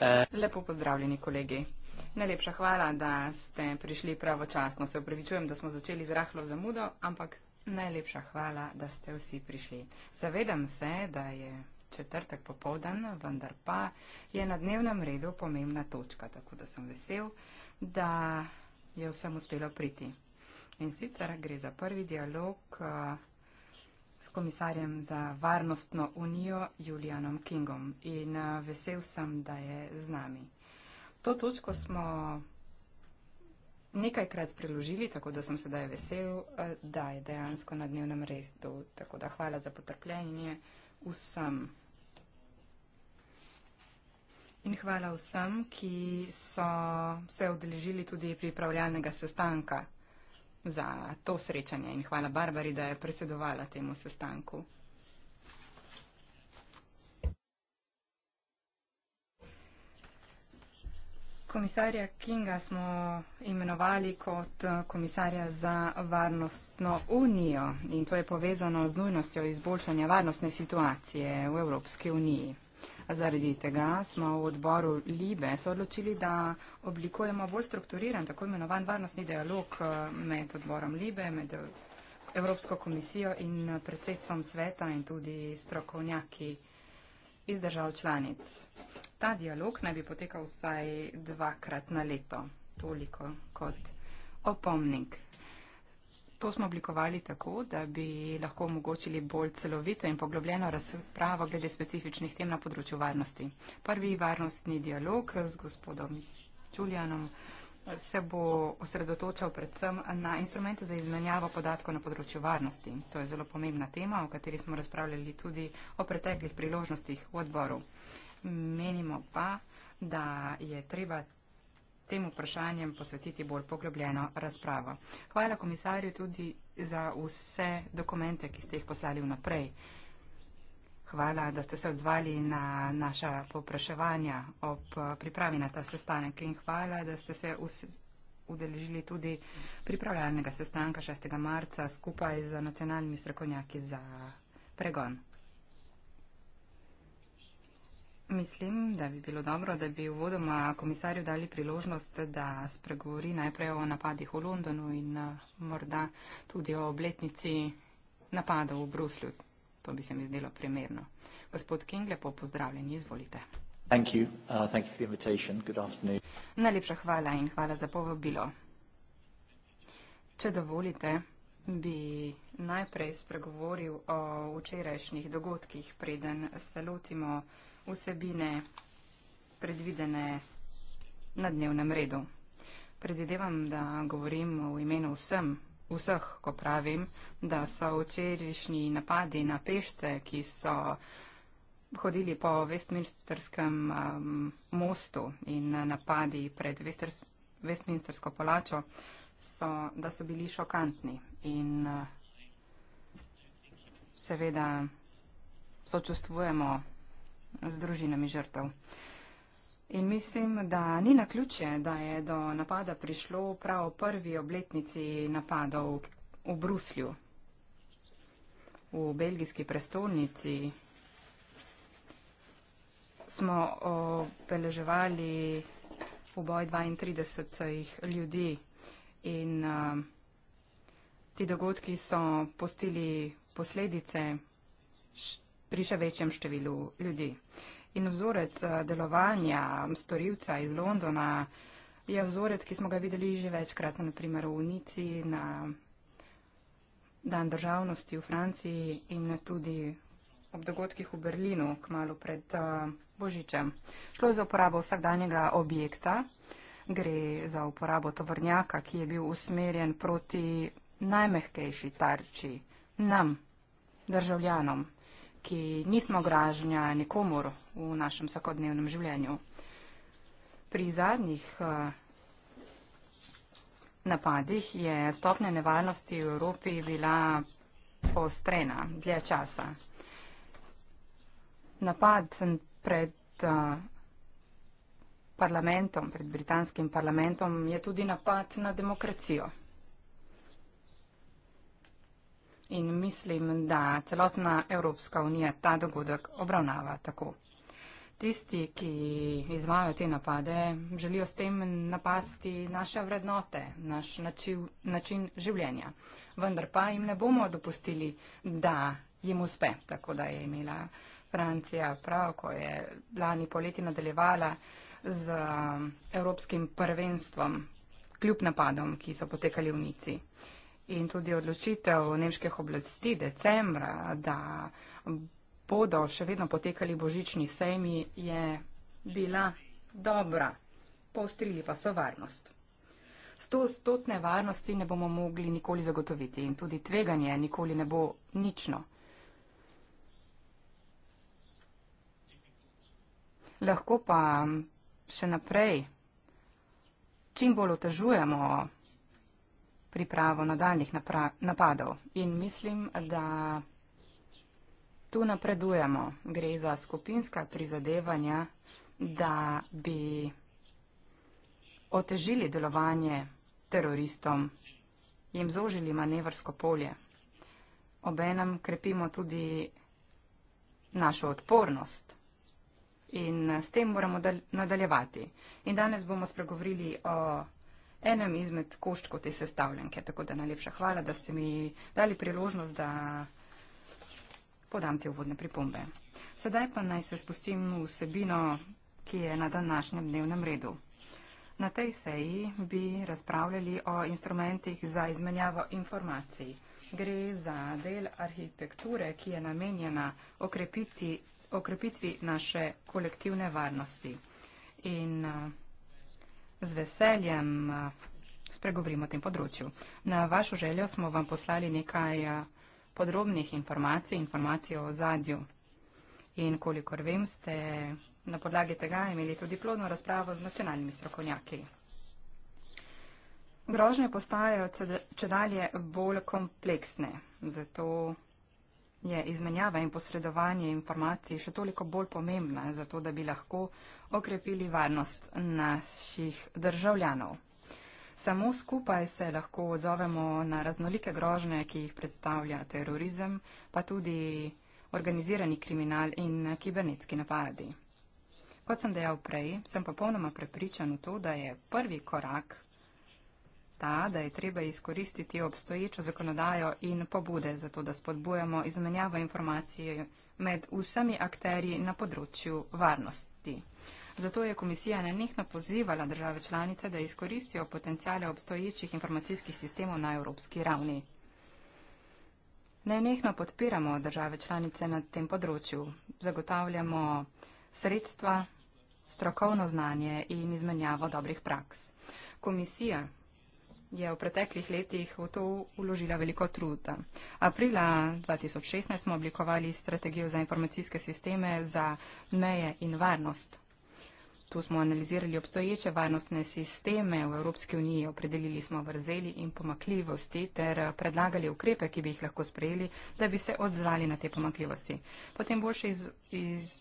Uh, Lepo pozdravljeni, kolegi. Najlepša hvala, da ste prišli pravočasno. Se upravičujem, da smo začeli z rahlo zamudo, ampak najlepša hvala, da ste vsi prišli. Zavedam se, da je četrtek popovdan, vendar pa je na dnevnem redu pomembna točka, tako da sem vesel, da je vsem uspelo priti. In sicer gre za prvi dialog uh, s komisarjem za varnostno unijo Julianom Kingom in eh, vesel sem, da je z nami. To točko smo nekajkrat preložili, tako da sem sedaj vesel, eh, da je dejansko na dnevnem redu. Tako da hvala za potrpljenje vsem. In hvala vsem, ki so se odeležili tudi pripravljalnega sestanka za to srečanje in hvala Barbari, da je predsedovala temu sestanku. Komisarja Kinga smo imenovali kot eh, komisarja za varnostno unijo in to je povezano z nujnostjo izboljšanja varnostne situacije v Evropski uniji. Zaradi tega smo v odboru Libe se odločili, da oblikujemo bolj strukturiran, tako imenovan varnostni dialog eh, med odborom Libe, med Evropsko komisijo in eh, predsedstvom sveta in tudi strokovnjaki iz držav članic. Ta dialog naj bi potekal vsaj dvakrat na leto, toliko kot opomnik to smo oblikovali tako, da bi lahko omogočili bolj celovito in poglobljeno razpravo glede specifičnih tem na področju varnosti. Prvi varnostni dialog z gospodom Čuljanom se bo osredotočal predvsem na instrumente za izmenjavo podatkov na področju varnosti. To je zelo pomembna tema, o kateri smo razpravljali tudi o preteklih priložnostih v odboru. Menimo pa, da je treba tem vprašanjem posvetiti bolj poglobljeno razpravo. Hvala komisarju tudi za vse dokumente, ki ste jih poslali vnaprej. Hvala, da ste se odzvali na naša popraševanja ob pripravi na ta sestanek in hvala, da ste se udeležili tudi pripravljalnega sestanka 6. marca skupaj z nacionalnimi strokovnjaki za pregon. Mislim, da bi bilo dobro, da bi uvodoma komisarju dali priložnost, da spregovori najprej o napadih v Londonu in eh, morda tudi o obletnici napada v Bruslju. To bi se mi zdelo primerno. Gospod King, lepo pozdravljen, izvolite. Thank you. Uh, thank you for the invitation. Good afternoon. Najlepša hvala in hvala za povabilo. Če dovolite, bi najprej spregovoril o včerajšnjih dogodkih, preden se lotimo vsebine predvidene na dnevnem redu. Predvidevam, da govorim v imenu vsem, vseh, ko pravim, da so včerajšnji napadi na pešce, ki so hodili po Westminsterskem um, mostu in napadi pred Westers, Westminstersko palačo, so, da so bili šokantni in uh, seveda sočustvujemo z družinami žrtev. In mislim, da ni na ključje, da je do napada prišlo prav prvi obletnici napadov v Bruslju, v belgijski prestolnici. Smo obeleževali poboj 32 ljudi in uh, ti dogodki so postili posledice št, pri še večjem številu ljudi. In vzorec eh, delovanja storilca iz Londona je vzorec, ki smo ga videli že večkrat, naprimer v Unici, na Dan državnosti v Franciji in tudi ob dogodkih v Berlinu, kmalo pred eh, Božičem. Šlo je za uporabo vsakdanjega objekta, gre za uporabo tovrnjaka, ki je bil usmerjen proti najmehkejši tarči, nam, državljanom ki nismo gražnja nikomor v našem vsakodnevnem življenju. Pri zadnjih eh, napadih je stopnja nevarnosti v Evropi bila poostrena dlje časa. Napad pred eh, parlamentom, pred britanskim parlamentom je tudi napad na demokracijo. in mislim, da celotna Evropska unija ta dogodek obravnava tako. Tisti, ki izvajo te napade, želijo s tem napasti naše vrednote, naš načil, način življenja. Vendar pa jim ne bomo dopustili, da jim uspe, tako da je imela Francija prav, ko je lani poleti nadaljevala z um, Evropskim prvenstvom, kljub napadom, ki so potekali v Nici in tudi odločitev nemških oblasti decembra, da bodo še vedno potekali božični sejmi, je bila dobra. Poostrili pa so varnost. Stotne varnosti ne bomo mogli nikoli zagotoviti in tudi tveganje nikoli ne bo nično. Lahko pa še naprej čim bolj otežujemo pripravo nadaljnih napadov. In mislim, da tu napredujemo. Gre za skupinska prizadevanja, da bi otežili delovanje teroristom, jim zožili manevrsko polje. Obenem krepimo tudi našo odpornost in s tem moramo nadaljevati. In danes bomo spregovorili o enem izmed koščkov te sestavljanke. Tako da najlepša hvala, da ste mi dali priložnost, da podam te uvodne pripombe. Sedaj pa naj se spustim v vsebino, ki je na današnjem dnevnem redu. Na tej seji bi razpravljali o instrumentih za izmenjavo informacij. Gre za del arhitekture, ki je namenjena okrepiti, okrepitvi naše kolektivne varnosti. In z veseljem spregovorim o tem področju. Na vašo željo smo vam poslali nekaj podrobnih informacij, informacij o zadju. In kolikor vem, ste na podlagi tega imeli tudi plodno razpravo z nacionalnimi strokovnjaki. Grožnje postajajo če dalje bolj kompleksne, zato je izmenjava in posredovanje informacij še toliko bolj pomembna, zato da bi lahko okrepili varnost naših državljanov. Samo skupaj se lahko odzovemo na raznolike grožne, ki jih predstavlja terorizem, pa tudi organizirani kriminal in kibernetski napadi. Kot sem dejal prej, sem popolnoma prepričan v to, da je prvi korak ta, da je treba izkoristiti obstoječo zakonodajo in pobude za to, da spodbujamo izmenjavo informacij med vsemi akterji na področju varnosti. Zato je komisija nenehno pozivala države članice, da izkoristijo potencijale obstoječih informacijskih sistemov na evropski ravni. Nenehno podpiramo države članice na tem področju, zagotavljamo sredstva, strokovno znanje in izmenjavo dobrih praks. Komisija je v preteklih letih v to uložila veliko truda. Aprila 2016 smo oblikovali strategijo za informacijske sisteme za meje in varnost. Tu smo analizirali obstoječe varnostne sisteme v Evropski uniji, opredelili smo vrzeli in pomakljivosti ter predlagali ukrepe, ki bi jih lahko sprejeli, da bi se odzvali na te pomakljivosti. Potem boljša, iz, iz,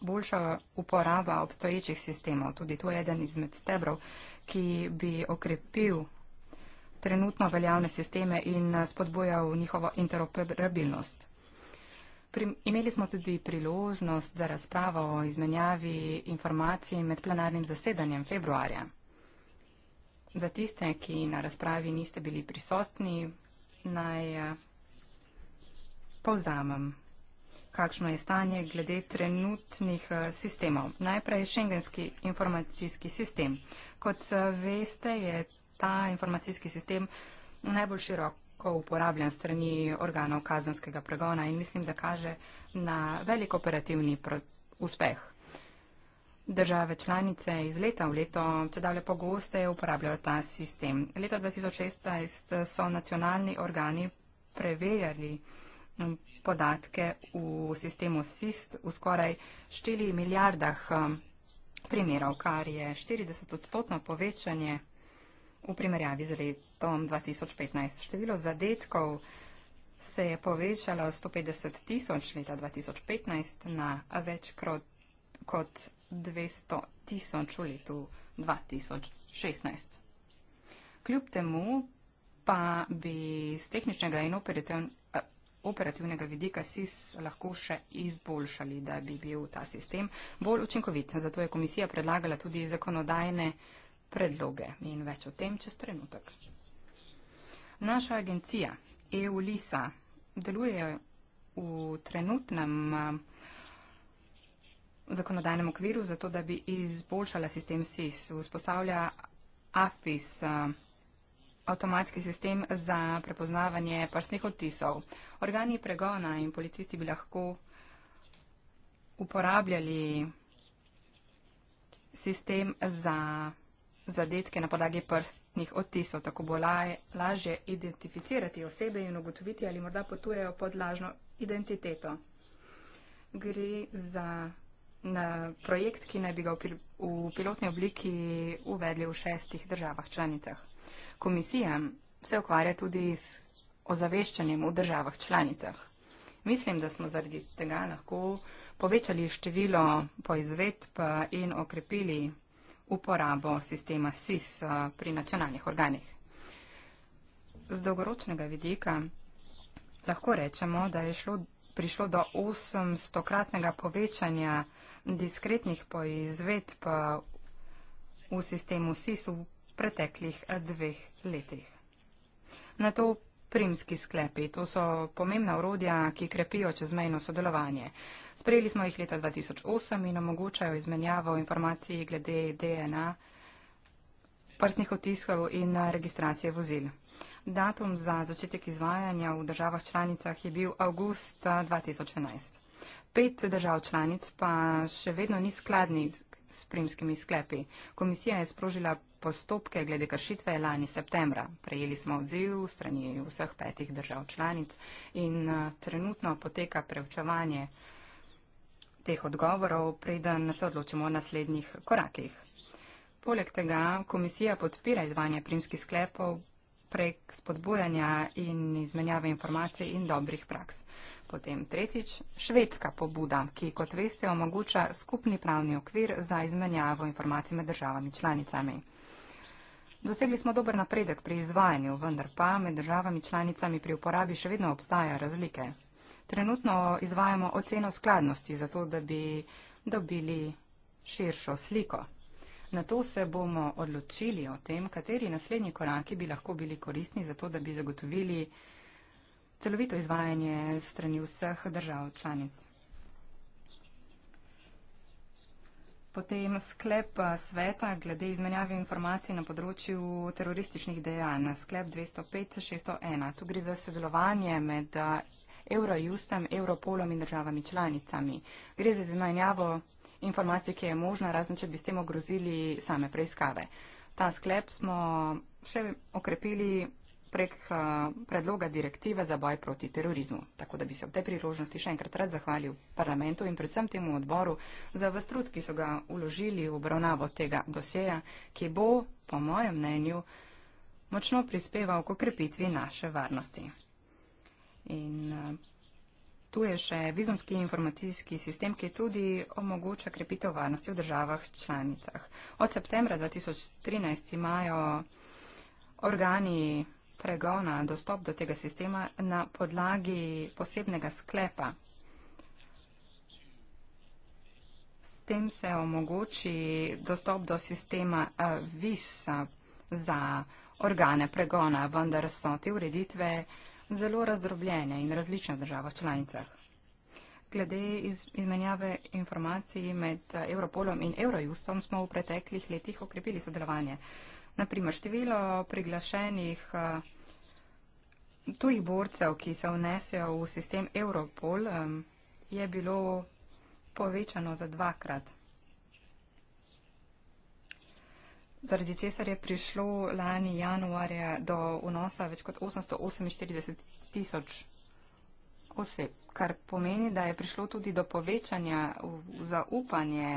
boljša uporaba obstoječih sistemov, tudi to je eden izmed stebrov, ki bi okrepil trenutno veljavne sisteme in eh, spodbojal njihovo interoperabilnost. Pri, imeli smo tudi priložnost za razpravo o izmenjavi informacij med plenarnim zasedanjem februarja. Za tiste, ki na razpravi niste bili prisotni, naj eh, povzamem, kakšno je stanje glede trenutnih eh, sistemov. Najprej šengenski informacijski sistem. Kot veste, je ta informacijski sistem najbolj široko uporabljen strani organov kazenskega pregona in mislim, da kaže na velik operativni uspeh. Države članice iz leta v leto če dalje pogosteje uporabljajo ta sistem. Leta 2016 so nacionalni organi preverjali um, podatke v sistemu SIST v skoraj 4 milijardah um, primerov, kar je 40-odstotno povečanje v primerjavi z letom 2015. Število zadetkov se je povečalo 150 tisoč leta 2015 na več krot, kot 200 tisoč v letu 2016. Kljub temu pa bi z tehničnega in operativ, eh, operativnega vidika SIS lahko še izboljšali, da bi bil ta sistem bolj učinkovit. Zato je komisija predlagala tudi zakonodajne predloge in več o tem čez trenutek. Naša agencija EULISA deluje v trenutnem eh, zakonodajnem okviru za to, da bi izboljšala sistem SIS. E Vzpostavlja AFIS, eh, avtomatski sistem za prepoznavanje prstnih odtisov. Organi pregona in policisti bi lahko uporabljali sistem za prepoznavanje zadetke na podlagi prstnih odtisov. Tako bo lažje identificirati osebe in ugotoviti, ali morda potujejo pod lažno identiteto. Gre za na projekt, ki naj bi ga v pilotni obliki uvedli v šestih državah članicah. Komisija se ukvarja tudi s ozaveščanjem v državah članicah. Mislim, da smo zaradi tega lahko povečali število poizvedb in okrepili uporabo sistema SIS eh, pri nacionalnih organih. Z dolgoročnega vidika lahko rečemo, da je šlo, prišlo do 800-kratnega povečanja diskretnih poizvedb eh, v sistemu SIS v preteklih eh, dveh letih. Na to Primski sklepi, to so pomembna urodja, ki krepijo čezmejno sodelovanje. Sprejeli smo jih leta 2008 in omogočajo izmenjavo informacij glede DNA, prstnih otiskov in eh, registracije vozil. Datum za začetek izvajanja v državah članicah je bil august 2011. Eh, Pet držav članic pa še vedno ni skladni spremskimi sklepi. Komisija je sprožila postopke glede kršitve lani septembra. Prejeli smo odziv strani vseh petih držav članic in eh, trenutno poteka preučevanje teh odgovorov, preden se odločimo o naslednjih korakih. Poleg tega komisija podpira izvanje primskih sklepov, prek spodbujanja in izmenjave informacij in dobrih praks. Potem tretjič, švedska pobuda, ki, kot veste, omogoča skupni pravni okvir za izmenjavo informacij med državami članicami. Dosegli smo dober napredek pri izvajanju, vendar pa med državami članicami pri uporabi še vedno obstaja razlike. Trenutno izvajamo oceno skladnosti, zato da bi dobili širšo sliko. Na to se bomo odločili o tem, kateri naslednji koraki bi lahko bili koristni za to, da bi zagotovili celovito izvajanje strani vseh držav članic. Potem sklep eh, sveta glede izmenjave informacij na področju terorističnih dejanj. Sklep 205.601. Tu gre za sodelovanje med eh, Eurojustem, Europolom in državami članicami. Gre za izmenjavo informacij, ki je možna, razen če bi s tem ogrozili same preiskave. Ta sklep smo še okrepili prek eh, predloga direktive za boj proti terorizmu. Tako da bi se v tej priložnosti še enkrat rad zahvalil parlamentu in predvsem temu odboru za vstrud, ki so ga uložili v obravnavo tega doseja, ki bo, po mojem mnenju, močno prispeval k okrepitvi naše varnosti. In eh, Tu je še vizumski informacijski sistem, ki tudi omogoča krepitev varnosti v državah članicah. Od septembra 2013 imajo organi pregona dostop do tega sistema na podlagi posebnega sklepa. S tem se omogoči dostop do sistema eh, VIS za organe pregona, vendar so te ureditve zelo razdrobljene in različne v državah članicah. Glede iz, izmenjave informacij med eh, Europolom in Eurojustom smo v preteklih letih okrepili sodelovanje. Naprimer, število priglašenih eh, tujih borcev, ki se vnesijo v sistem Europol, eh, je bilo povečano za dvakrat. zaradi česar je prišlo lani januarja do vnosa več kot 848 tisoč oseb, kar pomeni, da je prišlo tudi do povečanja zaupanje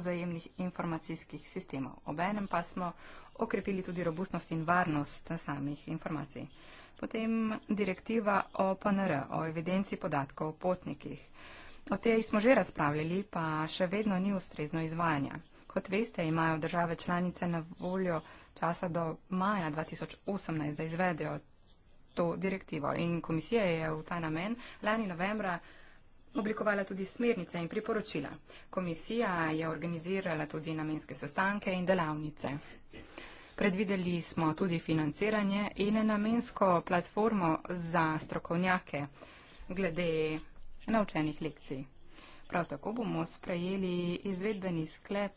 vzajemnih informacijskih sistemov. Obenem pa smo okrepili tudi robustnost in varnost samih informacij. Potem direktiva o PNR, o evidenci podatkov o potnikih. O tej smo že razpravljali, pa še vedno ni ustrezno izvajanje. Kot veste, imajo države članice na voljo časa do maja 2018, da izvedejo to direktivo. In komisija je v ta namen lani novembra oblikovala tudi smernice in priporočila. Komisija je organizirala tudi namenske sestanke in delavnice. Predvideli smo tudi financiranje in namensko platformo za strokovnjake glede naučenih lekcij. Prav tako bomo sprejeli izvedbeni sklep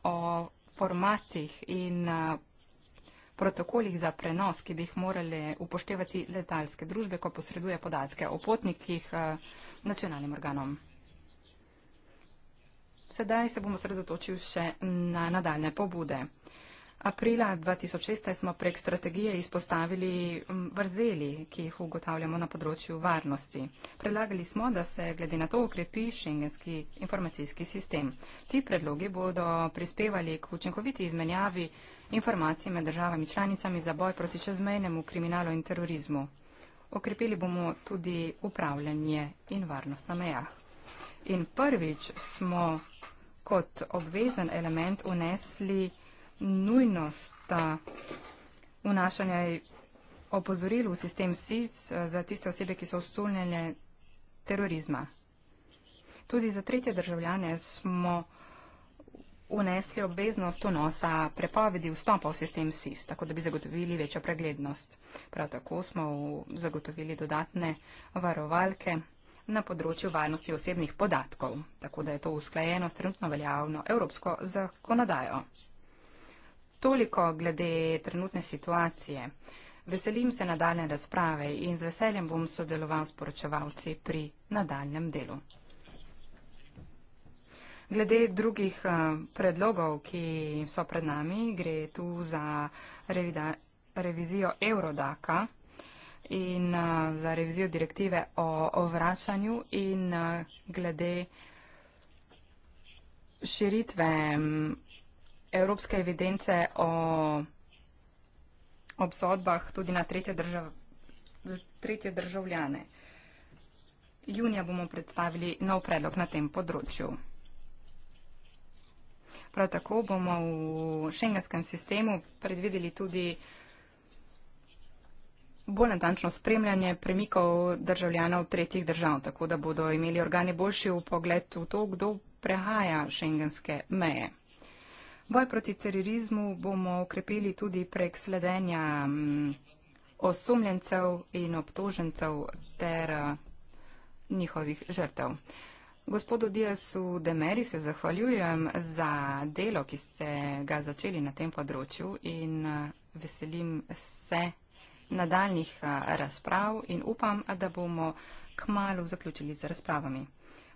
o formatih in eh, protokolih za prenos, ki bi jih morali upoštevati letalske družbe, ko posreduje podatke o potnikih eh, nacionalnim organom. Sedaj se bomo sredotočili še na nadaljne pobude. Aprila 2016 smo prek strategije izpostavili vrzeli, ki jih ugotavljamo na področju varnosti. Predlagali smo, da se glede na to ukrepi šengenski informacijski sistem. Ti predlogi bodo prispevali k učinkoviti izmenjavi informacij med državami članicami za boj proti čezmejnemu kriminalu in terorizmu. Okrepili bomo tudi upravljanje in varnost na mejah. In prvič smo kot obvezen element unesli nujnost vnašanja opozoril v sistem SIS za tiste osebe, ki so ustoljene terorizma. Tudi za tretje državljane smo unesli obveznost vnosa prepovedi vstopa v sistem SIS, tako da bi zagotovili večjo preglednost. Prav tako smo zagotovili dodatne varovalke na področju varnosti osebnih podatkov, tako da je to usklajeno s trenutno veljavno evropsko zakonodajo. Toliko glede trenutne situacije. Veselim se nadaljne razprave in z veseljem bom sodeloval s poročevalci pri nadaljem delu. Glede drugih eh, predlogov, ki so pred nami, gre tu za revida, revizijo Eurodaka in eh, za revizijo direktive o, o vračanju in eh, glede širitve evropske evidence o obsodbah tudi na tretje, držav, tretje državljane. Junija bomo predstavili nov predlog na tem področju. Prav tako bomo v šengenskem sistemu predvideli tudi bolj natančno spremljanje premikov državljanov tretjih držav, tako da bodo imeli organi boljši upogled v to, kdo prehaja šengenske meje. Boj proti terorizmu bomo okrepili tudi prek sledenja mm, osumljencev in obtožencev ter eh, njihovih žrtev. Gospodu Diasu Demeri se zahvaljujem za delo, ki ste ga začeli na tem področju in eh, veselim se nadaljnih eh, razprav in upam, da bomo k malu zaključili z razpravami.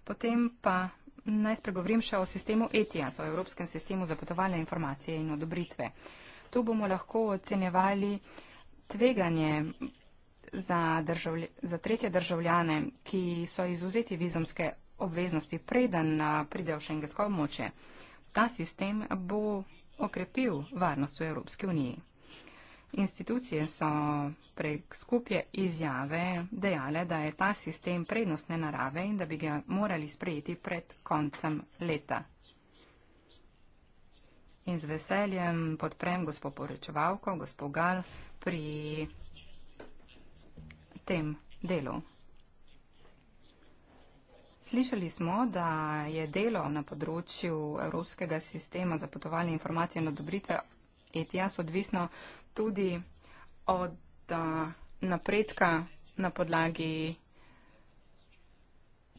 Potem pa naj spregovorim še o sistemu ETIAS, o Evropskem sistemu za potovalne informacije in odobritve. Tu bomo lahko ocenjevali tveganje za, državlj, za tretje državljane, ki so izuzeti vizumske obveznosti preden pride v šengensko območje. Ta sistem bo okrepil varnost v Evropski uniji. Institucije so prek skupje izjave dejale, da je ta sistem prednostne narave in da bi ga morali sprejeti pred koncem leta. In z veseljem podprem gospod porečevalko, gospod Gal, pri tem delu. Slišali smo, da je delo na področju Evropskega sistema za potovanje informacije in odobritve ETIAS odvisno tudi od eh, napredka na podlagi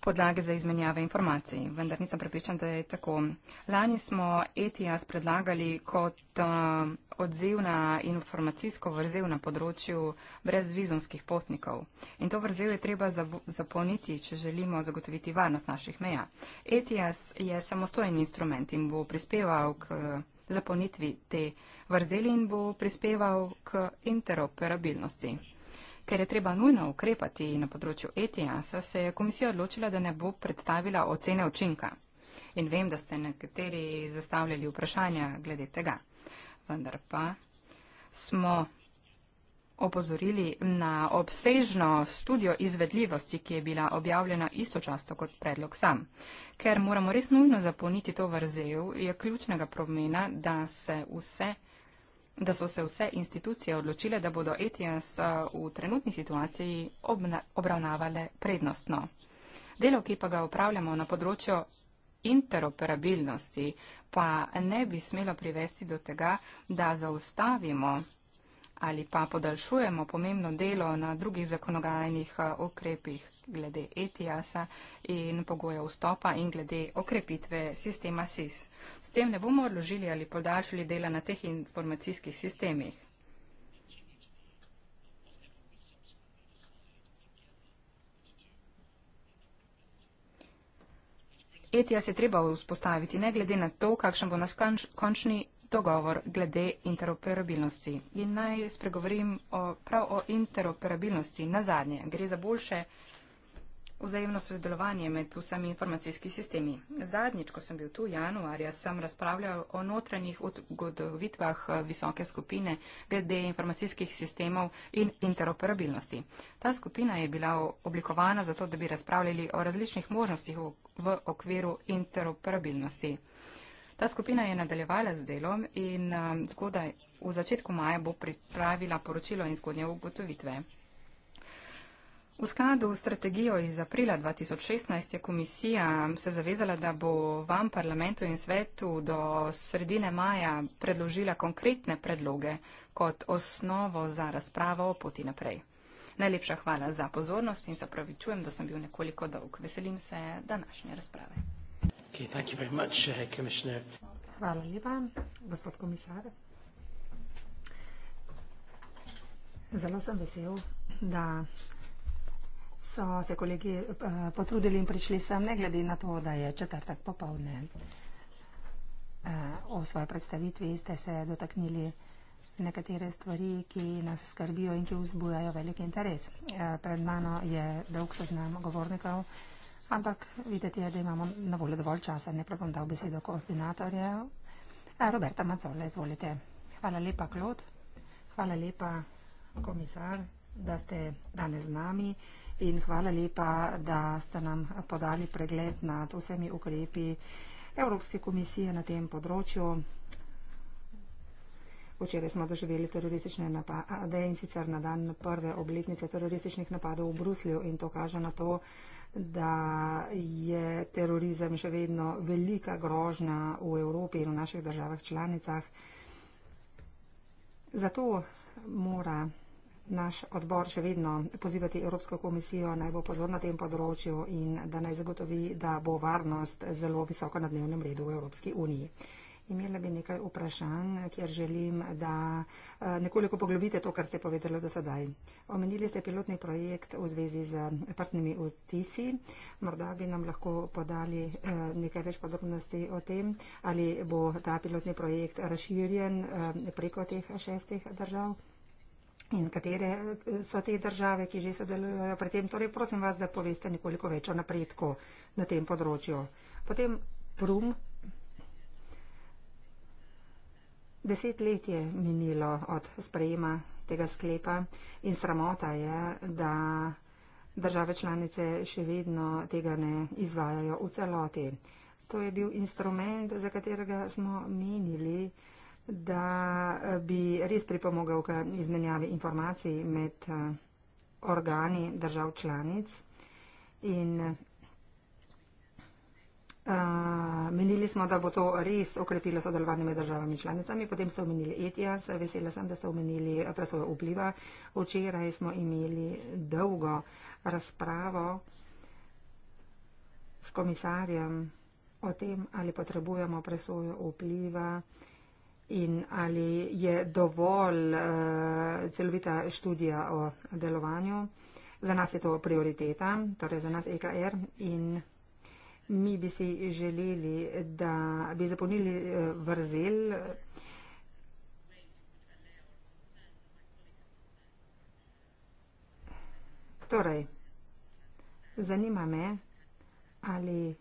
podlage za izmenjave informacij. Vendar nisem prepričan, da je tako. Lani smo ETIAS predlagali kot uh, odziv na informacijsko vrzel na področju brezvizumskih potnikov. In to vrzel je treba zapolniti, če želimo zagotoviti varnost naših meja. ETIAS je samostojen instrument in bo prispeval k uh, zapolnitvi te vrzeli in bo prispeval k interoperabilnosti. Ker je treba nujno ukrepati na področju ETIAS-a, se je komisija odločila, da ne bo predstavila ocene učinka. In vem, da ste nekateri zastavljali vprašanja glede tega. Vendar pa smo opozorili na obsežno študijo izvedljivosti, ki je bila objavljena istočasno kot predlog sam. Ker moramo res nujno zapolniti to vrzel, je ključnega promena, da, vse, da so se vse institucije odločile, da bodo ETS eh, v trenutni situaciji obravnavale prednostno. Delo, ki pa ga upravljamo na področju interoperabilnosti, pa ne bi smelo privesti do tega, da zaustavimo ali pa podaljšujemo pomembno delo na drugih zakonodajnih eh, ukrepih glede ETIAS-a in pogoje vstopa in glede okrepitve sistema SIS. S tem ne bomo odložili ali podaljšali dela na teh informacijskih sistemih. ETIAS je treba vzpostaviti, ne glede na to, kakšen bo naš končni dogovor glede interoperabilnosti. In naj spregovorim o, prav o interoperabilnosti na zadnje. Gre za boljše vzajemno sodelovanje med vsemi informacijskimi sistemi. Zadnjič, ko sem bil tu januarja, sem razpravljal o notranjih ugotovitvah eh, visoke skupine glede informacijskih sistemov in interoperabilnosti. Ta skupina je bila oblikovana zato, da bi razpravljali o različnih možnostih v okviru interoperabilnosti. Ta skupina je nadaljevala z delom in um, zgodaj v začetku maja bo pripravila poročilo in zgodnje ugotovitve. V skladu s strategijo iz aprila 2016 je komisija um, se zavezala, da bo vam, parlamentu in svetu do sredine maja predložila konkretne predloge kot osnovo za razpravo o poti naprej. Najlepša hvala za pozornost in se pravičujem, da sem bil nekoliko dolg. Veselim se današnje razprave. Okay, thank you very much, uh, Commissioner. Hvala lepa, gospod komisar. Zelo sem vesel, da so se kolegi uh, potrudili in prišli sem, ne glede na to, da je četrtek popovdne. Uh, eh, o svoji predstavitvi ste se dotaknili nekatere stvari, ki nas skrbijo in ki vzbujajo velik interes. Uh, pred mano je dolg seznam govornikov. Uh, Ampak videti je, da imamo na voljo dovolj časa, ne pa bom dal besedo koordinatorjev. Roberta Macola, izvolite. Hvala lepa, Klod. Hvala lepa, komisar, da ste danes z nami in hvala lepa, da ste nam podali pregled nad vsemi ukrepi Evropske komisije na tem področju. Včeraj smo doživeli teroristične napade in sicer na dan prve obletnice terorističnih napadov v Bruslju in to kaže na to, da je terorizem še vedno velika grožnja v Evropi in v naših državah članicah. Zato mora naš odbor še vedno pozivati Evropsko komisijo, naj bo pozor na tem področju in da naj zagotovi, da bo varnost zelo visoko na dnevnem redu v Evropski uniji. Imela bi nekaj vprašanj, kjer želim, da eh, nekoliko poglobite to, kar ste povedali do sedaj. Omenili ste pilotni projekt v zvezi z prstnimi vtisi. Morda bi nam lahko podali eh, nekaj več podrobnosti o tem, ali bo ta pilotni projekt razširjen eh, preko teh šestih držav. In katere so te države, ki že sodelujo pri tem? Torej, prosim vas, da poveste nekoliko več o napredku na tem področju. Potem prum, Deset let je minilo od sprejema tega sklepa in sramota je, da države članice še vedno tega ne izvajajo v celoti. To je bil instrument, za katerega smo menili, da bi res pripomogel k izmenjavi informacij med eh, organi držav članic in menili smo, da bo to res okrepilo sodelovanje med državami članicami. Potem so omenili ETIAS, vesela sem, da so omenili presojo vpliva. Včeraj smo imeli dolgo razpravo s komisarjem o tem, ali potrebujemo presojo vpliva in ali je dovolj uh, celovita študija o delovanju. Za nas je to prioriteta, torej za nas EKR in Mi bi si želeli, da bi zapolnili eh, vrzel. Torej, zanima me, ali,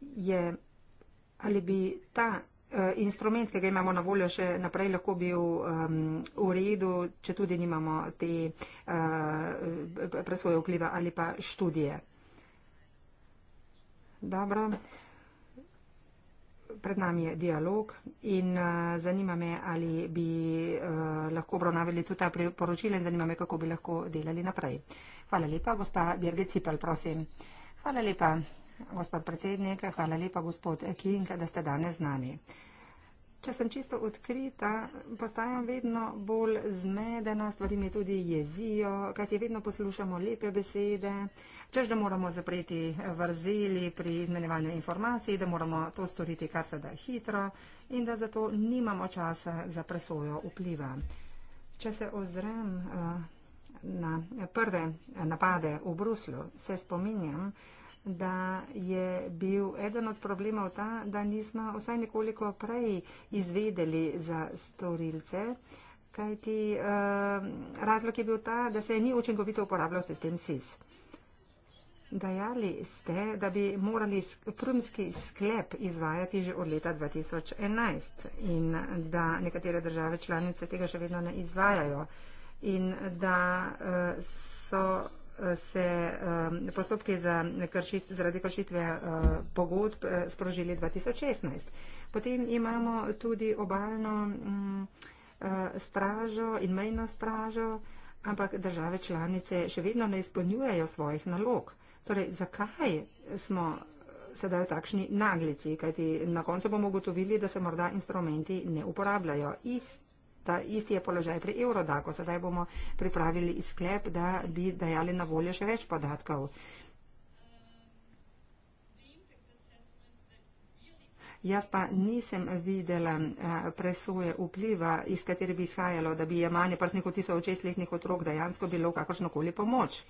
je, ali bi ta uh, instrument, ki ga imamo na voljo, še naprej lahko bil um, v redu, če tudi nimamo te uh, eh, presvoje vpliva ali pa študije. Dobro. Pred nami je dialog in uh, zanima me, ali bi uh, lahko obravnavali tudi ta priporočila in zanima me, kako bi lahko delali naprej. Hvala lepa, gospa Birgit Cipel, prosim. Hvala lepa, gospod predsednik, hvala lepa, gospod King, da ste danes z nami. Uh, Če sem čisto odkrita, postajam vedno bolj zmedena, stvari mi tudi jezijo, kajti vedno poslušamo lepe besede, čež da moramo zapreti vrzeli pri izmenjevanju informacij, da moramo to storiti kar se da hitro in da zato nimamo časa za presojo vpliva. Če se ozrem eh, na prve napade v Bruslu, se spominjam, da je bil eden od problemov ta, da nismo vsaj nekoliko prej izvedeli za storilce. Kajti eh, razlog je bil ta, da se ni učinkovito uporabljal sistem SIS. Dajali ste, da bi morali krmski sklep izvajati že od leta 2011 in da nekatere države članice tega še vedno ne izvajajo in da eh, so se um, postopki za kršit, zaradi kršitve uh, pogodb uh, sprožili 2016. Potem imamo tudi obaljno um, uh, stražo in mejno stražo, ampak države članice še vedno ne izpolnjujejo svojih nalog. Torej, zakaj smo sedaj v takšni naglici, kajti na koncu bomo ugotovili, da se morda instrumenti ne uporabljajo. Ist, Ta isti je položaj pri Eurodaku. Sedaj bomo pripravili sklep, da bi dajali na voljo še več podatkov. Jaz pa nisem videla eh, presoje vpliva, iz katere bi izhajalo, da bi jemanje prstnih otisov od šestletnih otrok dejansko bilo kakršnokoli pomoč.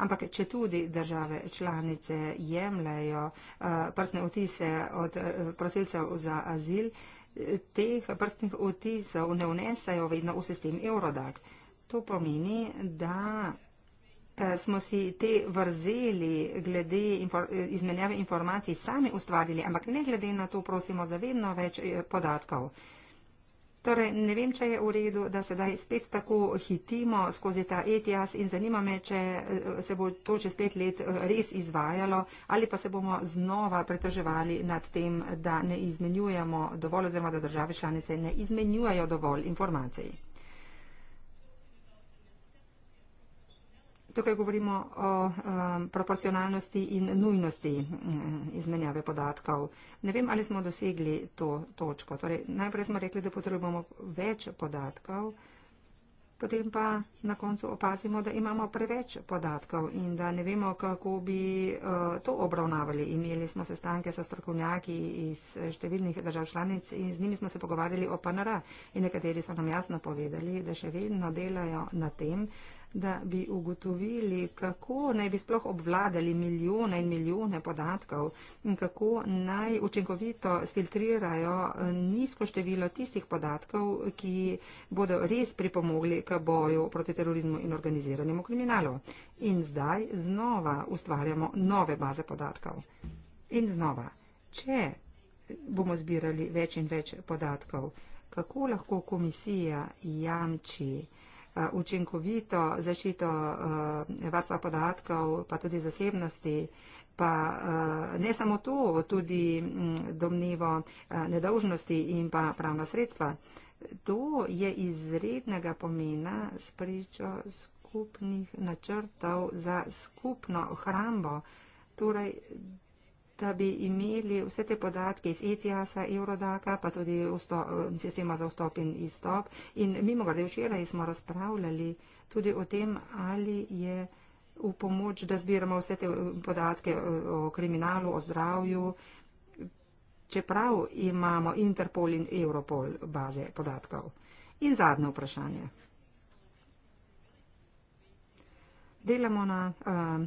Ampak če tudi države članice jemljajo eh, prstne otise od eh, prosilcev za azil, teh prstnih otisov ne vnesajo vedno v sistem Eurodag. To pomeni, da eh, smo si te vrzeli glede eh, izmenjave informacij sami ustvarili, ampak ne glede na to prosimo za vedno več eh, podatkov. Torej, ne vem, če je v redu, da sedaj spet tako hitimo skozi ta etijas in zanima me, če eh, se bo to čez pet let eh, res izvajalo ali pa se bomo znova pretoževali nad tem, da ne izmenjujemo dovolj oziroma da države članice ne izmenjujejo dovolj informacij. Tukaj govorimo o um, proporcionalnosti in nujnosti mm, izmenjave podatkov. Ne vem, ali smo dosegli to točko. Torej, najprej smo rekli, da potrebujemo več podatkov, potem pa na koncu opazimo, da imamo preveč podatkov in da ne vemo, kako bi uh, to obravnavali. Imeli smo sestanke sa strokovnjaki iz eh, številnih držav članic in z njimi smo se pogovarjali o PNR in nekateri so nam jasno povedali, da še vedno delajo na tem da bi ugotovili, kako naj bi sploh obvladali milijone in milijone podatkov in kako naj učinkovito sfiltrirajo nizko število tistih podatkov, ki bodo res pripomogli k boju proti terorizmu in organiziranemu kriminalu. In zdaj znova ustvarjamo nove baze podatkov. In znova, če bomo zbirali več in več podatkov, kako lahko komisija jamči, Eh, učinkovito zaščito eh, varstva podatkov, pa tudi zasebnosti, pa eh, ne samo to, tudi mm, domnevo nedolžnosti in pa pravna sredstva. To je izrednega pomena spričo skupnih načrtov za skupno hrambo, torej da bi imeli vse te podatke iz ETIAS-a, Eurodaka, pa tudi sistema za vstop in izstop. In mimo grede, včeraj smo razpravljali tudi o tem, ali je v pomoč, da zbiramo vse te podatke o kriminalu, o zdravju, čeprav imamo Interpol in Europol baze podatkov. In zadnje vprašanje. delamo na uh,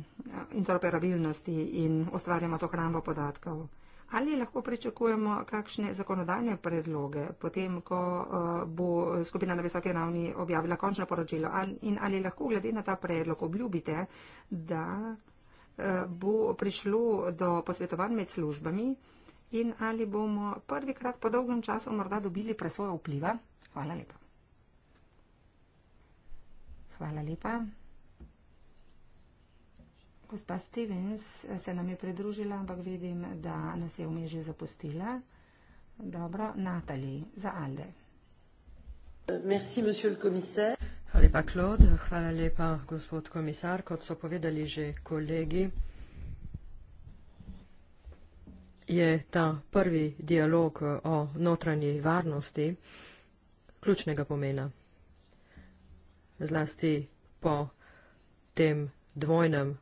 interoperabilnosti in ustvarjamo to hrambo podatkov. Ali lahko pričakujemo kakšne zakonodajne predloge, potem, ko uh, bo skupina na visoke ravni objavila končno poročilo? Ali, in ali lahko glede na ta predlog obljubite, da uh, bo prišlo do posvetovanj med službami in ali bomo prvikrat po dolgem času morda dobili presojo vpliva? Hvala lepa. Hvala lepa. Gospa Stevens se nam je pridružila, ampak vidim, da nas je vmeže zapustila. Dobro, Natali, za Alde. Merci, hvala lepa, Claude, hvala lepa, gospod komisar. Kot so povedali že kolegi, je ta prvi dialog o notranji varnosti ključnega pomena. Zlasti po tem dvojnem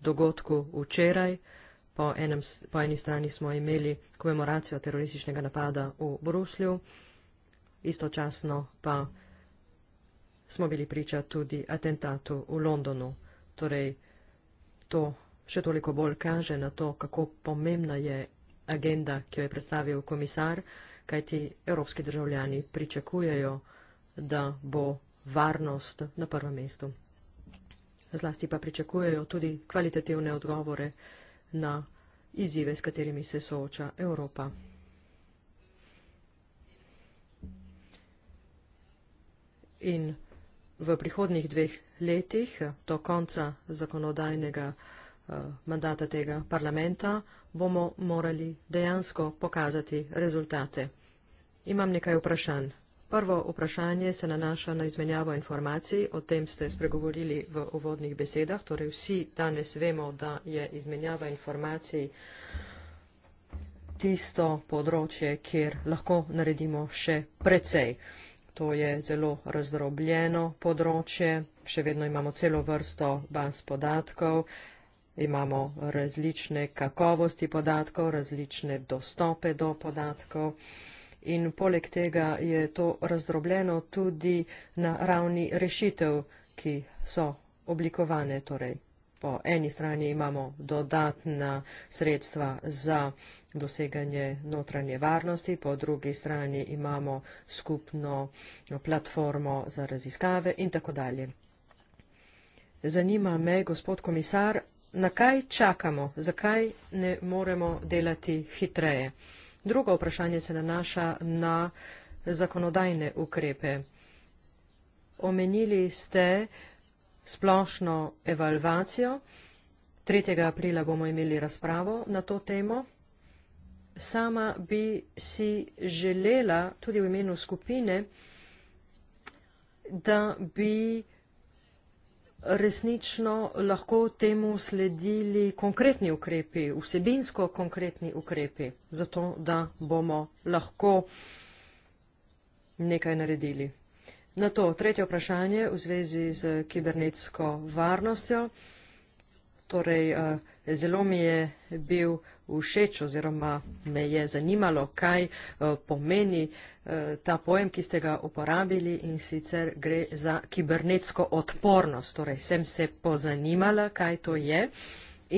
dogodku včeraj. Po, enem, po eni strani smo imeli komemoracijo terorističnega napada v Bruslju, istočasno pa smo bili priča tudi atentatu v Londonu. Torej, to še toliko bolj kaže na to, kako pomembna je agenda, ki jo je predstavil komisar, kajti evropski državljani pričakujejo, da bo varnost na prvem mestu zlasti pa pričakujejo tudi kvalitativne odgovore na izzive, s katerimi se sooča Evropa. In v prihodnih dveh letih, do konca zakonodajnega eh, mandata tega parlamenta, bomo morali dejansko pokazati rezultate. Imam nekaj vprašanj. Prvo vprašanje se nanaša na izmenjavo informacij, o tem ste spregovorili v uvodnih besedah, torej vsi danes vemo, da je izmenjava informacij tisto področje, kjer lahko naredimo še precej. To je zelo razdrobljeno področje, še vedno imamo celo vrsto baz podatkov, imamo različne kakovosti podatkov, različne dostope do podatkov in poleg tega je to razdrobljeno tudi na ravni rešitev, ki so oblikovane. Torej, po eni strani imamo dodatna sredstva za doseganje notranje varnosti, po drugi strani imamo skupno platformo za raziskave in tako dalje. Zanima me, gospod komisar, na kaj čakamo, zakaj ne moremo delati hitreje? Drugo vprašanje se nanaša na zakonodajne ukrepe. Omenili ste splošno evalvacijo. 3. aprila bomo imeli razpravo na to temo. Sama bi si želela, tudi v imenu skupine, da bi resnično lahko temu sledili konkretni ukrepi, vsebinsko konkretni ukrepi, zato da bomo lahko nekaj naredili. Na to tretje vprašanje v zvezi z kibernetsko varnostjo. Torej, eh, zelo mi je bil všeč oziroma me je zanimalo, kaj eh, pomeni eh, ta pojem, ki ste ga uporabili in sicer gre za kibernetsko odpornost. Torej, sem se pozanimala, kaj to je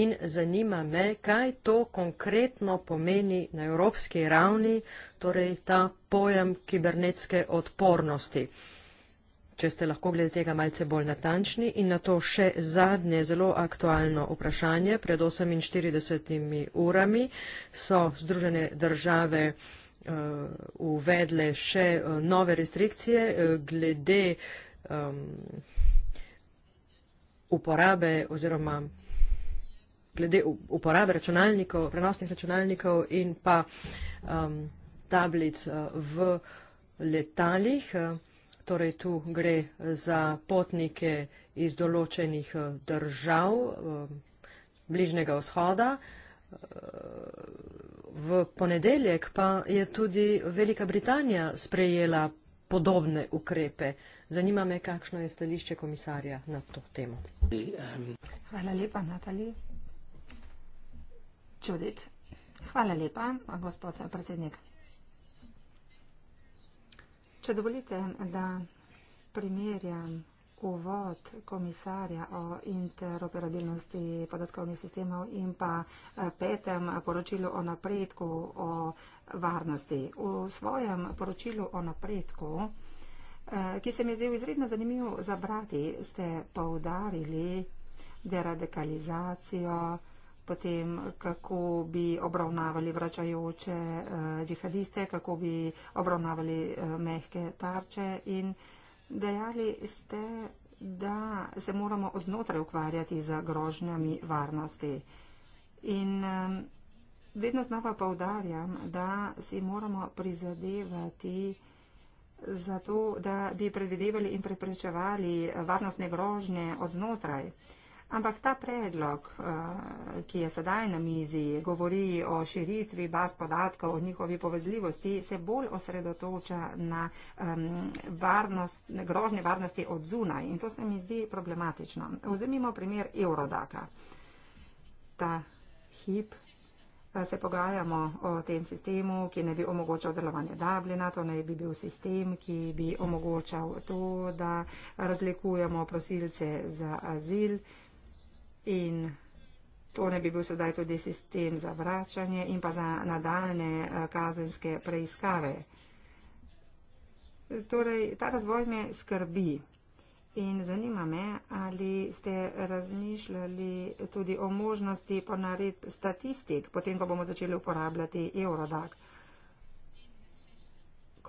in zanima me, kaj to konkretno pomeni na evropski ravni, torej ta pojem kibernetske odpornosti. Če ste lahko glede tega malce bolj natančni in na to še zadnje zelo aktualno vprašanje, pred 48 urami so Združene države eh, uvedle še eh, nove restrikcije eh, glede um, uporabe oziroma glede uporabe računalnikov, prenosnih računalnikov in pa um, tablic v letalih. Uh, torej tu gre za potnike iz določenih eh, držav eh, Bližnjega vzhoda. Eh, v ponedeljek pa je tudi Velika Britanija sprejela podobne ukrepe. Zanima me, kakšno je stališče komisarja na to temo. Hvala lepa, Natali. Čudit. Hvala lepa, gospod predsednik Če dovolite, da primerjam uvod komisarja o interoperabilnosti podatkovnih sistemov in pa eh, petem poročilu o napredku o varnosti. V svojem poročilu o napredku, eh, ki se mi je zdel izredno zanimivo zabrati, ste poudarili deradikalizacijo, potem kako bi obravnavali vračajoče uh, džihadiste, kako bi obravnavali uh, mehke tarče in dejali ste, da se moramo od znotraj ukvarjati z grožnjami varnosti. In um, vedno znova povdarjam, da si moramo prizadevati za to, da bi predvidevali in preprečevali varnostne grožnje od znotraj. Ampak ta predlog, eh, ki je sedaj na mizi, govori o širitvi baz podatkov, o njihovi povezljivosti, se bolj osredotoča na varnost, grožnje varnosti od zunaj. In to se mi zdi problematično. Vzemimo primer Eurodaka. Ta hip. Eh, se pogajamo o tem sistemu, ki ne bi omogočal delovanje Dublina, to ne bi bil sistem, ki bi omogočal to, da razlikujemo prosilce za azil in to ne bi bil sedaj tudi sistem za vračanje in pa za nadaljne eh, kazenske preiskave. Torej, ta razvoj me skrbi in zanima me, ali ste razmišljali tudi o možnosti ponarediti statistik, potem pa bomo začeli uporabljati Eurodag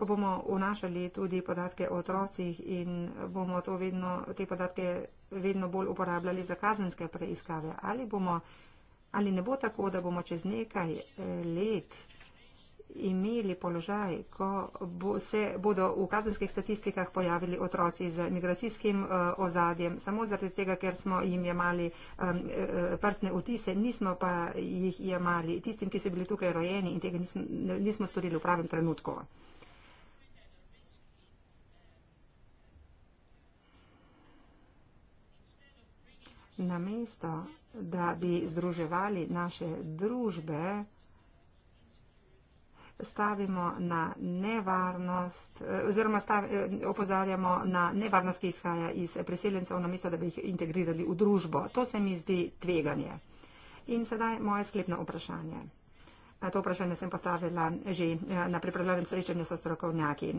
ko bomo vnašali tudi podatke o otrocih in bomo vedno, te podatke vedno bolj uporabljali za kazenske preiskave. Ali, bomo, ali ne bo tako, da bomo čez nekaj eh, let imeli položaj, ko bo se bodo v kazenskih statistikah pojavili otroci z migracijskim uh, ozadjem, samo zaradi tega, ker smo jim jemali um, prstne vtise, nismo pa jih jemali tistim, ki so bili tukaj rojeni in tega nismo, nismo storili v pravem trenutku. namesto da bi združevali naše družbe, stavimo na nevarnost eh, oziroma stav, eh, opozarjamo na nevarnost, ki izhaja iz priseljencev, namesto da bi jih integrirali v družbo. To se mi zdi tveganje. In sedaj moje sklepno vprašanje. To vprašanje sem postavila že eh, na pripravljenem srečanju so strokovnjaki.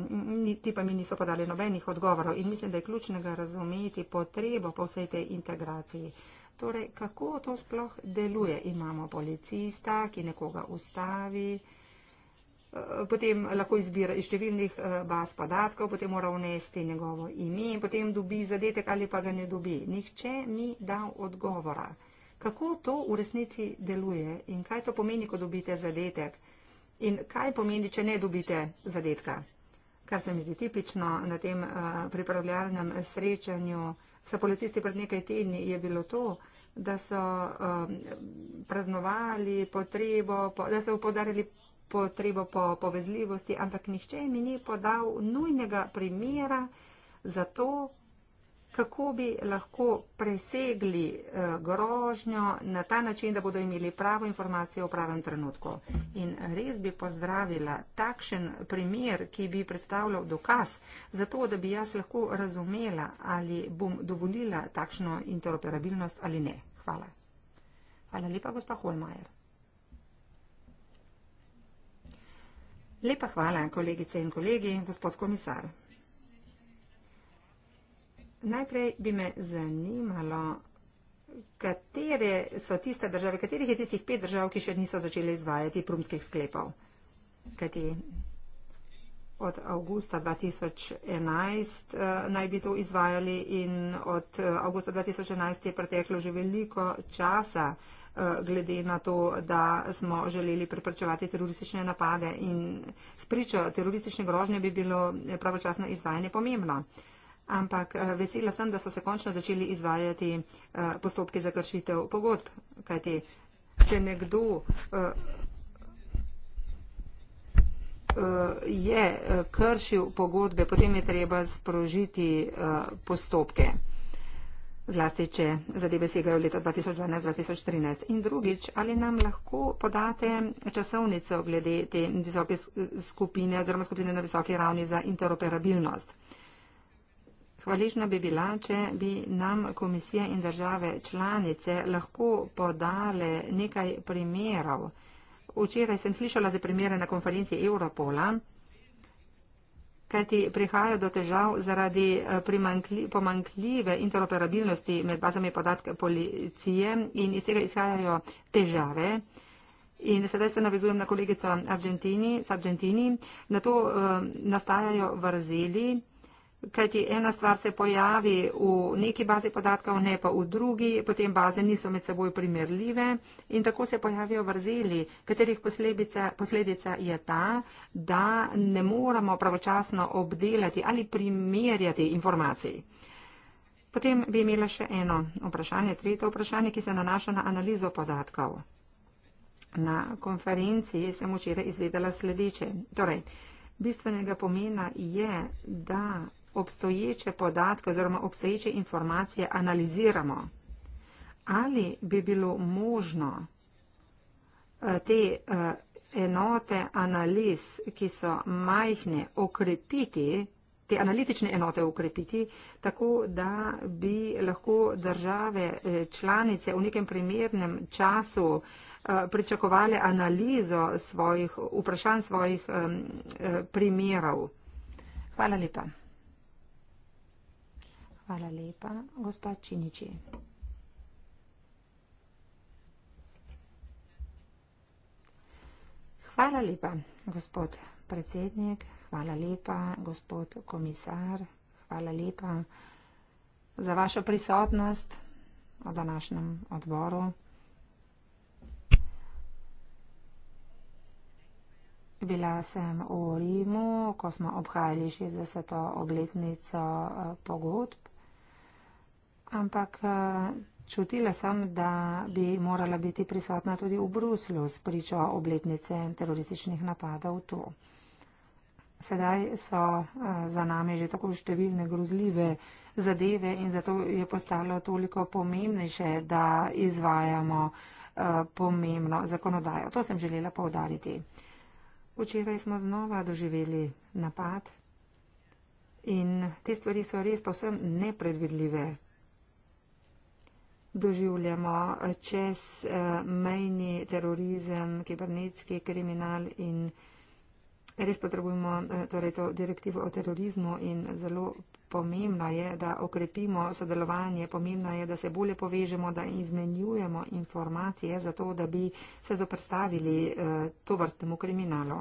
Ti pa mi niso podali nobenih odgovorov in mislim, da je ključnega razumeti potrebo po vsej tej integraciji. Torej, kako to sploh deluje? Imamo policista, ki nekoga ustavi, eh, potem lahko izbira iz številnih eh, baz podatkov, potem mora vnesti njegovo ime, potem dobi zadetek ali pa ga ne dobi. Nihče ni dal odgovora. Kako to v resnici deluje in kaj to pomeni, ko dobite zadetek? In kaj pomeni, če ne dobite zadetka? Kar se mi zdi tipično na tem uh, pripravljalnem srečanju s policisti pred nekaj tedni, je bilo to, da so um, praznovali potrebo, po, da so podarili potrebo po povezljivosti, ampak nihče mi ni podal nujnega primera za to, kako bi lahko presegli eh, grožnjo na ta način, da bodo imeli pravo informacijo v pravem trenutku. In res bi pozdravila takšen primer, ki bi predstavljal dokaz za to, da bi jaz lahko razumela, ali bom dovolila takšno interoperabilnost ali ne. Hvala. Hvala lepa, gospa Holmajer. Lepa hvala, kolegice in kolegi, gospod komisar. Najprej bi me zanimalo, katere so tiste države, katerih je tistih pet držav, ki še niso začeli izvajati prumskih sklepov. Kajti od avgusta 2011 eh, naj bi to izvajali in od eh, avgusta 2011 je preteklo že veliko časa eh, glede na to, da smo želeli preprečevati teroristične napade in spričo teroristične grožnje bi bilo pravočasno izvajanje pomembno ampak eh, vesela sem, da so se končno začeli izvajati eh, postopki za kršitev pogodb, kajti če nekdo eh, je kršil pogodbe, potem je treba sprožiti postopke. Zlasti, če zadeve segajo leta 2012-2013. In drugič, ali nam lahko podate časovnico glede te visoke skupine oziroma skupine na visoki ravni za interoperabilnost? Hvaležna bi bila, če bi nam komisija in države članice lahko podale nekaj primerov. Včeraj sem slišala za primere na konferenci Europola, kajti prihaja do težav zaradi eh, pomankljive interoperabilnosti med bazami podatka policije in iz tega izhajajo težave. In sedaj se navezujem na kolegico Argentini, z Argentini, na to uh, nastajajo vrzeli. Kaj ti ena stvar se pojavi v neki bazi podatkov, ne pa v drugi, potem baze niso med seboj primerljive in tako se pojavijo vrzeli, katerih posledica, posledica je ta, da ne moramo pravočasno obdelati ali primerjati informacij. Potem bi imela še eno vprašanje, tretje vprašanje, ki se nanaša na analizo podatkov. Na konferenci sem včeraj izvedela sledeče. Torej, bistvenega pomena je, da obstoječe podatke oziroma obstoječe informacije analiziramo. Ali bi bilo možno eh, te eh, enote analiz, ki so majhne, okrepiti, te analitične enote okrepiti, tako da bi lahko države eh, članice v nekem primernem času pričakovali analizo svojih vprašanj, svojih primerov. Hvala lepa. Hvala lepa, gospa Činiči. Hvala lepa, gospod predsednik, hvala lepa, gospod komisar, hvala lepa za vašo prisotnost na današnjem odboru. Bila sem v Rimu, ko smo obhajali 60. obletnico pogodb ampak eh, čutila sem, da bi morala biti prisotna tudi v Bruslju s pričo obletnice terorističnih napadov tu. Sedaj so eh, za nami že tako številne grozljive zadeve in zato je postalo toliko pomembnejše, da izvajamo eh, pomembno zakonodajo. To sem želela povdariti. Včeraj smo znova doživeli napad in te stvari so res povsem nepredvidljive doživljamo čez eh, mejni terorizem, kibernetski kriminal in res potrebujemo eh, torej, to direktivo o terorizmu in zelo pomembno je, da okrepimo sodelovanje, pomembno je, da se bolje povežemo, da izmenjujemo informacije za to, da bi se zoprstavili eh, to vrstnemu kriminalu.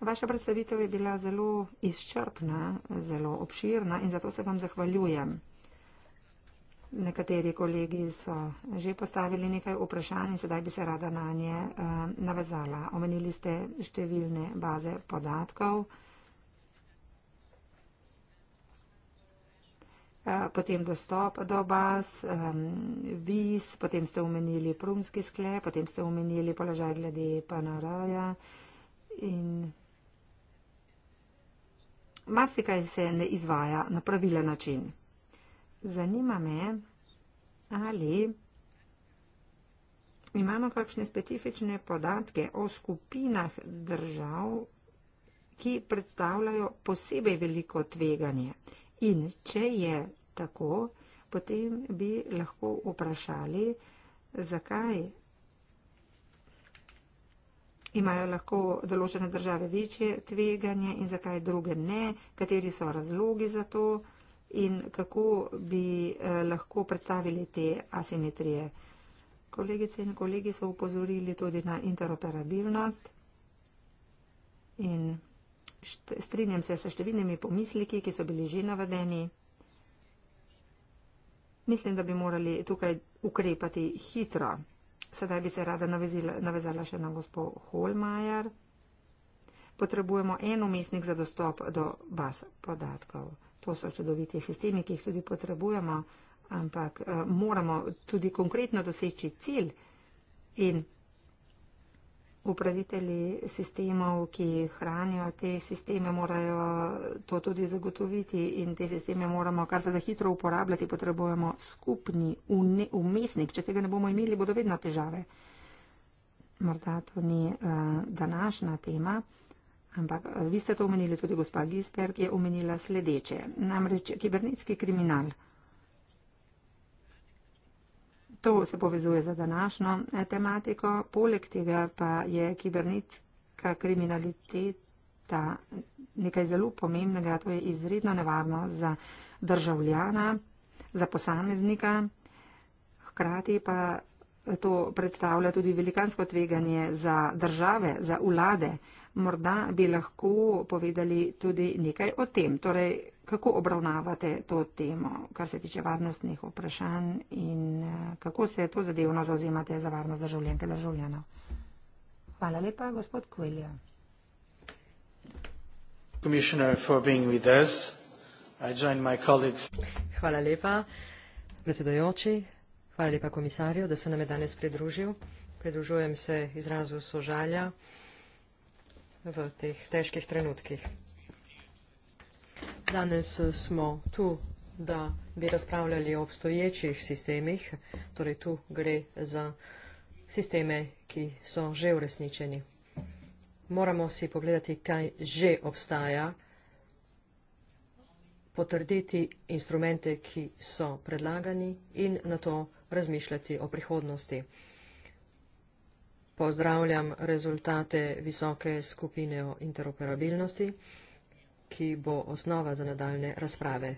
Vaša predstavitev je bila zelo izčrpna, zelo obširna in zato se vam zahvaljujem. Nekateri kolegi so že postavili nekaj vprašanj in sedaj bi se rada na nje eh, navezala. Omenili ste številne baze podatkov, eh, potem dostop do baz, eh, viz, potem ste omenili prumski sklep, potem ste omenili položaj glede PNR-ja in. Marsikaj se ne izvaja na pravilen način zanima me, ali imamo kakšne specifične podatke o skupinah držav, ki predstavljajo posebej veliko tveganje. In če je tako, potem bi lahko vprašali, zakaj imajo lahko določene države večje tveganje in zakaj druge ne, kateri so razlogi za to in kako bi eh, lahko predstavili te asimetrije. Kolegice in kolegi so upozorili tudi na interoperabilnost in strinjam se s številnimi pomisliki, ki so bili že navedeni. Mislim, da bi morali tukaj ukrepati hitro. Sedaj bi se rada navezala še na gospod Holmajer. Potrebujemo en umestnik za dostop do baz podatkov to so čudoviti sistemi, ki jih tudi potrebujemo, ampak uh, moramo tudi konkretno doseči cilj in upravitelji sistemov, ki hranijo te sisteme, morajo to tudi zagotoviti in te sisteme moramo kar se da hitro uporabljati, potrebujemo skupni umestnik, če tega ne bomo imeli, bodo vedno težave. Morda to ni uh, današnja tema. Ampak eh, vi ste to omenili, tudi gospa Gisberg je omenila sledeče. Namreč kibernetski kriminal. To se povezuje za današnjo eh, tematiko. Poleg tega pa je kibernetska kriminaliteta nekaj zelo pomembnega. To je izredno nevarno za državljana, za posameznika. Hkrati pa to predstavlja tudi velikansko tveganje za države, za vlade morda bi lahko povedali tudi nekaj o tem, torej kako obravnavate to temo, kar se tiče varnostnih vprašanj in eh, kako se to zadevno zauzemate za varnost državljanke in državljanov. Hvala lepa, gospod Kuelja. Hvala lepa, predsedojoči, hvala lepa komisarju, da se nam je danes pridružil. Pridružujem se izrazu sožalja v teh težkih trenutkih. Danes eh, smo tu, da bi razpravljali o obstoječih sistemih, torej tu gre za sisteme, ki so že uresničeni. Moramo si pogledati, kaj že obstaja, potrditi instrumente, ki so predlagani in na to razmišljati o prihodnosti pozdravljam rezultate visoke skupine o interoperabilnosti, ki bo osnova za nadaljne razprave.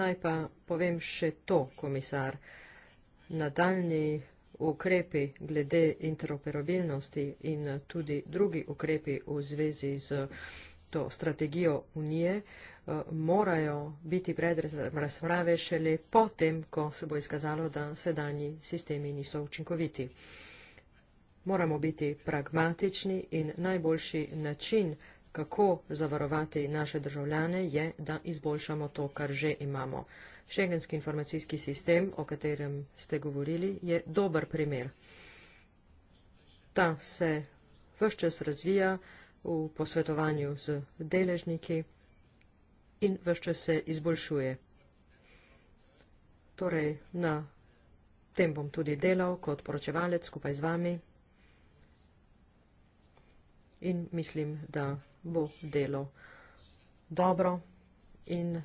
Naj pa povem še to, komisar. Nadaljni ukrepi glede interoperabilnosti in tudi drugi ukrepi v zvezi z to strategijo Unije eh, morajo biti predmetom razprave šele potem, ko se bo izkazalo, da sedanji sistemi niso učinkoviti moramo biti pragmatični in najboljši način, kako zavarovati naše državljane, je, da izboljšamo to, kar že imamo. Šengenski informacijski sistem, o katerem ste govorili, je dober primer. Ta se vse čas razvija v posvetovanju z deležniki in vse čas se izboljšuje. Torej, na tem bom tudi delal kot poročevalec skupaj z vami in mislim, da bo delo dobro in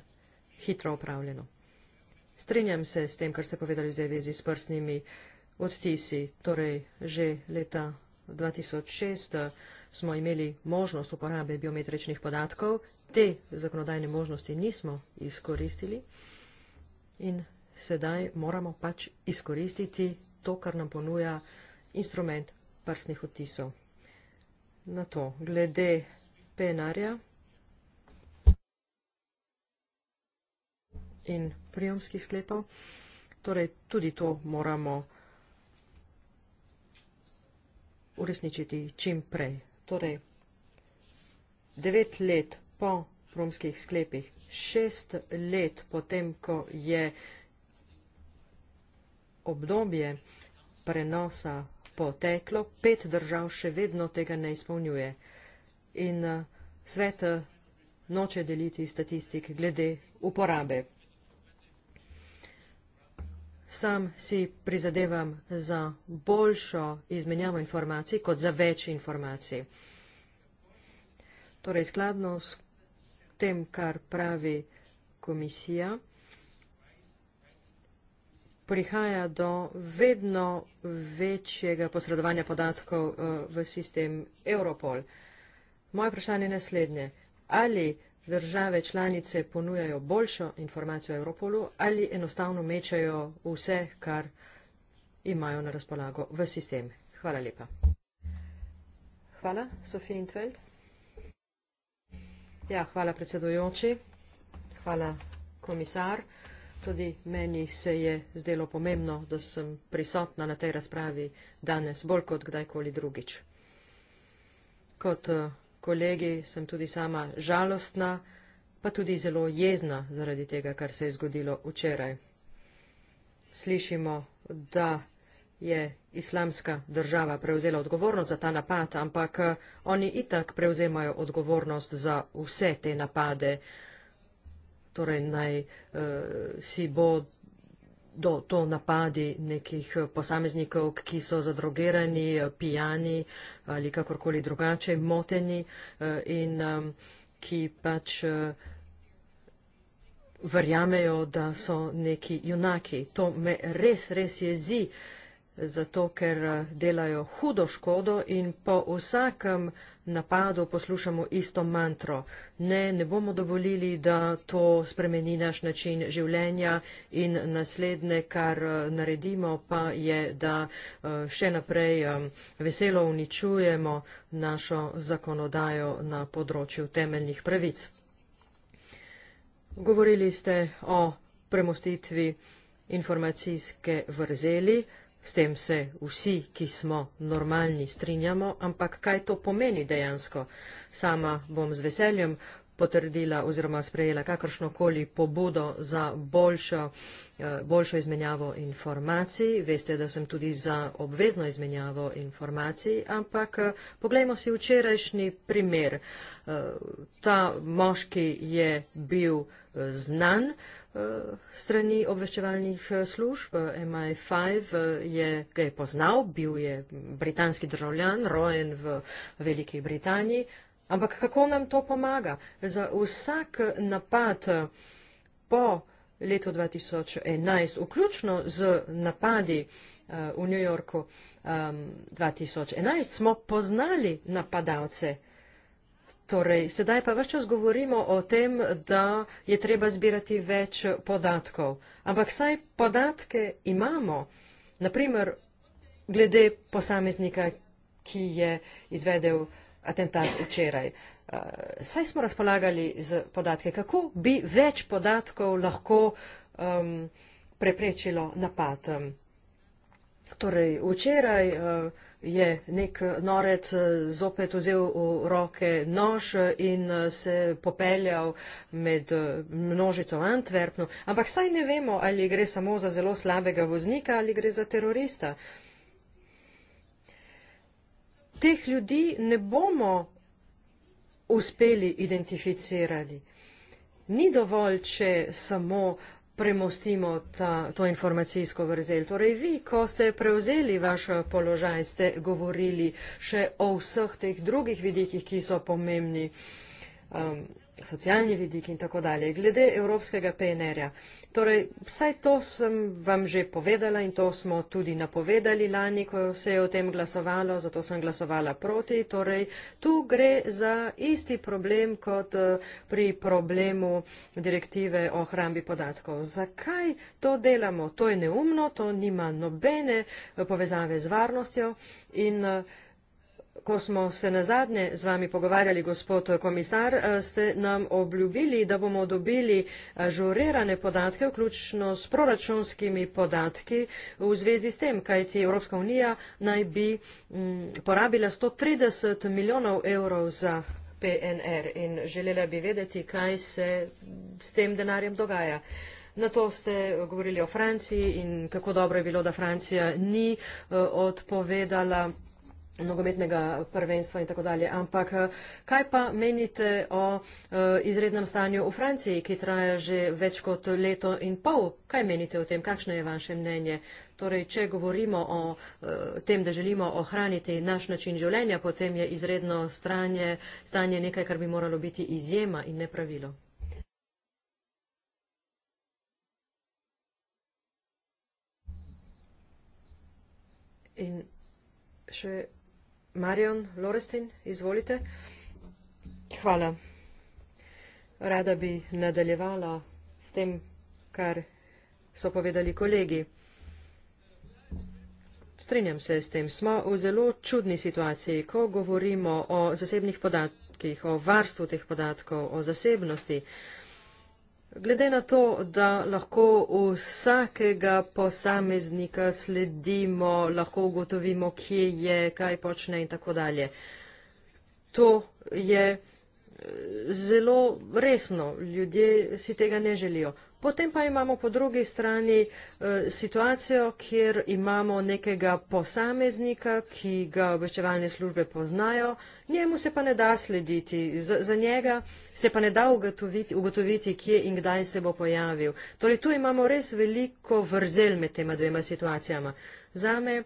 hitro opravljeno. Strinjam se s tem, kar ste povedali v zvezi s prstnimi odtisi, torej že leta 2006 eh, smo imeli možnost uporabe biometričnih podatkov, te zakonodajne možnosti nismo izkoristili in sedaj moramo pač izkoristiti to, kar nam ponuja instrument prstnih odtisov na to. Glede penarja in prijomskih sklepov, torej tudi to moramo uresničiti čim prej. Torej, devet let po prijomskih sklepih, šest let potem, ko je obdobje prenosa poteklo, pet držav še vedno tega ne izpolnjuje. In eh, svet eh, noče deliti statistik glede uporabe. Sam si prizadevam za boljšo izmenjavo informacij kot za več informacij. Torej, skladno s tem, kar pravi komisija, prihaja do vedno večjega posredovanja podatkov eh, v sistem Europol. Moje vprašanje je naslednje. Ali države članice ponujajo boljšo informacijo Europolu ali enostavno mečajo vse, kar imajo na razpolago v sistem? Hvala lepa. Hvala, Sofija Intveld. Ja, hvala predsedujoči, hvala komisar. Tudi meni se je zdelo pomembno, da sem prisotna na tej razpravi danes bolj kot kdajkoli drugič. Kot eh, kolegi sem tudi sama žalostna, pa tudi zelo jezna zaradi tega, kar se je zgodilo včeraj. Slišimo, da je islamska država prevzela odgovornost za ta napad, ampak eh, oni itak prevzemajo odgovornost za vse te napade torej naj uh, si bo do to napadi nekih eh, posameznikov, ki so zadrogerani, eh, pijani ali kakorkoli drugače, moteni uh, in um, ki pač uh, verjamejo, da so neki junaki. To me res, res jezi. Uh, zato ker eh, delajo hudo škodo in po vsakem napadu poslušamo isto mantro. Ne, ne bomo dovolili, da to spremeni naš način življenja in naslednje, kar eh, naredimo, pa je, da eh, še naprej veselo uničujemo našo zakonodajo na področju temeljnih pravic. Govorili ste o premostitvi informacijske vrzeli, S tem se vsi, ki smo normalni, strinjamo, ampak kaj to pomeni dejansko? Sama bom z veseljem potrdila oziroma sprejela kakršnokoli pobudo za boljšo, eh, boljšo izmenjavo informacij. Veste, da sem tudi za obvezno izmenjavo informacij, ampak eh, poglejmo si včerajšnji primer. Eh, ta moški je bil znan. Eh, strani obveščevalnih eh, služb. Eh, MI5 je, ga je poznal, bil je britanski državljan, rojen v Veliki Britaniji. Ampak kako nam to pomaga? Za vsak napad po letu 2011, vključno z napadi v New Yorku 2011, ehm, smo poznali napadalce. Torej, sedaj pa več čas govorimo o tem, da je treba zbirati več podatkov. Ampak saj podatke imamo, naprimer, glede posameznika, ki je izvedel atentat včeraj. Eh, saj smo razpolagali z podatke, kako bi več podatkov lahko um, preprečilo napad. Torej, včeraj. Uh, je nek norec eh, zopet vzel v roke nož eh, in eh, se popeljal med množico v Antwerpno. Ampak saj ne vemo, ali gre samo za zelo slabega voznika ali gre za terorista. Teh ljudi ne bomo uspeli identificirati. Ni dovolj, če samo uh, premostimo ta, to informacijsko vrzel. Torej, vi, ko ste prevzeli vaš položaj, ste govorili še o vseh teh drugih vidikih, ki so pomembni. Um, socialni vidik in tako dalje. Glede evropskega PNR-ja. Torej, vsaj to sem vam že povedala in to smo tudi napovedali lani, ko se je o tem glasovalo, zato sem glasovala proti. Torej, tu gre za isti problem kot eh, pri problemu direktive o hrambi podatkov. Zakaj to delamo? To je neumno, to nima nobene eh, povezave z varnostjo in uh, ko smo se nazadnje z vami pogovarjali, gospod komisar, eh, ste nam obljubili, da bomo dobili žurirane podatke, vključno s proračunskimi podatki v zvezi s tem, kajti Evropska unija naj bi mm, porabila 130 milijonov evrov za PNR in želela bi vedeti, kaj se s tem denarjem dogaja. Na to ste govorili o Franciji in kako dobro je bilo, da Francija ni eh, odpovedala nogometnega prvenstva in tako dalje. Ampak eh, kaj pa menite o eh, izrednem stanju v Franciji, ki traja že več kot leto in pol? Kaj menite o tem? Kakšno je vaše mnenje? Torej, če govorimo o eh, tem, da želimo ohraniti naš način življenja, potem je izredno stranje, stanje nekaj, kar bi moralo biti izjema in ne pravilo. In še Marion Lorestin, izvolite. Hvala. Rada bi nadaljevala s tem, kar so povedali kolegi. Strinjam se s tem. Smo v zelo čudni situaciji, ko govorimo o zasebnih podatkih, o varstvu teh podatkov, o zasebnosti. Glede na to, da lahko vsakega posameznika sledimo, lahko ugotovimo, kje je, kaj počne in tako dalje. To je eh, zelo resno, ljudje si tega ne želijo. Potem pa imamo po drugi strani eh, situacijo, kjer imamo nekega posameznika, ki ga obveščevalne službe poznajo, njemu se pa ne da slediti, za, za njega se pa ne da ugotoviti, ugotoviti, kje in kdaj se bo pojavil. Torej, tu imamo res veliko vrzel med tema dvema situacijama. Zame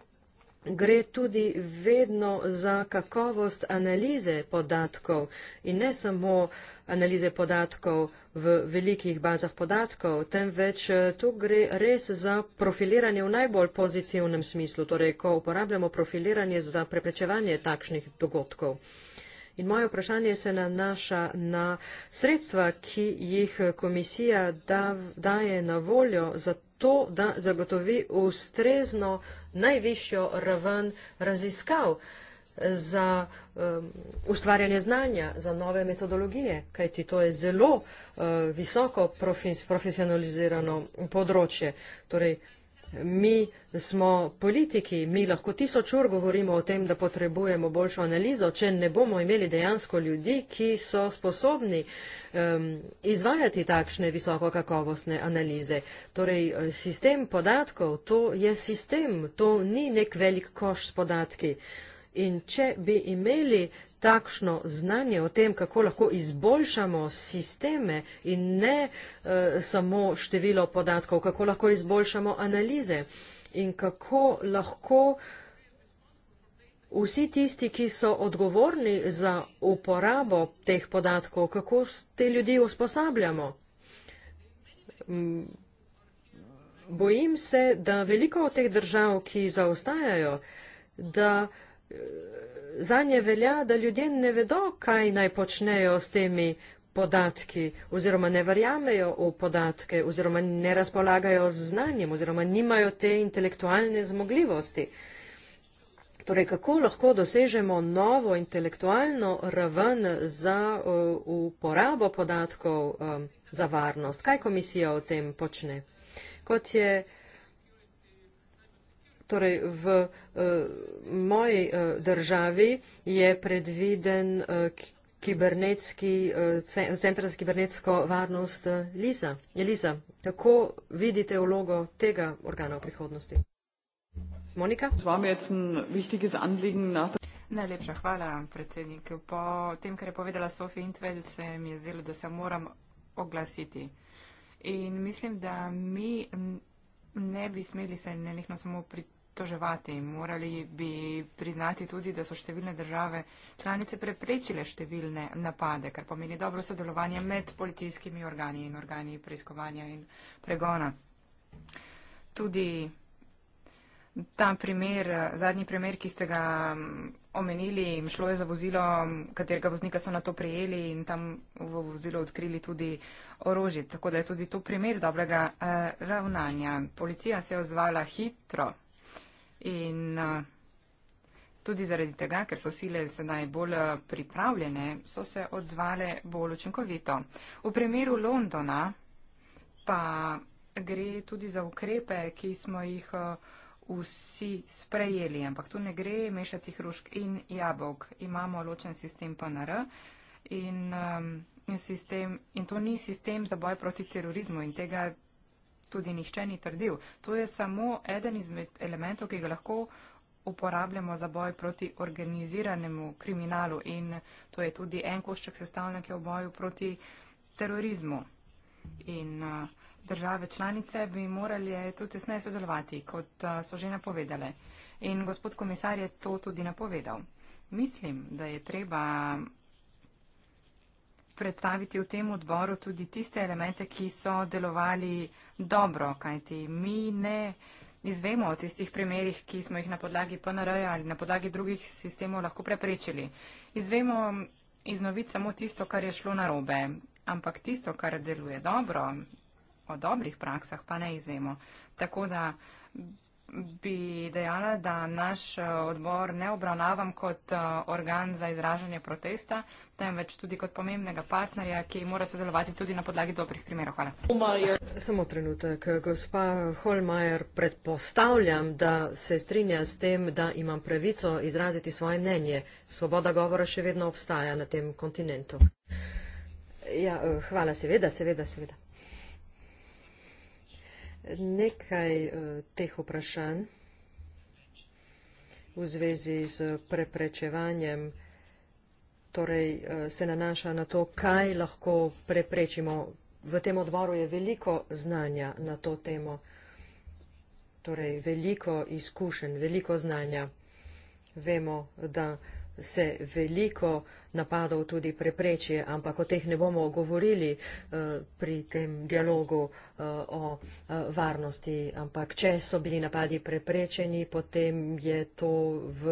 gre tudi vedno za kakovost analize podatkov in ne samo analize podatkov v velikih bazah podatkov, temveč eh, tu gre res za profiliranje v najbolj pozitivnem smislu, torej ko uporabljamo profiliranje za preprečevanje takšnih dogodkov. In moje vprašanje se nanaša na sredstva, ki jih komisija da, daje na voljo za to, da zagotovi ustrezno najvišjo raven raziskav za um, ustvarjanje znanja, za nove metodologije, kajti to je zelo uh, visoko profes, profesionalizirano področje. Torej, Mi smo politiki, mi lahko tisoč ur govorimo o tem, da potrebujemo boljšo analizo, če ne bomo imeli dejansko ljudi, ki so sposobni um, izvajati takšne visokokakovostne analize. Torej, sistem podatkov, to je sistem, to ni nek velik koš s podatki. Uh, In če bi imeli takšno znanje o tem, kako lahko izboljšamo sisteme in ne e, samo število podatkov, kako lahko izboljšamo analize in kako lahko vsi tisti, ki so odgovorni za uporabo teh podatkov, kako te ljudi usposabljamo. Bojim se, da veliko od teh držav, ki zaostajajo, da zanje velja, da ljudje ne vedo, kaj naj počnejo s temi podatki oziroma ne verjamejo v podatke oziroma ne razpolagajo z znanjem oziroma nimajo te intelektualne zmogljivosti. Torej, kako lahko dosežemo novo intelektualno raven za uh, uporabo podatkov um, za varnost? Kaj komisija o tem počne? Kot je uh, torej v uh, moji uh, državi je predviden uh, eh, centr za kibernetsko varnost Liza. Eliza, kako vidite vlogo tega organa v prihodnosti? Monika? Z vami je en vihtiges anligen na. Najlepša hvala, predsednik. Po tem, kar je povedala Sofija Intveld, se mi je zdelo, da se moram oglasiti. In mislim, da mi ne bi smeli se nenehno samo pri obtoževati. Morali bi priznati tudi, da so številne države članice preprečile številne napade, kar pomeni dobro sodelovanje med policijskimi organi in organi preiskovanja in pregona. Tudi ta primer, zadnji primer, ki ste ga mm, omenili, šlo je za vozilo, katerega voznika so na to prijeli in tam v vozilo odkrili tudi orožje. Tako da je tudi to primer dobrega eh, ravnanja. Policija se je odzvala hitro. In uh, tudi zaradi tega, ker so sile sedaj bolj eh, pripravljene, so se odzvale bolj učinkovito. V primeru Londona pa gre tudi za ukrepe, ki smo jih eh, vsi sprejeli, ampak tu ne gre mešati hrušk in jabolk. Imamo ločen sistem PNR in, um, in, sistem, in to ni sistem za boj proti terorizmu in tega tudi nihče ni trdil. To je samo eden izmed elementov, ki ga lahko uporabljamo za boj proti organiziranemu kriminalu in to je tudi en košček sestavljanja v boju proti terorizmu. In države članice bi morali tudi tesneje sodelovati, kot so že napovedale. In gospod komisar je to tudi napovedal. Mislim, da je treba predstaviti v tem odboru tudi tiste elemente, ki so delovali dobro, kajti mi ne izvemo o tistih primerih, ki smo jih na podlagi PNR ali na podlagi drugih sistemov lahko preprečili. Izvemo iz novic samo tisto, kar je šlo narobe, ampak tisto, kar deluje dobro, o dobrih praksah pa ne izvemo. Tako da bi dejala, da naš eh, odbor ne obravnavam kot eh, organ za izražanje protesta, temveč tudi kot pomembnega partnerja, ki mora sodelovati tudi na podlagi dobrih primerov. Hvala. Samo trenutek. Gospa Holmajer, predpostavljam, da se strinja s tem, da imam pravico izraziti svoje mnenje. Svoboda govora še vedno obstaja na tem kontinentu. Ja, eh, hvala, seveda, seveda, seveda nekaj eh, teh vprašanj v zvezi z preprečevanjem, torej eh, se nanaša na to, kaj lahko preprečimo. V tem odboru je veliko znanja na to temo, torej veliko izkušenj, veliko znanja. Vemo, da se veliko napadov tudi prepreči, ampak o teh ne bomo govorili eh, pri tem dialogu. Eh, o eh, varnosti. Ampak če so bili napadi preprečeni, potem je to v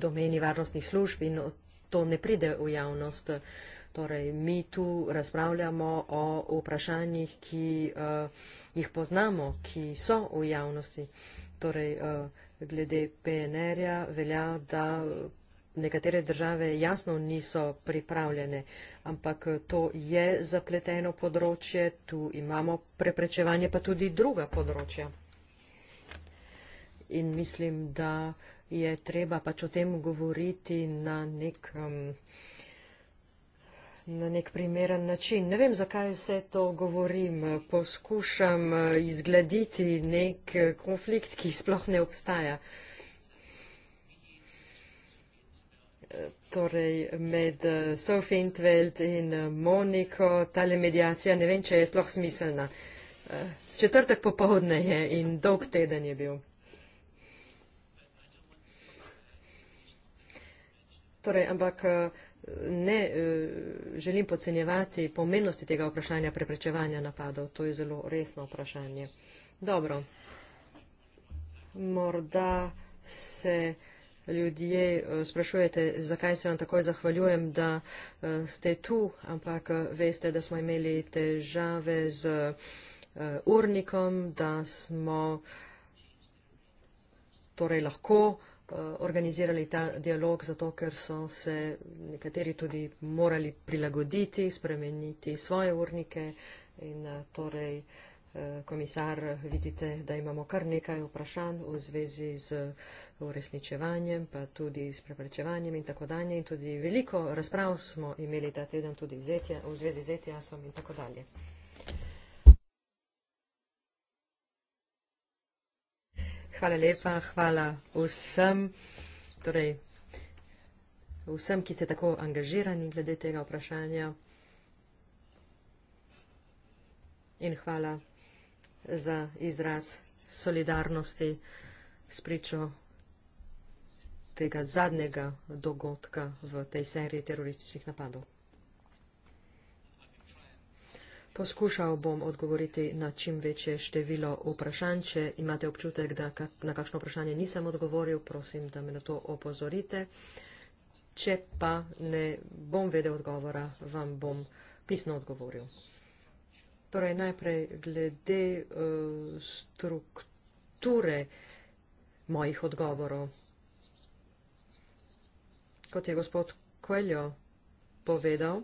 domeni varnostnih služb in to ne pride v javnost. Torej, mi tu razpravljamo o vprašanjih, ki uh, jih poznamo, ki so v javnosti. Torej, uh, glede PNR-ja velja, da nekatere države jasno niso pripravljene, ampak to je zapleteno področje, tu imamo preprečevanje, pa tudi druga področja. In mislim, da je treba pač o tem govoriti na nek, um, na nek primeren način. Ne vem, zakaj vse to govorim. Poskušam uh, izgladiti nek uh, konflikt, ki sploh ne obstaja. Uh, torej med eh, Sophie Intveld in eh, Moniko, tale medijacija, ne vem, če je sploh smiselna. Eh, četrtek popovdne je in dolg teden je bil. Torej, ampak ne želim podcenjevati pomenosti tega vprašanja preprečevanja napadov. To je zelo resno vprašanje. Dobro. Morda se ljudje eh, sprašujete, zakaj se vam takoj zahvaljujem, da eh, ste tu, ampak eh, veste, da smo imeli težave z urnikom, da smo torej lahko organizirali ta dialog, zato ker so se nekateri tudi morali prilagoditi, spremeniti svoje urnike in torej komisar, vidite, da imamo kar nekaj vprašanj v zvezi z uresničevanjem, pa tudi s preprečevanjem in tako dalje. In tudi veliko razprav smo imeli ta teden tudi zetja, v zvezi z ETIAS-om in tako dalje. Hvala lepa, hvala vsem, torej vsem, ki ste tako angažirani glede tega vprašanja. In hvala za izraz solidarnosti spričo tega zadnjega dogodka v tej seriji terorističnih napadov. Poskušal bom odgovoriti na čim večje število vprašanj. Če imate občutek, da na kakšno vprašanje nisem odgovoril, prosim, da me na to opozorite. Če pa ne bom vedel odgovora, vam bom pisno odgovoril. Torej, najprej glede uh, strukture mojih odgovorov. Kot je gospod Koeljo povedal,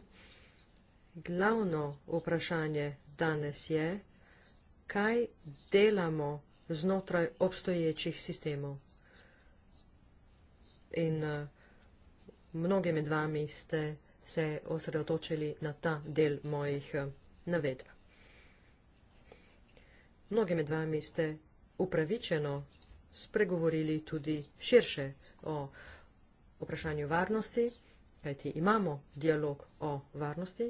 glavno vprašanje danes je, kaj delamo znotraj obstoječih sistemov. In uh, mnogi med vami ste se osredotočili na ta del mojih uh, navedb mnogi med vami ste upravičeno spregovorili tudi širše o vprašanju varnosti, kajti imamo dialog o varnosti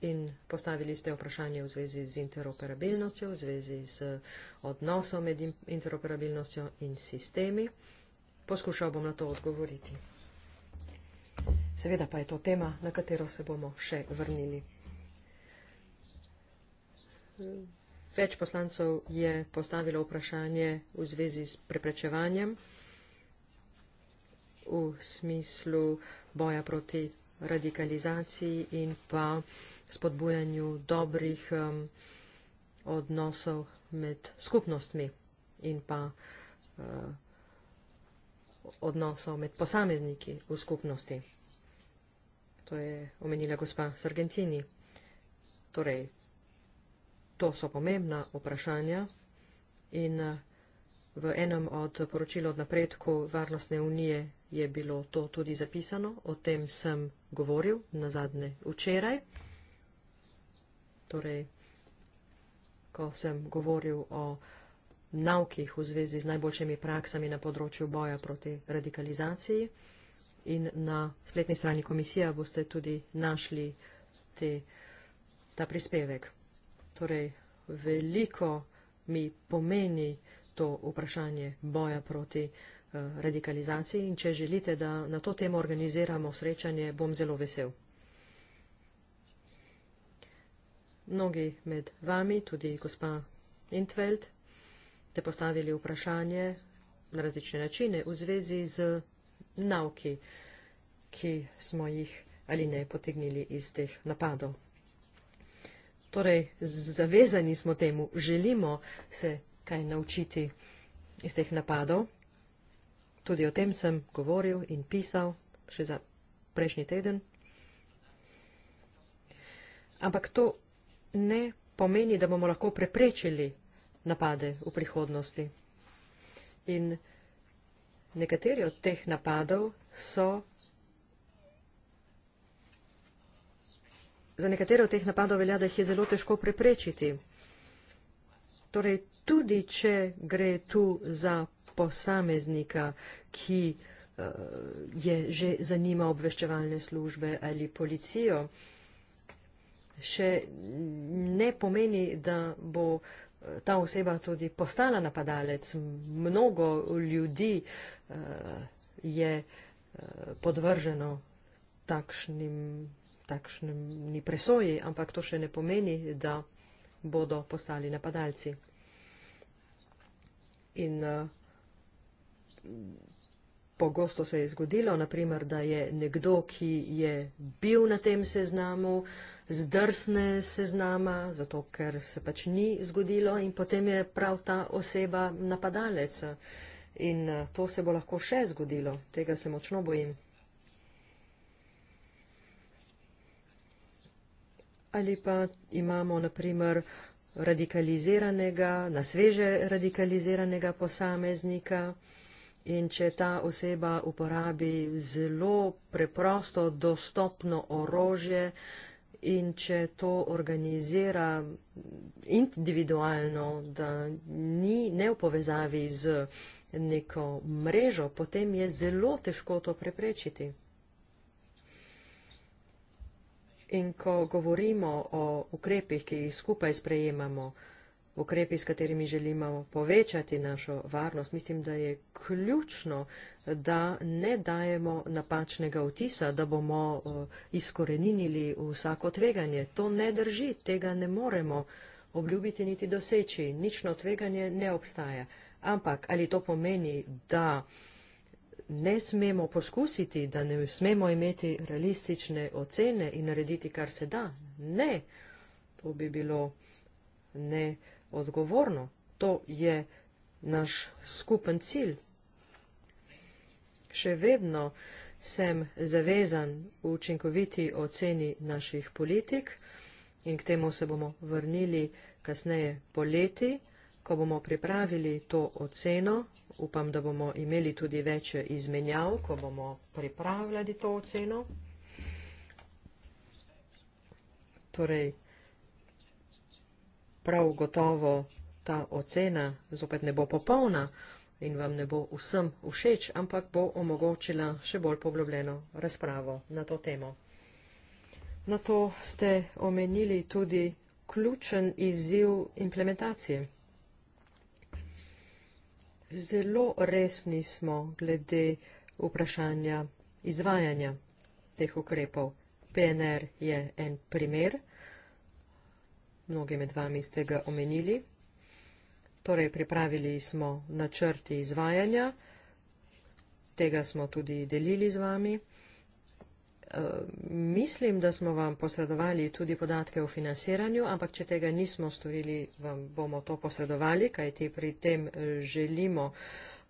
in postavili ste vprašanje v zvezi z interoperabilnostjo, v zvezi z odnosom med interoperabilnostjo in sistemi. Poskušal bom na to odgovoriti. Seveda pa je to tema, na katero se bomo še vrnili. Več poslancov je postavilo vprašanje v zvezi s preprečevanjem v smislu boja proti radikalizaciji in pa spodbujanju dobrih um, odnosov med skupnostmi in pa uh, odnosov med posamezniki v skupnosti. To je omenila gospa Sargentini. Torej, To so pomembna vprašanja in eh, v enem od poročil od napredku Varnostne unije je bilo to tudi zapisano. O tem sem govoril na zadnje včeraj. Torej, ko sem govoril o navkih v zvezi z najboljšimi praksami na področju boja proti radikalizaciji in na spletni strani komisija boste tudi našli te, ta prispevek. Torej, veliko mi pomeni to vprašanje boja proti eh, radikalizaciji in če želite, da na to temo organiziramo srečanje, bom zelo vesel. Mnogi med vami, tudi gospa Intveld, ste postavili vprašanje na različne načine v zvezi z nauki, ki smo jih ali ne potegnili iz teh napadov torej zavezani smo temu, želimo se kaj naučiti iz teh napadov. Tudi o tem sem govoril in pisal še za prejšnji teden. Ampak to ne pomeni, da bomo lahko preprečili napade v prihodnosti. In nekateri od teh napadov so za nekatere od teh napadov velja, da jih je zelo težko preprečiti. Torej, tudi če gre tu za posameznika, ki uh, je že zanima obveščevalne službe ali policijo, še ne pomeni, da bo eh, ta oseba tudi postala napadalec. Mnogo ljudi uh, je uh, podvrženo takšnim takšni presoji, ampak to še ne pomeni, da bodo postali napadalci. In eh, pogosto se je zgodilo, naprimer, da je nekdo, ki je bil na tem seznamu, zdrsne seznama, zato ker se pač ni zgodilo in potem je prav ta oseba napadalec. In eh, to se bo lahko še zgodilo, tega se močno bojim. ali pa imamo naprimer radikaliziranega, na sveže radikaliziranega posameznika in če ta oseba uporabi zelo preprosto dostopno orožje in če to organizira individualno, da ni ne v povezavi z neko mrežo, potem je zelo težko to preprečiti. In ko govorimo o ukrepih, ki jih skupaj sprejemamo, ukrepi, s katerimi želimo povečati našo varnost, mislim, da je ključno, da ne dajemo napačnega vtisa, da bomo izkorenili vsako tveganje. To ne drži, tega ne moremo obljubiti niti doseči. Nično tveganje ne obstaja. Ampak ali to pomeni, da ne smemo poskusiti, da ne smemo imeti realistične ocene in narediti, kar se da. Ne, to bi bilo neodgovorno. To je naš skupen cilj. Še vedno sem zavezan v učinkoviti oceni naših politik in k temu se bomo vrnili kasneje poleti, ko bomo pripravili to oceno Upam, da bomo imeli tudi več izmenjav, ko bomo pripravljali to oceno. Torej, prav gotovo ta ocena zopet ne bo popolna in vam ne bo vsem všeč, ampak bo omogočila še bolj poglobljeno razpravo na to temo. Na to ste omenili tudi ključen izziv implementacije. Zelo resni smo glede vprašanja izvajanja teh ukrepov. PNR je en primer, mnogi med vami ste ga omenili. Torej, pripravili smo načrti izvajanja, tega smo tudi delili z vami. Eh, mislim, da smo vam posredovali tudi podatke o financiranju, ampak če tega nismo storili, vam bomo to posredovali, kajti pri tem eh, želimo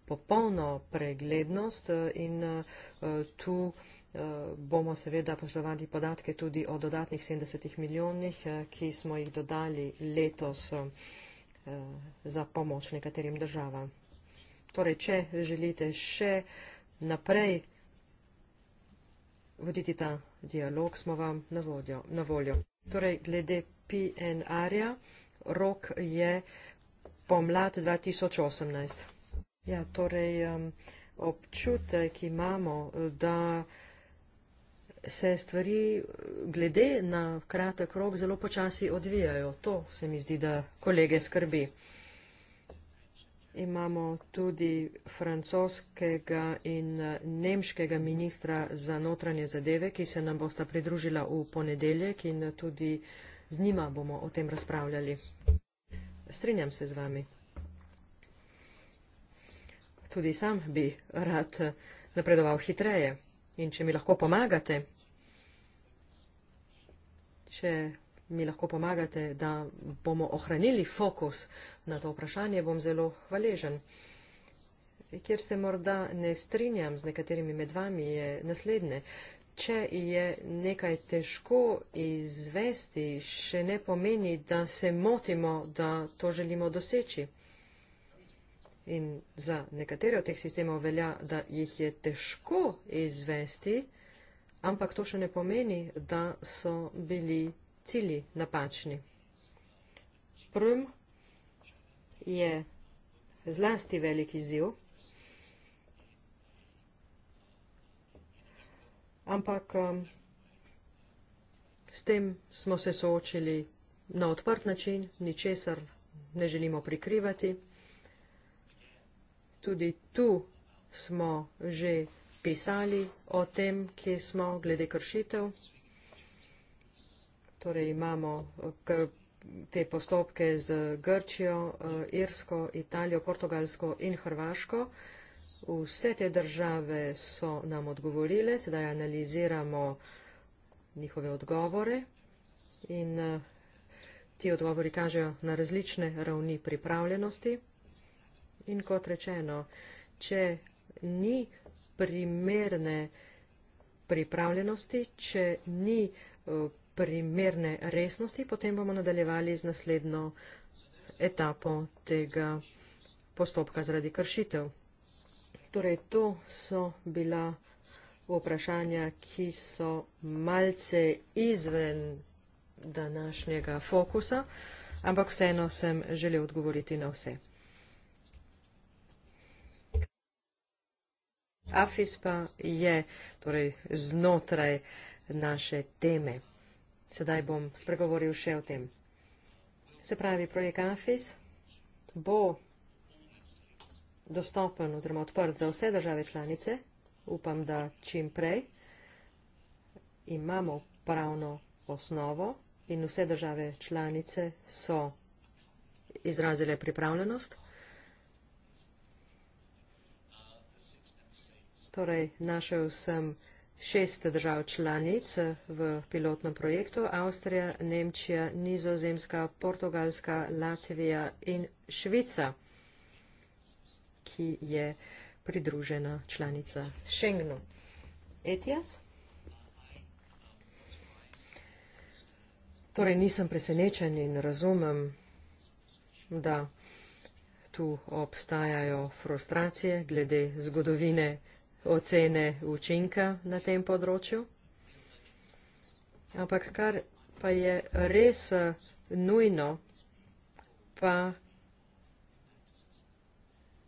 popolno preglednost eh, in tu bomo seveda posredovali podatke tudi o dodatnih 70 milijonih, ki smo jih dodali letos za pomoč nekaterim državam. Torej, če želite še naprej, voditi ta dialog, smo vam na, vodjo, na voljo. Torej, glede PNR-ja, rok je pomlad 2018. Ja, torej, um, občutek imamo, da se stvari glede na kratek rok zelo počasi odvijajo. To se mi zdi, da kolege skrbi imamo tudi francoskega in eh, nemškega ministra za notranje zadeve, ki se nam bosta pridružila v ponedeljek in eh, tudi z njima bomo o tem razpravljali. Strinjam se z vami. Tudi sam bi rad eh, napredoval hitreje. In če mi lahko pomagate, če mi lahko pomagate, da bomo ohranili fokus na to vprašanje, bom zelo hvaležen. Ker se morda ne strinjam z nekaterimi med vami, je naslednje. Če je nekaj težko izvesti, še ne pomeni, da se motimo, da to želimo doseči. In za nekatere od teh sistemov velja, da jih je težko izvesti, ampak to še ne pomeni, da so bili cilji napačni. Prvim je zlasti velik izziv, ampak um, s tem smo se soočili na odprt način, ničesar ne želimo prikrivati. Tudi tu smo že pisali o tem, kje smo glede kršitev. Torej imamo eh, te postopke z Grčijo, eh, Irsko, Italijo, Portugalsko in Hrvaško. Vse te države so nam odgovorile, sedaj analiziramo njihove odgovore in eh, ti odgovori kažejo na različne ravni pripravljenosti. In kot rečeno, če ni primerne pripravljenosti, če ni primerne resnosti, potem bomo nadaljevali z naslednjo etapo tega postopka zaradi kršitev. Torej, to so bila vprašanja, ki so malce izven današnjega fokusa, ampak vseeno sem želel odgovoriti na vse. AFIS pa je torej znotraj naše teme. Sedaj bom spregovoril še o tem. Se pravi, projekt AFIS bo dostopen oziroma odprt za vse države članice, upam, da čim prej. Imamo pravno osnovo in vse države članice so izrazile pripravljenost. Torej, našel sem šest držav članic v pilotnem projektu Avstrija, Nemčija, Nizozemska, Portugalska, Latvija in Švica, ki je pridružena članica Schengenu. Etias? Torej nisem presenečen in razumem, da tu obstajajo frustracije glede zgodovine ocene učinka na tem področju. Ampak kar pa je res eh, nujno, pa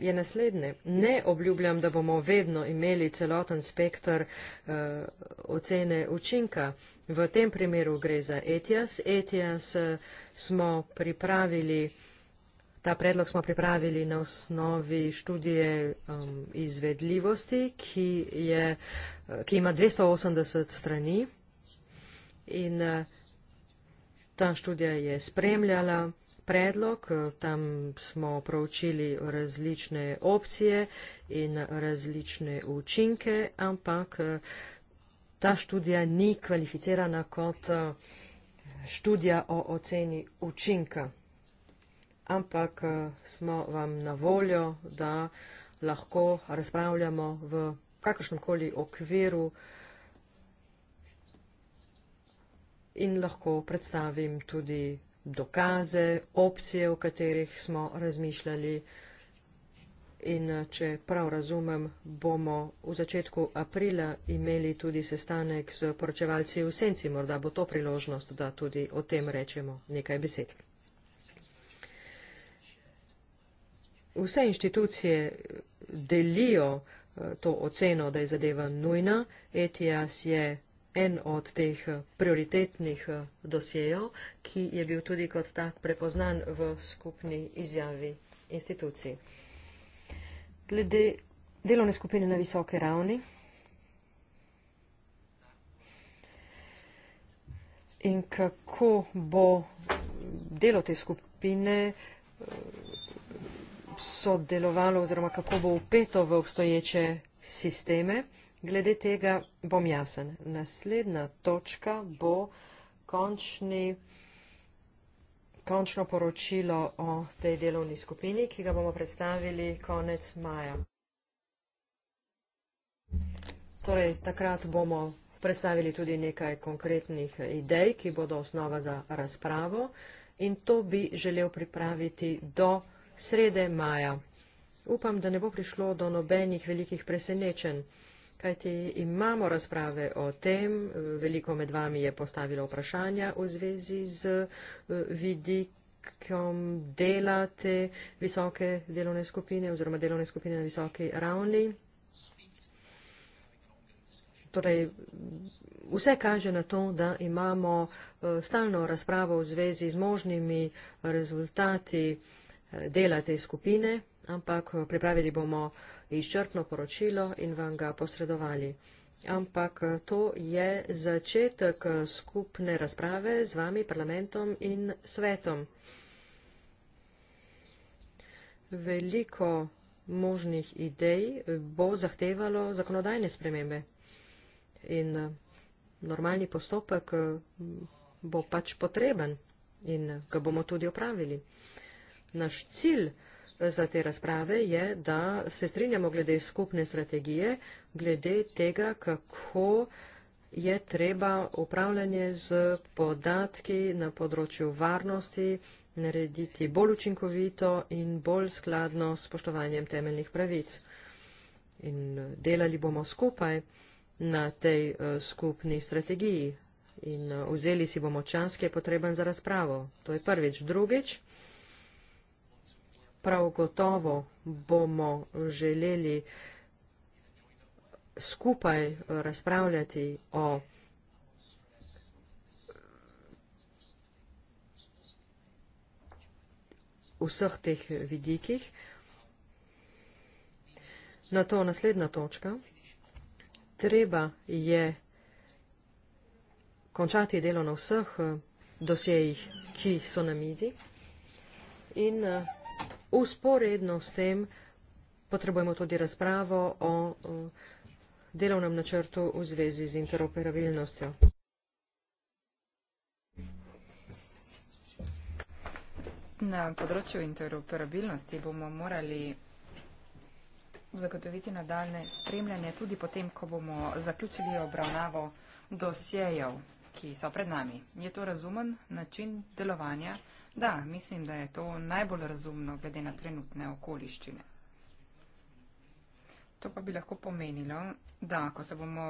je naslednje. Ne obljubljam, da bomo vedno imeli celoten spektr uh, eh, ocene učinka. V tem primeru gre za ETIAS. ETIAS uh, smo pripravili uh, Ta predlog smo pripravili na osnovi študije um, izvedljivosti, ki, je, ki ima 280 strani in uh, ta študija je spremljala predlog, uh, tam smo proučili različne opcije in različne učinke, ampak uh, ta študija ni kvalificirana kot uh, študija o oceni učinka ampak eh, smo vam na voljo, da lahko razpravljamo v kakršnemkoli okviru in lahko predstavim tudi dokaze, opcije, o katerih smo razmišljali. In eh, če prav razumem, bomo v začetku aprila imeli tudi sestanek z poročevalci v Senci. Morda bo to priložnost, da tudi o tem rečemo nekaj besed. Vse inštitucije delijo eh, to oceno, da je zadeva nujna. ETIAS je en od teh eh, prioritetnih eh, dosejev, ki je bil tudi kot tak prepoznan v skupni izjavi institucij. Glede delovne skupine na visoke ravni in kako bo delo te skupine sodelovalo oziroma kako bo upeto v obstoječe sisteme. Glede tega bom jasen. Naslednja točka bo končni, končno poročilo o tej delovni skupini, ki ga bomo predstavili konec maja. Torej, takrat bomo predstavili tudi nekaj konkretnih idej, ki bodo osnova za razpravo in to bi želel pripraviti do srede maja. Upam, da ne bo prišlo do nobenih velikih presenečen, kajti imamo razprave o tem, veliko med vami je postavilo vprašanja v zvezi z eh, vidikom dela te visoke delovne skupine oziroma delovne skupine na visoki ravni. Torej, vse kaže na to, da imamo eh, stalno razpravo v zvezi z možnimi eh, rezultati dela te skupine, ampak eh, pripravili bomo izčrpno poročilo in vam ga posredovali. Ampak eh, to je začetek eh, skupne razprave z vami, parlamentom in svetom. Veliko možnih idej bo zahtevalo zakonodajne spremembe in normalni postopek bo pač potreben in ga bomo tudi opravili. Naš cilj eh, za te razprave je, da se strinjamo glede skupne strategije, glede tega, kako je treba upravljanje z podatki na področju varnosti narediti bolj učinkovito in bolj skladno s poštovanjem temeljnih pravic. In eh, delali bomo skupaj na tej eh, skupni strategiji in vzeli si bomo čas, ki je potreben za razpravo. To je prvič. Drugič prav gotovo bomo želeli skupaj razpravljati o vseh teh vidikih. Na to naslednja točka. Treba je končati delo na vseh dosejih, ki so na mizi in uh, Usporedno s tem potrebujemo tudi razpravo o delovnem načrtu v zvezi z interoperabilnostjo. Na področju interoperabilnosti bomo morali zagotoviti nadaljne spremljanje tudi potem, ko bomo zaključili obravnavo dosjejev, ki so pred nami. Je to razumen način delovanja? Da, mislim, da je to najbolj razumno glede na trenutne okoliščine. To pa bi lahko pomenilo, da ko se bomo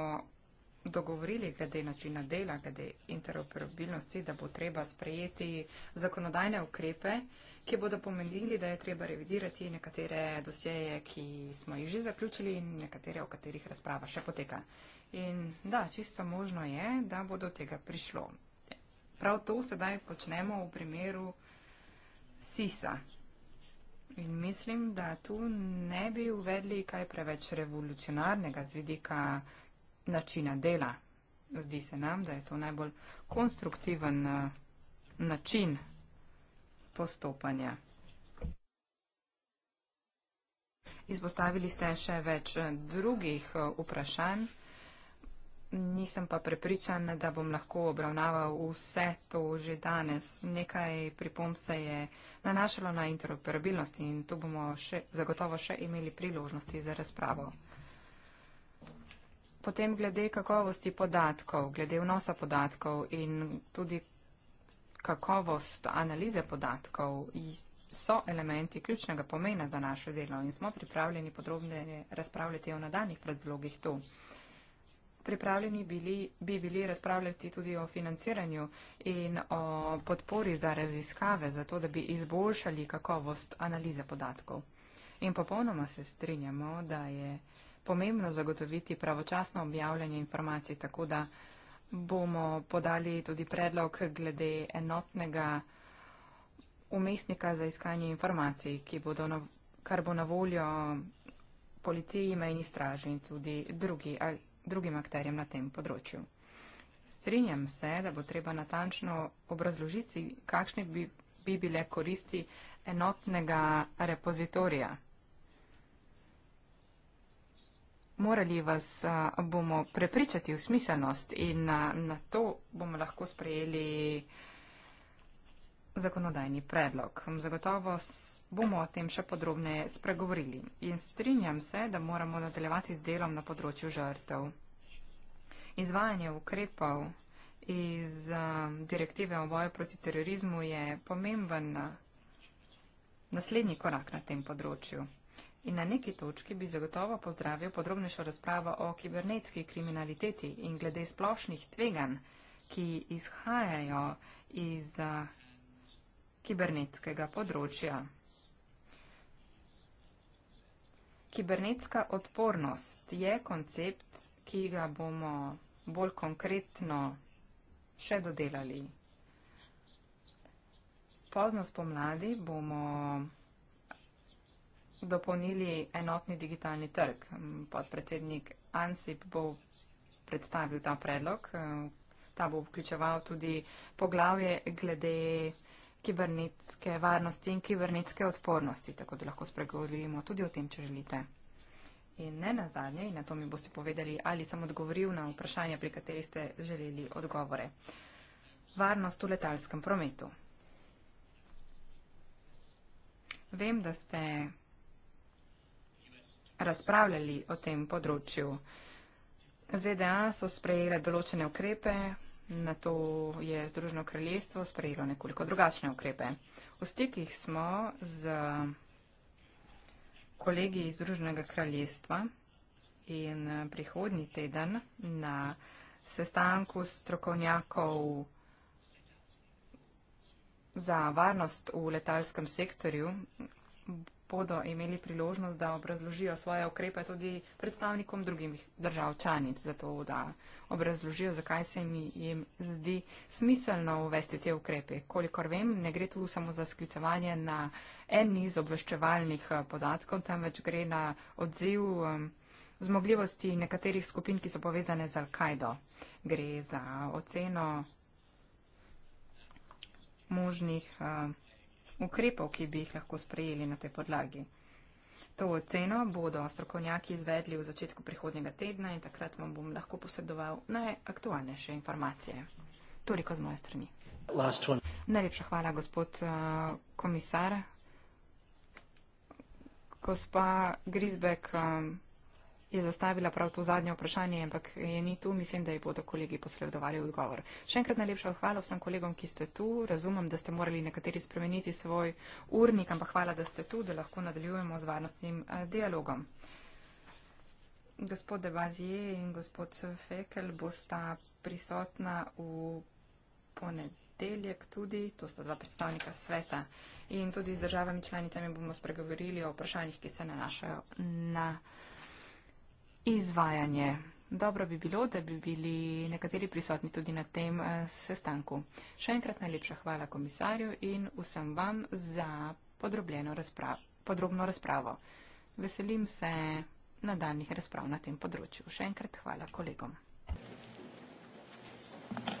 dogovorili glede načina dela, glede interoperabilnosti, da bo treba sprejeti zakonodajne ukrepe, ki bodo pomenili, da je treba revidirati nekatere dosjeje, ki smo jih že zaključili in nekatere, o katerih razprava še poteka. In da, čisto možno je, da bo do tega prišlo. Prav to sedaj počnemo v primeru Sisa. In mislim, da tu ne bi uvedli kaj preveč revolucionarnega z vidika načina dela. Zdi se nam, da je to najbolj konstruktiven eh, način postopanja. Izpostavili ste še več eh, drugih eh, vprašanj nisem pa prepričan, da bom lahko obravnaval vse to že danes. Nekaj pripomb se je nanašalo na interoperabilnost in tu bomo še, zagotovo še imeli priložnosti za razpravo. Potem glede kakovosti podatkov, glede vnosa podatkov in tudi kakovost analize podatkov so elementi ključnega pomena za naše delo in smo pripravljeni podrobne razpravljati o nadaljnih predlogih tu pripravljeni bili, bi bili razpravljati tudi o financiranju in o podpori za raziskave, zato da bi izboljšali kakovost analize podatkov. In popolnoma se strinjamo, da je pomembno zagotoviti pravočasno objavljanje informacij, tako da bomo podali tudi predlog glede enotnega umestnika za iskanje informacij, bodo, kar bo na voljo policiji, mejni straži in tudi drugi drugim akterjem na tem področju. Strinjam se, da bo treba natančno obrazložiti, kakšne bi, bi bile koristi enotnega repozitorija. Morali vas bomo prepričati v smiselnost in na, na to bomo lahko sprejeli zakonodajni predlog. Zagotovo bomo o tem še podrobneje spregovorili. In strinjam se, da moramo nadaljevati z delom na področju žrtev. Izvajanje ukrepov iz um, direktive o boju proti terorizmu je pomemben uh, naslednji korak na tem področju. In na neki točki bi zagotovo pozdravil podrobnejšo razpravo o kibernetski kriminaliteti in glede splošnih tvegan, ki izhajajo iz uh, kibernetskega področja. Kibernetska odpornost je koncept, ki ga bomo bolj konkretno še dodelali. Pozno spomladi bomo dopolnili enotni digitalni trg. Podpredsednik ANSIP bo predstavil ta predlog. Ta bo vključeval tudi poglavje glede kibernetske varnosti in kibernetske odpornosti, tako da lahko spregovorimo tudi o tem, če želite. In ne na zadnje, in na to mi boste povedali, ali sem odgovoril na vprašanje, pri kateri ste želeli odgovore. Varnost v letalskem prometu. Vem, da ste razpravljali o tem področju. ZDA e so sprejele določene ukrepe, Na to je Združeno kraljestvo sprejelo nekoliko drugačne ukrepe. V stikih smo z kolegi iz Združenega kraljestva in eh, prihodnji teden na sestanku strokovnjakov za varnost v letalskem sektorju bodo imeli priložnost, da obrazložijo svoje ukrepe tudi predstavnikom drugih držav članic, zato da obrazložijo, zakaj se jim, jim zdi smiselno uvesti te ukrepe. Kolikor vem, ne gre tu samo za sklicevanje na en niz obveščevalnih eh, podatkov, temveč gre na odziv zmogljivosti nekaterih skupin, ki so povezane z Al-Kaido. Gre za oceno možnih. Uh, ukrepov, ki bi jih lahko sprejeli na tej podlagi. To oceno bodo strokovnjaki izvedli v začetku prihodnjega tedna in takrat vam bom lahko posredoval najaktualnejše informacije. Toliko z moje strani. Najlepša hvala, gospod uh, komisar. Gospa Grisbek. Um, je zastavila prav to zadnje vprašanje, ampak je ni tu, mislim, da ji bodo kolegi posredovali odgovor. Še enkrat najlepša hvala vsem kolegom, ki ste tu. Razumem, da ste morali nekateri spremeniti svoj urnik, ampak hvala, da ste tu, da lahko nadaljujemo z varnostnim eh, dialogom. Gospod De Bazije in gospod Fekel bosta prisotna v ponedeljek tudi, to sta dva predstavnika sveta. In tudi z državami članicami bomo spregovorili o vprašanjih, ki se nanašajo na izvajanje. Dobro bi bilo, da bi bili nekateri prisotni tudi na tem eh, sestanku. Še enkrat najlepša hvala komisarju in vsem vam za razpravo, podrobno razpravo. Veselim se nadaljnih razprav na tem področju. Še enkrat hvala kolegom. Thank you.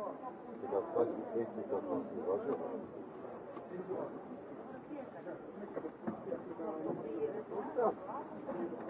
Thank you.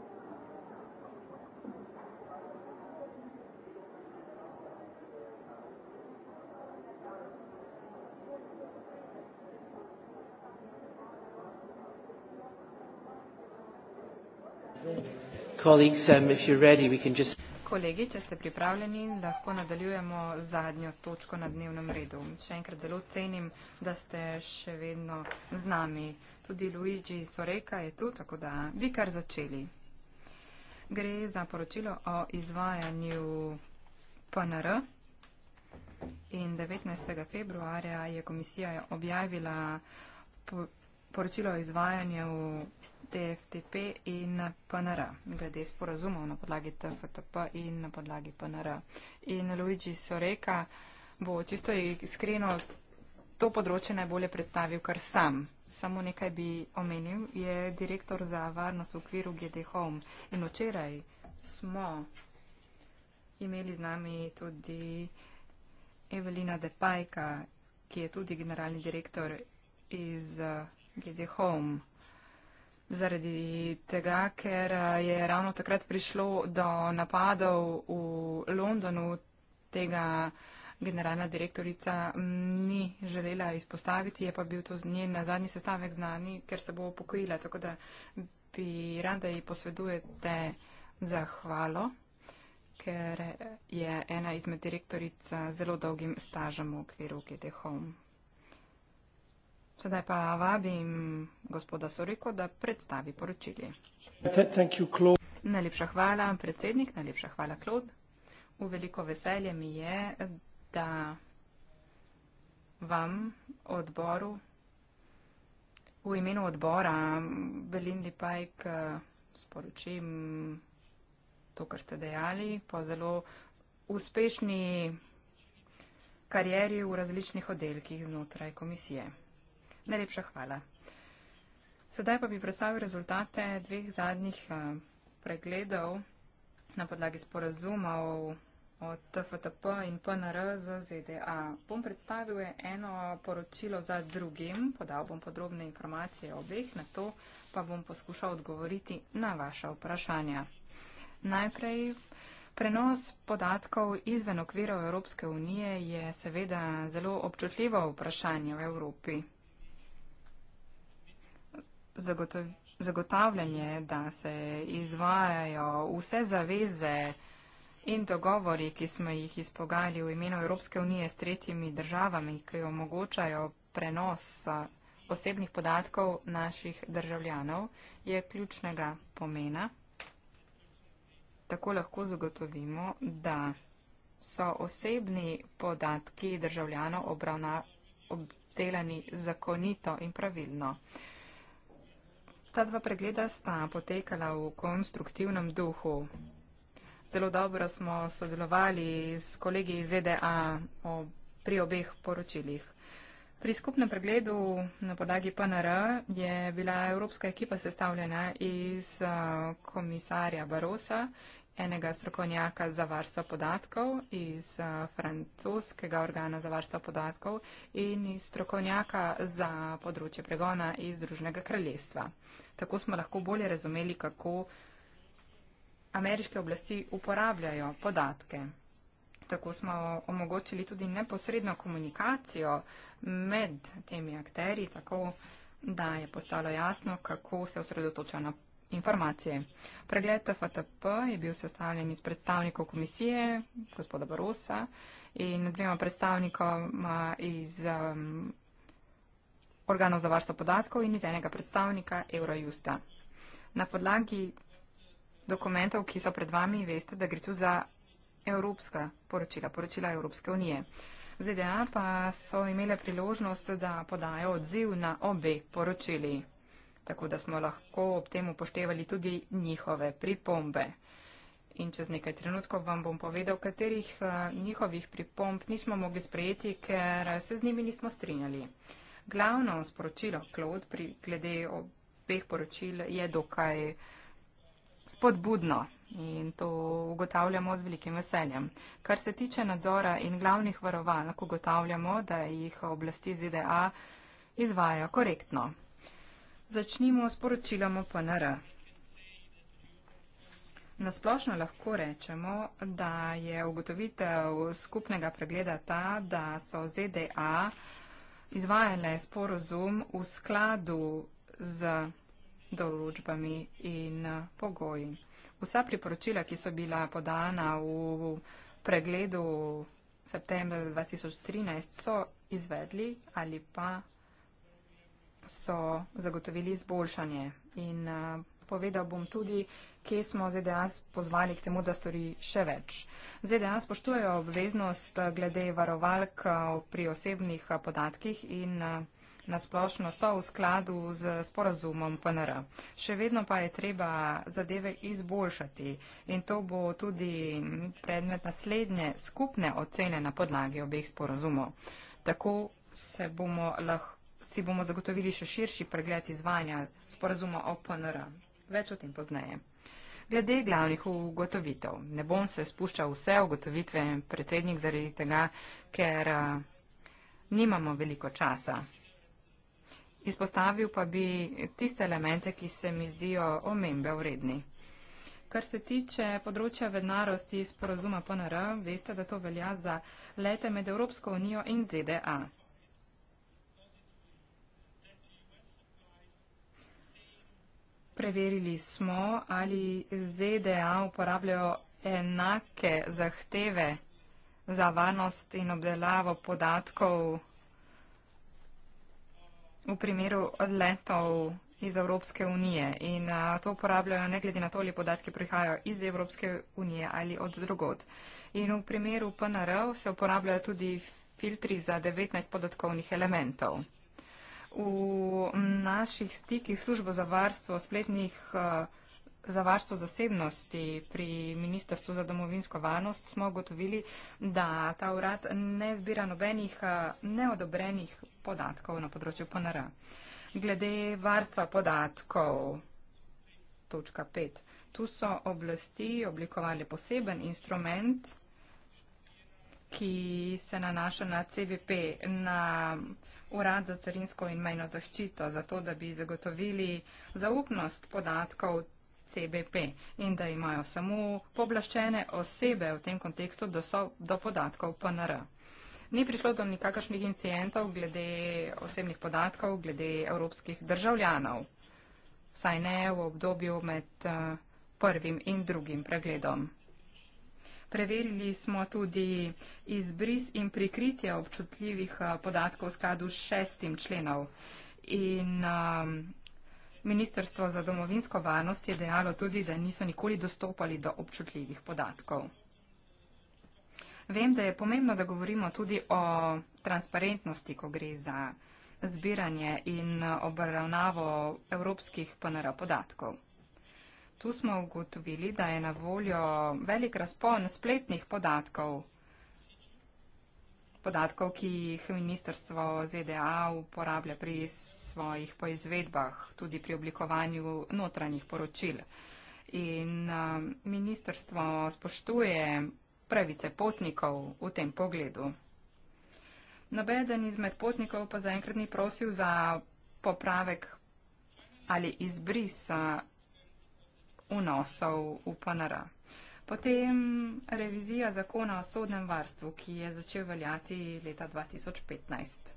Um, Kolegi, če ste pripravljeni, lahko nadaljujemo z zadnjo točko na dnevnem redu. Še enkrat zelo cenim, da ste še vedno z nami. Tudi Luigi Soreka je tu, tako da bi kar začeli. Gre za poročilo o izvajanju PNR. In 19. februarja je komisija objavila poročilo o izvajanju TFTP in PNR, glede sporazumov na podlagi TFTP in na podlagi PNR. In Luigi Soreka bo čisto iskreno to področje najbolje predstavil kar sam. Samo nekaj bi omenil, je direktor za varnost v okviru GD Home. In včeraj smo imeli z nami tudi Evelina Depajka, ki je tudi generalni direktor iz Get the Home. Zaradi tega, ker eh, je ravno takrat prišlo do napadov v Londonu, tega generalna direktorica mm, ni želela izpostaviti, je pa bil to njen na eh, zadnji sestavek znani, ker se bo upokojila. Tako da bi rada ji posvedujete zahvalo, ker eh, je ena izmed direktorica zelo dolgim stažem v okviru Get the Home. Sedaj pa vabim gospoda Soriko, da predstavi poročili. Najlepša hvala, predsednik, najlepša hvala, Klod. V veliko veselje mi je, da vam odboru, v imenu odbora Belin Lipajk sporočim to, kar ste dejali, po zelo uspešni karieri v različnih oddelkih znotraj komisije. Najlepša hvala. Sedaj pa bi predstavil rezultate dveh zadnjih eh, pregledov na podlagi sporazumov od TFTP in PNR za ZDA. Bom predstavil eno poročilo za drugim, podal bom podrobne informacije o obeh, na to pa bom poskušal odgovoriti na vaše vprašanja. Najprej, prenos podatkov izven okvirov Evropske unije je seveda zelo občutljivo vprašanje v Evropi zagotov, zagotavljanje, da se izvajajo vse zaveze in dogovori, ki smo jih izpogajali v imenu Evropske unije s tretjimi državami, ki omogočajo prenos osebnih podatkov naših državljanov, je ključnega pomena. Tako lahko zagotovimo, da so osebni podatki državljanov obravna, obdelani zakonito in pravilno. Uh, Ta dva pregleda sta potekala v konstruktivnem duhu. Zelo dobro smo sodelovali z kolegi iz ZDA pri obeh poročilih. Pri skupnem pregledu na podlagi PNR je bila evropska ekipa sestavljena iz komisarja Barosa, enega strokovnjaka za varstvo podatkov, iz francoskega organa za varstvo podatkov in iz strokovnjaka za področje pregona iz Združnega kraljestva. Tako smo lahko bolje razumeli, kako ameriške oblasti uporabljajo podatke. Tako smo omogočili tudi neposredno komunikacijo med temi akteri, tako da je postalo jasno, kako se osredotoča na informacije. Pregled FTP je bil sestavljen iz predstavnikov komisije, gospoda Barosa in dvema predstavnikoma iz. Um, organov za varstvo podatkov in iz enega predstavnika Eurojusta. Na podlagi dokumentov, ki so pred vami, veste, da gre tu za evropska poročila, poročila Evropske unije. ZDA pa so imele priložnost, da podajo odziv na obe poročili, tako da smo lahko ob tem upoštevali tudi njihove pripombe. In čez nekaj trenutkov vam bom povedal, katerih eh, njihovih pripomb nismo mogli sprejeti, ker se z njimi nismo strinjali. Glavno sporočilo Claude pri glede obeh poročil je dokaj spodbudno in to ugotavljamo z velikim veseljem. Kar se tiče nadzora in glavnih varovalk, ugotavljamo, da jih oblasti ZDA izvajajo korektno. Začnimo s poročilom PNR. Nasplošno lahko rečemo, da je ugotovitev skupnega pregleda ta, da so ZDA izvajale sporozum v skladu z določbami in eh, pogoji. Vsa priporočila, ki so bila podana v pregledu septembra 2013, so izvedli ali pa so zagotovili zboljšanje in uh, povedal bom tudi, kje smo ZDA pozvali k temu, da stori še več. ZDA spoštujejo obveznost eh, glede varovalk eh, pri osebnih eh, podatkih in nasplošno so v skladu z sporazumom PNR. Še vedno pa je treba zadeve izboljšati in to bo tudi predmet naslednje skupne ocene na podlagi obeh sporazumov. Tako se bomo lahko si bomo zagotovili še širši pregled izvanja sporazuma o PNR več o tem pozneje. Glede glavnih ugotovitev. Ne bom se spuščal vse ugotovitve predsednik zaradi tega, ker nimamo veliko časa. Izpostavil pa bi tiste elemente, ki se mi zdijo omembe vredni. Kar se tiče področja vednarosti iz porazuma PNR, veste, da to velja za lete med Evropsko unijo in ZDA. preverili smo, ali ZDA uporabljajo enake zahteve za varnost in obdelavo podatkov v primeru letov iz Evropske unije. In to uporabljajo ne glede na to, ali podatki prihajajo iz Evropske unije ali od drugod. In v primeru PNR se uporabljajo tudi filtri za 19 podatkovnih elementov v naših stikih službo za varstvo spletnih, eh, za varstvo zasebnosti pri Ministrstvu za domovinsko varnost smo ugotovili, da ta urad ne zbira nobenih eh, neodobrenih podatkov na področju PNR. Glede varstva podatkov, točka 5, tu so oblasti oblikovali poseben instrument, ki se nanaša na CVP, na Urad za carinsko in mejno zaščito, zato da bi zagotovili zaupnost podatkov CBP in da imajo samo poblaščene osebe v tem kontekstu do podatkov PNR. Ni prišlo do nikakršnih incidentov glede osebnih podatkov, glede evropskih državljanov, vsaj ne v obdobju med eh, prvim in drugim pregledom. Preverili smo tudi izbris in prikritje občutljivih eh, podatkov v skladu s šestim členom. In um, Ministrstvo za domovinsko varnost je dejalo tudi, da niso nikoli dostopali do občutljivih podatkov. Vem, da je pomembno, da govorimo tudi o transparentnosti, ko gre za zbiranje in eh, obravnavo evropskih PNR podatkov. Tu smo ugotovili, da je na voljo velik razpon spletnih podatkov, podatkov, ki jih ministrstvo ZDA uporablja pri svojih poizvedbah, tudi pri oblikovanju notranjih poročil. In ministrstvo spoštuje pravice potnikov v tem pogledu. Nobeden izmed potnikov pa zaenkrat ni prosil za popravek ali izbris vnosov v PNR. Potem revizija zakona o sodnem varstvu, ki je začel veljati leta 2015.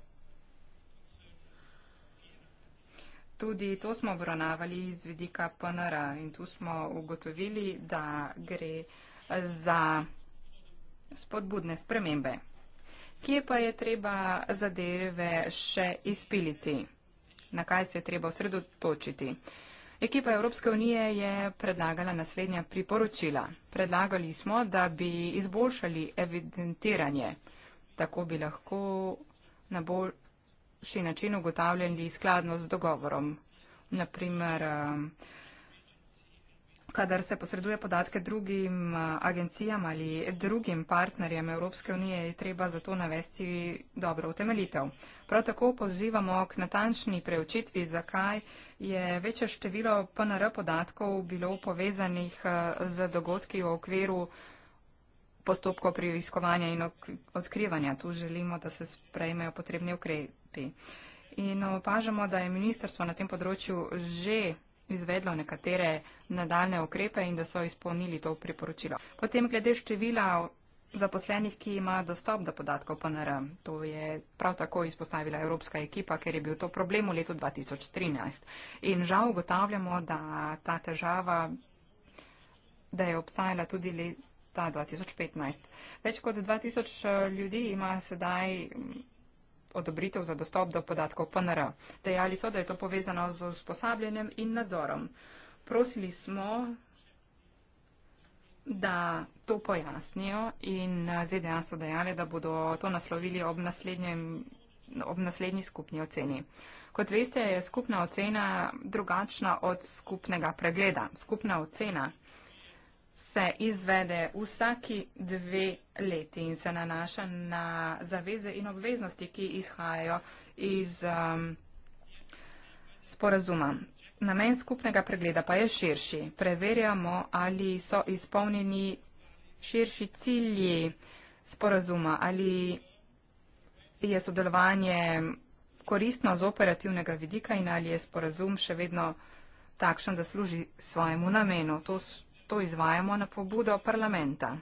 Tudi to smo obravnavali iz vidika PNR in tu smo ugotovili, da gre za spodbudne spremembe. Kje pa je treba zadeve še izpiliti? Na kaj se je treba osredotočiti? Ekipa Evropske unije je predlagala naslednja priporočila. Predlagali smo, da bi izboljšali evidentiranje, tako bi lahko na boljši način ugotavljali skladnost z dogovorom. Naprimer, kadar se posreduje podatke drugim eh, agencijam ali drugim partnerjem Evropske unije, je treba zato navesti dobro utemeljitev. Prav tako pozivamo k natančni preučitvi, zakaj je večje število PNR podatkov bilo povezanih eh, z dogodki v okviru postopkov preiskovanja in odkrivanja. Tu želimo, da se sprejmejo potrebni ukrepi. In opažamo, da je ministrstvo na tem področju že izvedlo nekatere nadaljne ukrepe in da so izpolnili to priporočilo. Potem glede števila zaposlenih, ki ima dostop do podatkov PNR. To je prav tako izpostavila Evropska ekipa, ker je bil to problem v letu 2013. In žal ugotavljamo, da ta težava, da je obstajala tudi leta 2015. Več kot 2000 eh, ljudi ima sedaj odobritev za dostop do podatkov PNR. Dejali so, da je to povezano z usposabljanjem in nadzorom. Prosili smo, da to pojasnijo in eh, ZDA so dejali, da bodo to naslovili ob, ob naslednji skupni oceni. Kot veste, je skupna ocena drugačna od skupnega pregleda. Skupna ocena se izvede vsaki dve leti in se nanaša na zaveze in obveznosti, ki izhajajo iz um, sporazuma. Namen skupnega pregleda pa je širši. Preverjamo, ali so izpolnjeni širši cilji sporazuma, ali je sodelovanje koristno z operativnega vidika in ali je sporazum še vedno takšen, da služi svojemu namenu. To To izvajamo na pobudo parlamenta.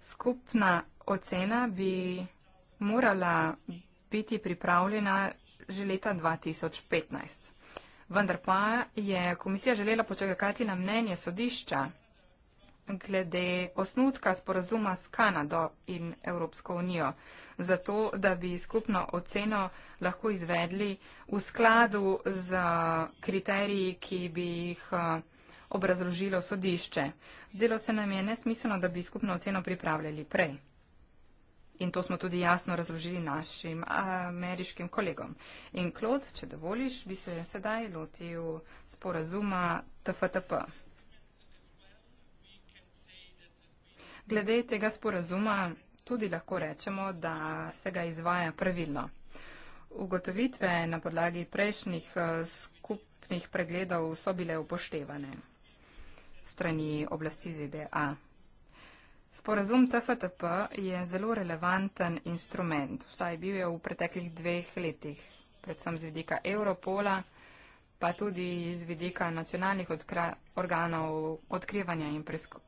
Skupna ocena bi morala biti pripravljena že leta 2015. Vendar pa je komisija želela počakati na mnenje sodišča glede osnutka sporazuma s Kanado in Evropsko unijo zato, da bi skupno oceno lahko izvedli v skladu z kriteriji, ki bi jih eh, obrazložilo sodišče. Delo se nam je nesmiselno, da bi skupno oceno pripravljali prej. In to smo tudi jasno razložili našim eh, ameriškim kolegom. In Klod, če dovoliš, bi se sedaj lotil sporazuma TFTP. Glede tega sporazuma tudi lahko rečemo, da se ga izvaja pravilno. Ugotovitve na podlagi prejšnjih eh, skupnih pregledov so bile upoštevane strani oblasti ZDA. Sporazum TFTP je zelo relevanten instrument, vsaj bil je v preteklih dveh letih, predvsem z vidika Evropola pa tudi iz vidika nacionalnih odkra, organov odkrivanja in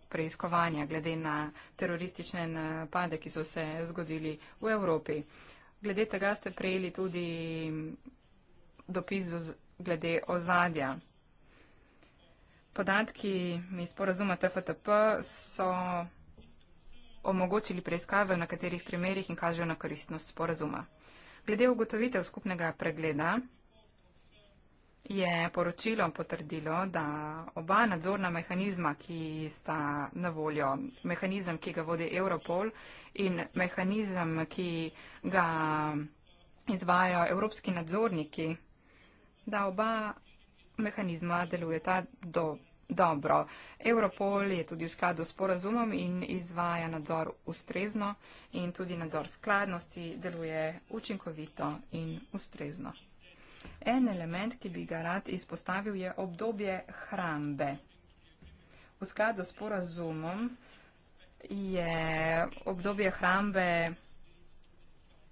preiskovanja glede na teroristične napade, ki so se zgodili v Evropi. Glede tega ste prejeli tudi dopis glede ozadja. Podatki iz porazuma TFTP so omogočili preiskave v nekaterih primerjih in kažejo na koristnost porazuma. Glede ugotovitev skupnega pregleda je poročilo potrdilo, da oba nadzorna mehanizma, ki sta na voljo, mehanizem, ki ga vodi Europol in mehanizem, ki ga izvajajo evropski nadzorniki, da oba mehanizma delujeta do, dobro. Europol je tudi v skladu s porazumom in izvaja nadzor ustrezno in tudi nadzor skladnosti deluje učinkovito in ustrezno. En element, ki bi ga rad izpostavil, je obdobje hrambe. V skladu s porazumom je obdobje hrambe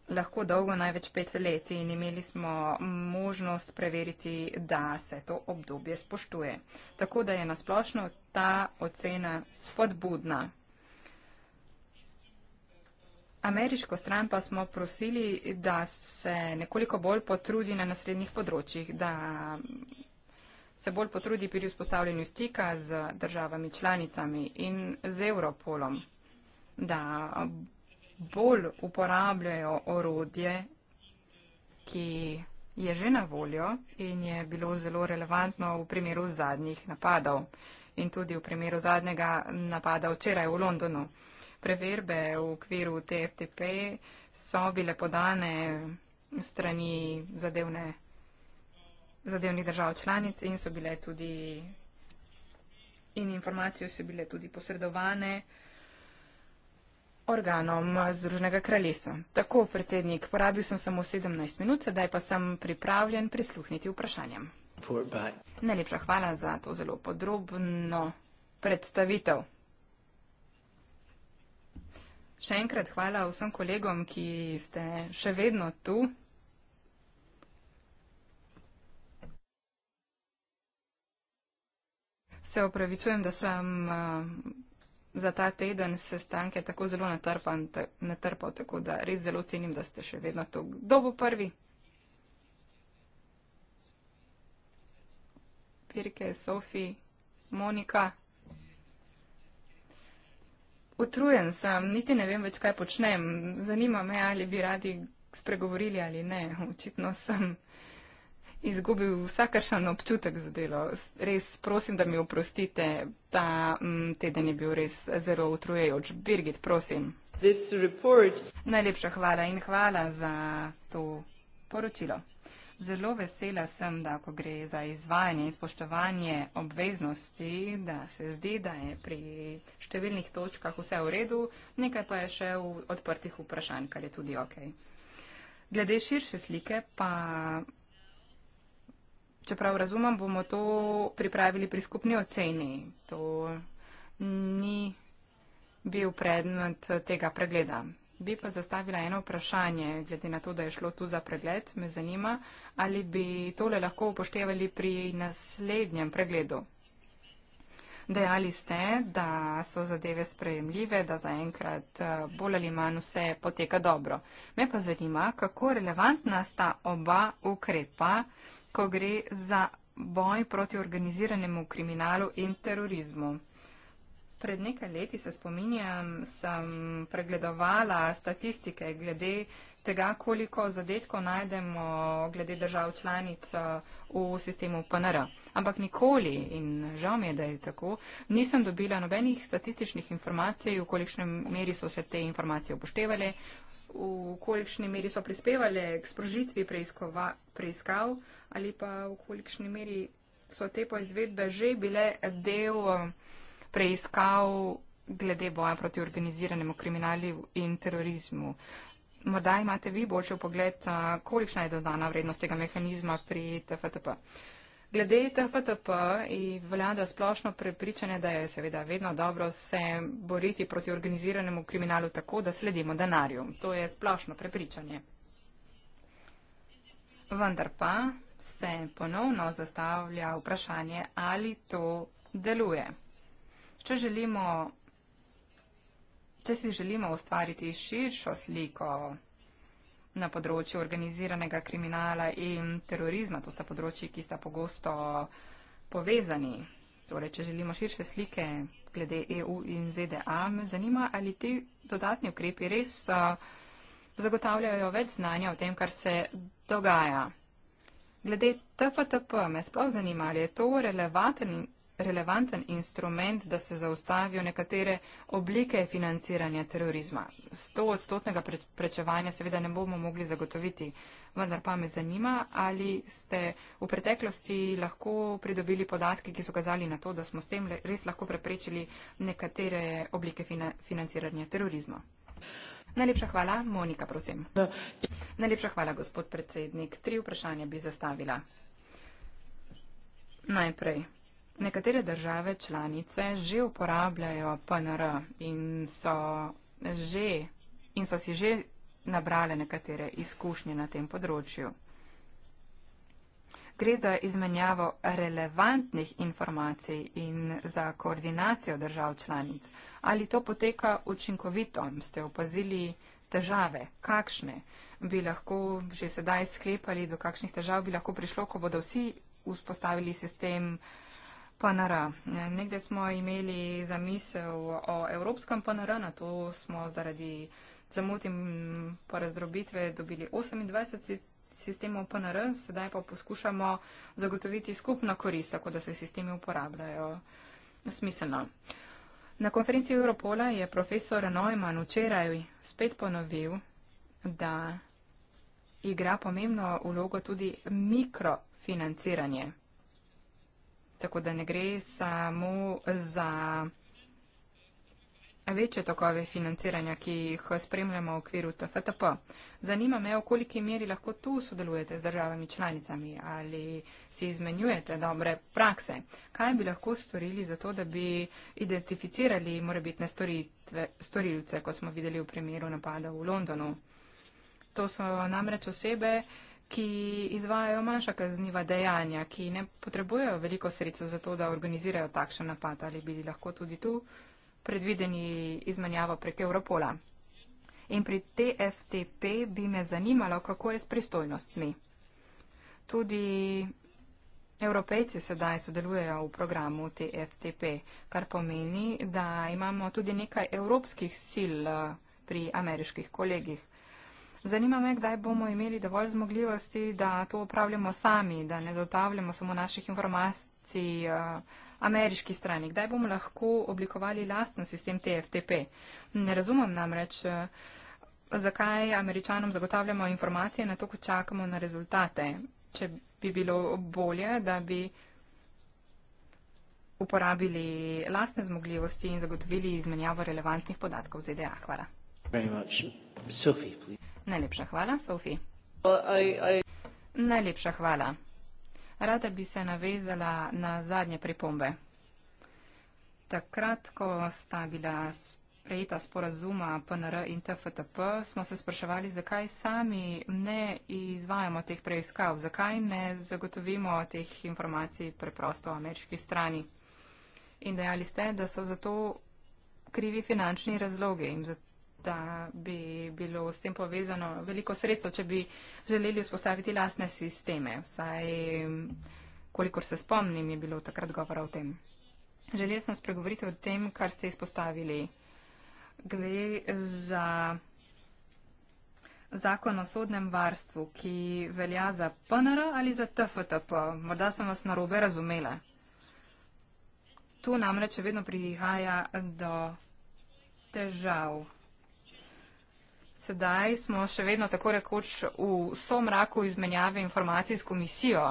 lahko dolgo največ pet let in imeli smo možnost preveriti, da se to obdobje spoštuje. Tako da je nasplošno ta ocena spodbudna. Ameriško stran pa smo prosili, da se nekoliko bolj potrudi na naslednjih področjih, da se bolj potrudi pri vzpostavljanju stika z državami članicami in z Europolom, da bolj uporabljajo orodje, ki je že na voljo in je bilo zelo relevantno v primeru zadnjih napadov in tudi v primeru zadnjega napada včeraj v Londonu preverbe v okviru TFTP so bile podane strani zadevne, zadevnih držav članic in so bile tudi in informacije so bile tudi posredovane organom Združnega kraljestva. Tako, predsednik, porabil sem samo 17 minut, sedaj pa sem pripravljen prisluhniti vprašanjem. Najlepša hvala za to zelo podrobno predstavitev. Še enkrat hvala vsem kolegom, ki ste še vedno tu. Se opravičujem, da sem eh, za ta teden sestanke tako zelo natrpan, natrpal, tako da res zelo cenim, da ste še vedno tu. Kdo bo prvi? Pirke, Sofi, Monika utrujen sem, niti ne vem več, kaj počnem. Zanima me, ali bi radi spregovorili ali ne. Očitno sem izgubil vsakršen občutek za delo. Res prosim, da mi oprostite, ta mm, teden je bil res zelo utrujejoč. Birgit, prosim. Najlepša hvala in hvala za to poročilo. Zelo vesela sem, da ko gre za izvajanje in spoštovanje obveznosti, da se zdi, da je pri številnih točkah vse v redu, nekaj pa je še v odprtih vprašanj, kar je tudi ok. Glede širše slike pa. Čeprav razumem, bomo to pripravili pri skupni oceni. To ni bil predmet tega pregleda. Bi pa zastavila eno vprašanje, glede na to, da je šlo tu za pregled, me zanima, ali bi tole lahko upoštevali pri naslednjem pregledu. Dejali ste, da so zadeve sprejemljive, da zaenkrat eh, bolj ali manj vse poteka dobro. Me pa zanima, kako relevantna sta oba ukrepa, ko gre za boj proti organiziranemu kriminalu in terorizmu pred nekaj leti, se spominjam, sem pregledovala statistike glede tega, koliko zadetkov najdemo glede držav članic uh, v sistemu PNR. Ampak nikoli, in žal mi je, da je tako, nisem dobila nobenih statističnih informacij, v kolikšnem meri so se te informacije upoštevali, v kolikšni meri so prispevali k sprožitvi preiskav ali pa v kolikšni meri so te poizvedbe že bile del preiskav glede boja proti organiziranemu kriminalu in terorizmu. Morda imate vi boljši pogled, kolikšna je dodana vrednost tega mehanizma pri TFTP. Glede TFTP vlada splošno prepričanje, da je seveda vedno dobro se boriti proti organiziranemu kriminalu tako, da sledimo denarju. To je splošno prepričanje. Vendar pa se ponovno zastavlja vprašanje, ali to deluje če želimo, če si želimo ustvariti širšo sliko na področju organiziranega kriminala in terorizma, to sta področji, ki sta pogosto povezani. Torej, če želimo širše slike glede EU in ZDA, me zanima, ali ti dodatni ukrepi res so, zagotavljajo več znanja o tem, kar se dogaja. Glede TFTP me sploh zanima, ali je to relevanten relevanten instrument, da se zaustavijo nekatere oblike financiranja terorizma. Sto odstotnega prečevanja seveda ne bomo mogli zagotoviti, vendar pa me zanima, ali ste v preteklosti lahko pridobili podatke, ki so kazali na to, da smo s tem res lahko preprečili nekatere oblike financiranja terorizma. Najlepša hvala, Monika, prosim. Najlepša hvala, gospod predsednik. Tri vprašanja bi zastavila. Najprej. Nekatere države članice že uporabljajo PNR in so, že, in so si že nabrale nekatere izkušnje na tem področju. Gre za izmenjavo relevantnih informacij in za koordinacijo držav članic. Ali to poteka učinkovito? Ste opazili težave? Kakšne bi lahko že sedaj sklepali, do kakšnih težav bi lahko prišlo, ko bodo vsi vzpostavili sistem uh, PNR. Nekde smo imeli zamisel o evropskem PNR, na to smo zaradi zamud in pa razdrobitve dobili 28 sistemov PNR, sedaj pa poskušamo zagotoviti skupno korist, tako da se sistemi uporabljajo smiselno. Na konferenci Europola je profesor Neumann včeraj spet ponovil, da igra pomembno vlogo tudi mikrofinanciranje. Tako da ne gre samo za večje tokove financiranja, ki jih spremljamo v okviru TFTP. Zanima me, v koliki meri lahko tu sodelujete z državami članicami ali si izmenjujete dobre prakse. Kaj bi lahko storili za to, da bi identificirali morebitne storilce, kot smo videli v primeru napada v Londonu? To so namreč osebe, ki izvajajo manjša kazniva dejanja, ki ne potrebujejo veliko sredstev za to, da organizirajo takšen napad ali bi lahko tudi tu predvideni izmenjavo prek Europola. In pri TFTP bi me zanimalo, kako je s pristojnostmi. Tudi evropejci sedaj sodelujejo v programu TFTP, kar pomeni, da imamo tudi nekaj evropskih sil eh, pri ameriških kolegih. Zanima me, kdaj bomo imeli dovolj zmogljivosti, da to upravljamo sami, da ne zotavljamo samo naših informacij uh, ameriški strani. Kdaj bomo lahko oblikovali lasten sistem TFTP? Ne razumem namreč, uh, zakaj američanom zagotavljamo informacije na to, ko čakamo na rezultate. Če bi bilo bolje, da bi uporabili lastne zmogljivosti in zagotovili izmenjavo relevantnih podatkov ZDA. Hvala. Very much. Sophie, please. Najlepša hvala, Sofi. Najlepša hvala. Rada bi se navezala na zadnje pripombe. Takrat, ko sta bila sprejeta sporazuma PNR in TFTP, smo se spraševali, zakaj sami ne izvajamo teh preiskav, zakaj ne zagotovimo teh informacij preprosto ameriški strani. In dejali ste, da so zato krivi finančni razloge in zato da bi bilo s tem povezano veliko sredstva, če bi želeli vzpostaviti lasne sisteme. Vsaj, kolikor se spomnim, je bilo takrat govora o tem. Želela sem spregovoriti o tem, kar ste izpostavili. Gre za zakon o sodnem varstvu, ki velja za PNR ali za TFTP. Morda sem vas narobe razumela. Tu namreč vedno prihaja do težav. Sedaj smo še vedno tako rekoč v somraku izmenjave informacij s komisijo.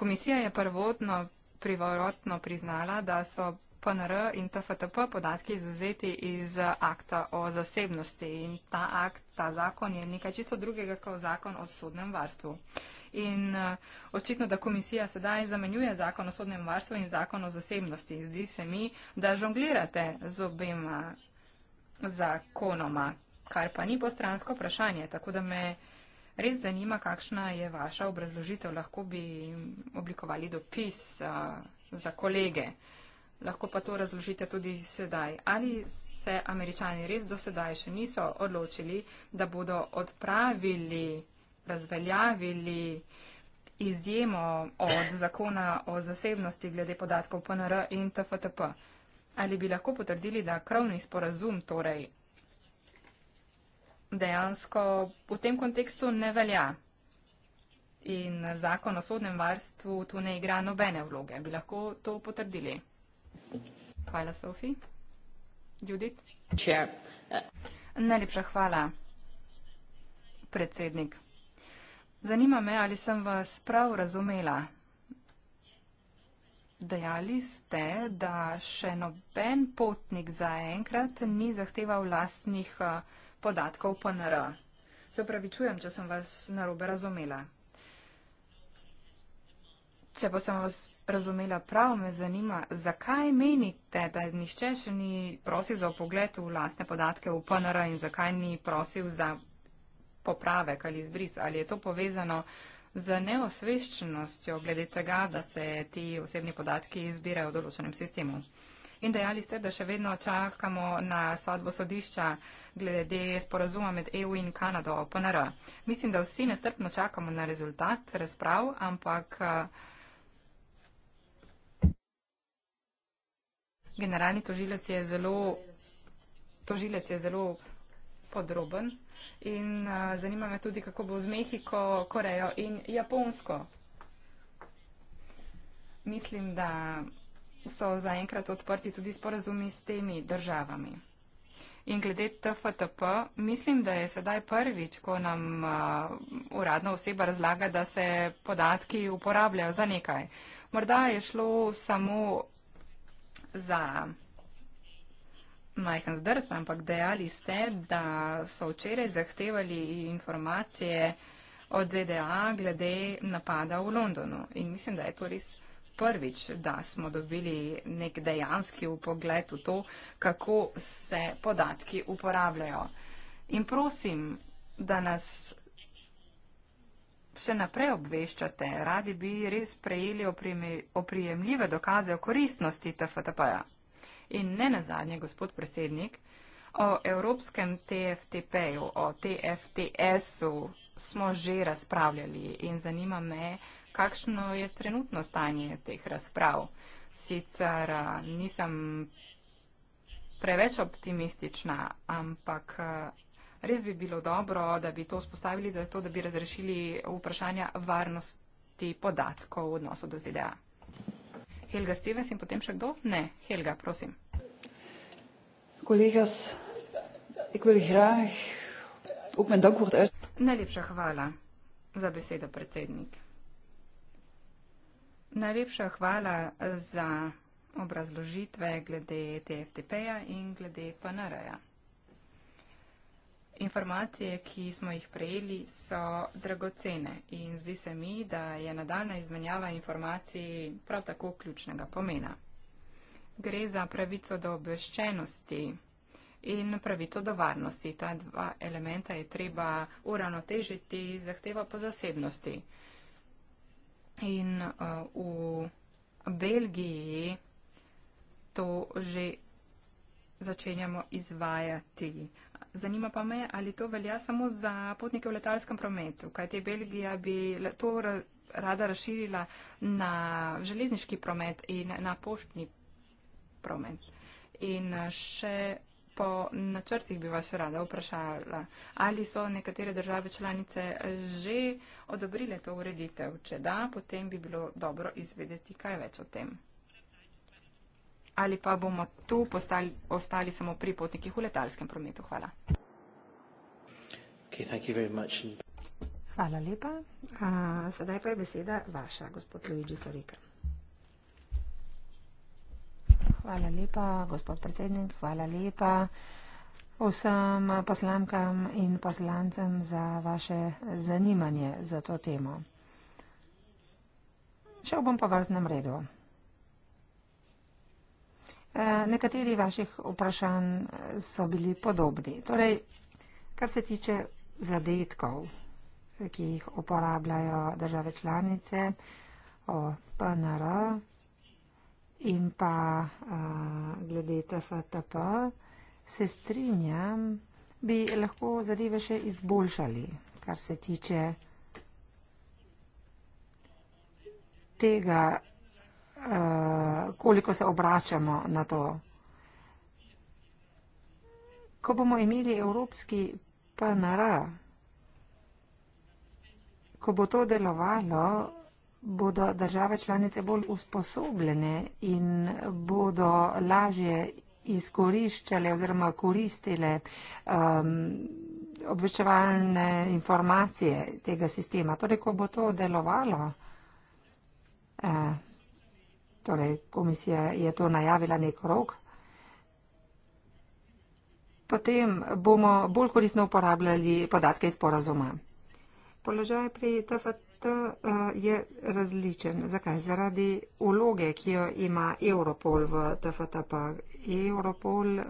Komisija je prvotno privorotno priznala, da so PNR in TFTP podatki izuzeti iz akta o zasebnosti in ta akt, ta zakon je nekaj čisto drugega kot zakon o sodnem varstvu. In eh, očitno, da komisija sedaj zamenjuje zakon o sodnem varstvu in zakon o zasebnosti. Zdi se mi, da žonglirate z obema zakonoma kar pa ni postransko vprašanje, tako da me res zanima, kakšna je vaša obrazložitev. Lahko bi oblikovali dopis a, za kolege, lahko pa to razložite tudi sedaj. Ali se američani res do sedaj še niso odločili, da bodo odpravili, razveljavili izjemo od zakona o zasebnosti glede podatkov PNR in TFTP? Ali bi lahko potrdili, da krovni sporazum torej dejansko v tem kontekstu ne velja. In zakon o sodnem varstvu tu ne igra nobene vloge. Bi lahko to potrdili? Hvala, Sofi. Judit? Najlepša hvala, predsednik. Zanima me, ali sem vas prav razumela. Dejali ste, da še noben potnik zaenkrat ni zahteval lastnih uh, podatkov PNR. Se upravičujem, če sem vas narobe razumela. Če pa sem vas razumela prav, me zanima, zakaj menite, da nišče še ni prosil za pogled v lastne podatke v PNR in zakaj ni prosil za popravek ali izbris? Ali je to povezano z neosveščenostjo glede tega, da se ti osebni podatki izbirajo v določenem sistemu? in dejali ste, da še vedno čakamo na sodbo sodišča glede sporazuma med EU in Kanado o PNR. Mislim, da vsi nestrpno čakamo na rezultat razprav, ampak. Eh, generalni tožilec je zelo, tožilec je zelo podroben in uh, zanima me tudi, kako bo z Mehiko, Korejo in Japonsko. Mislim, da so zaenkrat odprti tudi sporazumi s temi državami. In glede TFTP, mislim, da je sedaj prvič, ko nam uh, uradna oseba razlaga, da se podatki uporabljajo za nekaj. Morda je šlo samo za majhen zdrs, ampak dejali ste, da so včeraj zahtevali informacije od ZDA glede napada v Londonu. In mislim, da je to res prvič, da smo dobili nek dejanski upogled v to, kako se podatki uporabljajo. In prosim, da nas še naprej obveščate. Radi bi res prejeli oprijemljive dokaze o koristnosti TFTP-ja. In ne nazadnje, gospod predsednik, o evropskem TFTP-ju, o TFTS-u smo že razpravljali in zanima me, kakšno je trenutno stanje teh razprav. Sicer eh, nisem preveč optimistična, ampak eh, res bi bilo dobro, da bi to spostavili, da, to, da bi razrešili vprašanja varnosti podatkov v odnosu do ZDA. Helga Stevens in potem še kdo? Ne, Helga, prosim. Kolegas, Upam, da kurde. Najlepša hvala za besedo, predsednik. Najlepša hvala za obrazložitve glede TFTP-ja in glede PNR-ja. Informacije, ki smo jih prejeli, so dragocene in zdi se mi, da je nadaljna izmenjava informacij prav tako ključnega pomena. Gre za pravico do obveščenosti in pravico do varnosti. Ta dva elementa je treba uravnotežiti zahtevo po zasebnosti. In uh, v Belgiji to že začenjamo izvajati. Zanima pa me, ali to velja samo za potnike v letalskem prometu, kajti Belgija bi to rada razširila na železniški promet in na poštni promet. In uh, še po načrtih bi vas rada vprašala, ali so nekatere države članice že odobrile to ureditev? Če da, potem bi bilo dobro izvedeti kaj več o tem. Ali pa bomo tu postali, ostali samo pri potnikih v letalskem prometu? Hvala. Hvala lepa. A, sedaj pa je beseda vaša, gospod Luigi Sorika. Hvala lepa, gospod predsednik. Hvala lepa vsem poslankam in poslancem za vaše zanimanje za to temo. Šel bom po vrznem redu. E, nekateri vaših vprašanj so bili podobni. Torej, kar se tiče zadetkov, ki jih uporabljajo države članice, o PNR, in pa a, glede TFTP, se strinjam, bi lahko zadeve še izboljšali, kar se tiče tega, a, koliko se obračamo na to. Ko bomo imeli evropski PNR, ko bo to delovalo, bodo države članice bolj usposobljene in bodo lažje izkoriščale oziroma koristile um, obveščevalne informacije tega sistema. Torej, ko bo to delovalo, eh, torej komisija je to najavila nek rok, potem bomo bolj koristno uporabljali podatke iz porazuma. Položaj pri TFT Eh, je različen. Zakaj? Zaradi uloge, ki jo ima Europol v TFTP. Europol eh,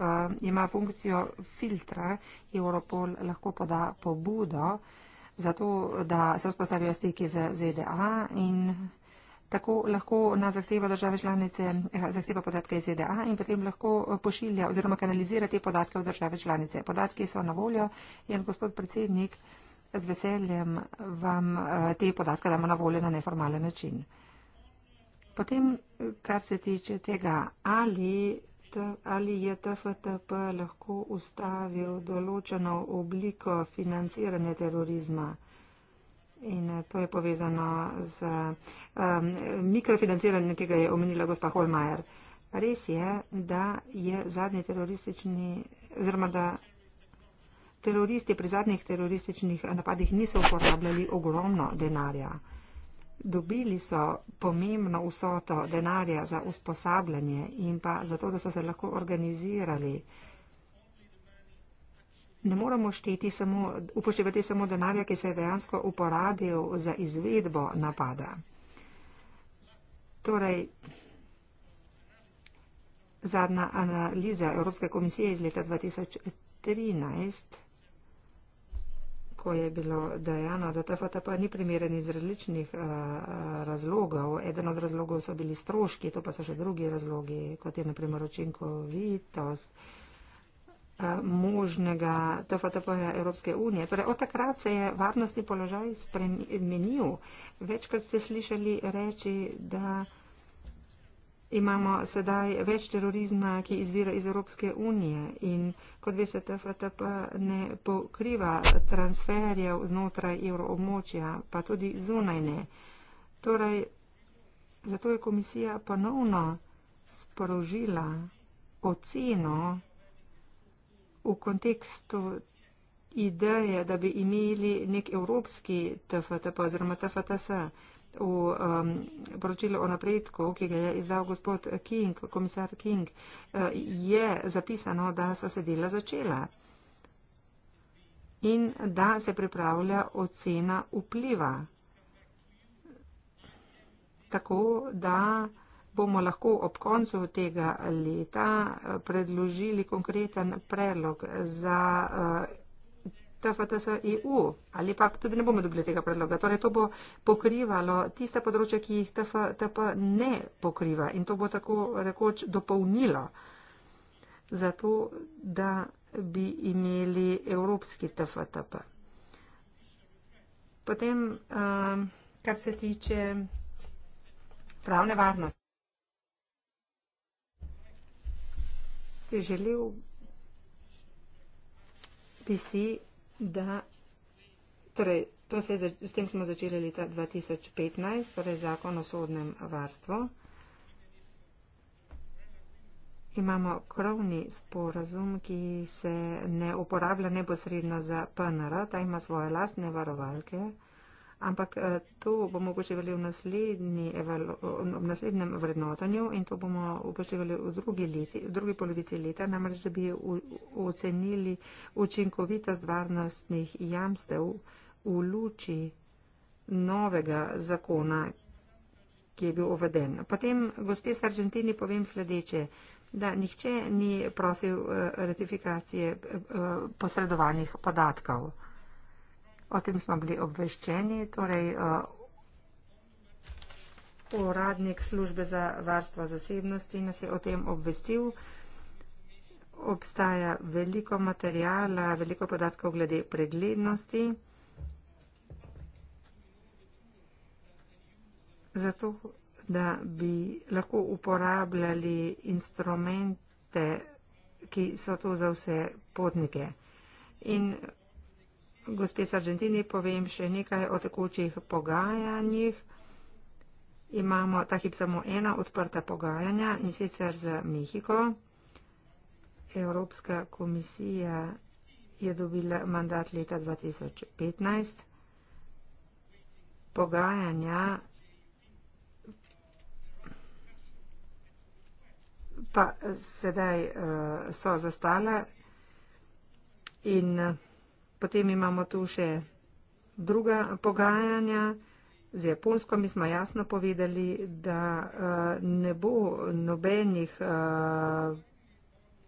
ima funkcijo filtra, Europol lahko poda pobudo za to, da se vzpostavijo stiki z ZDA in. Tako lahko na zahtevo države članice eh, zahteva podatke iz ZDA in potem lahko pošilja oziroma kanalizira te podatke v države članice. Podatki so na voljo in gospod predsednik. Z veseljem vam eh, te podatke damo na voljo na neformalen način. Potem, kar se tiče tega, ali, ali je TFTP lahko ustavil določeno obliko financiranja terorizma. In eh, to je povezano z um, mikrofinanciranjem, ki ga je omenila gospa Holmajer. Res je, da je zadnji teroristični, oziroma da teroristi pri zadnjih terorističnih napadih niso uporabljali ogromno denarja. Dobili so pomembno vsoto denarja za usposabljanje in pa za to, da so se lahko organizirali. Ne moramo samo, upoštevati samo denarja, ki se je dejansko uporabil za izvedbo napada. Torej, zadnja analiza Evropske komisije iz leta 2013 ko je bilo dejano, da ta FTP ni primeren iz različnih eh, razlogov. Eden od razlogov so bili stroški, to pa so še drugi razlogi, kot je naprimer očinkovitost eh, možnega TFTP Evropske unije. Torej, od takrat se je varnostni položaj spremenil. Večkrat ste slišali reči, da Imamo sedaj več terorizma, ki izvira iz Evropske unije in kot veste, TFTP ne pokriva transferjev znotraj evroobmočja, pa tudi zunaj ne. Torej, zato je komisija ponovno sporožila oceno v kontekstu ideje, da bi imeli nek evropski TFTP oziroma TFTS v um, poročilu o napredku, ki ga je izdal gospod King, komisar King, uh, je zapisano, da so se dela začela in da se pripravlja ocena vpliva. Tako da bomo lahko ob koncu tega leta eh, predložili konkreten predlog za eh, TFTS EU ali pa tudi ne bomo dobili tega predloga. Torej, to bo pokrivalo tiste področje, ki jih TFTP ne pokriva in to bo tako rekoč dopolnilo za to, da bi imeli evropski TFTP. Potem, uh, kar se tiče pravne varnosti, bi želel bi si da, torej, to se, s tem smo začeli leta 2015, torej zakon o sodnem varstvu. Imamo krovni sporazum, ki se ne uporablja neposredno za PNR, ta ima svoje lastne varovalke ampak eh, to bomo upoštevali v, v naslednjem vrednotanju in to bomo upoštevali v, v drugi polovici leta, namreč da bi u, ocenili učinkovitost varnostnih jamstev v luči novega zakona, ki je bil uveden. Potem, gospe iz Argentini, povem sledeče, da nihče ni prosil eh, ratifikacije eh, posredovanih podatkov. O tem smo bili obveščeni. Torej, uh, uradnik službe za varstvo zasebnosti nas je o tem obvestil. Obstaja veliko materijala, veliko podatkov glede preglednosti. Zato, da bi lahko uporabljali instrumente, ki so to za vse potnike. In gospe Sargentini povem še nekaj o tekočih pogajanjih. Imamo ta hip samo ena odprta pogajanja in sicer z Mehiko. Evropska komisija je dobila mandat leta 2015. Pogajanja pa sedaj uh, so zastala in uh, Potem imamo tu še druga pogajanja. Z Japonsko mi smo jasno povedali, da eh, ne bo nobenih eh,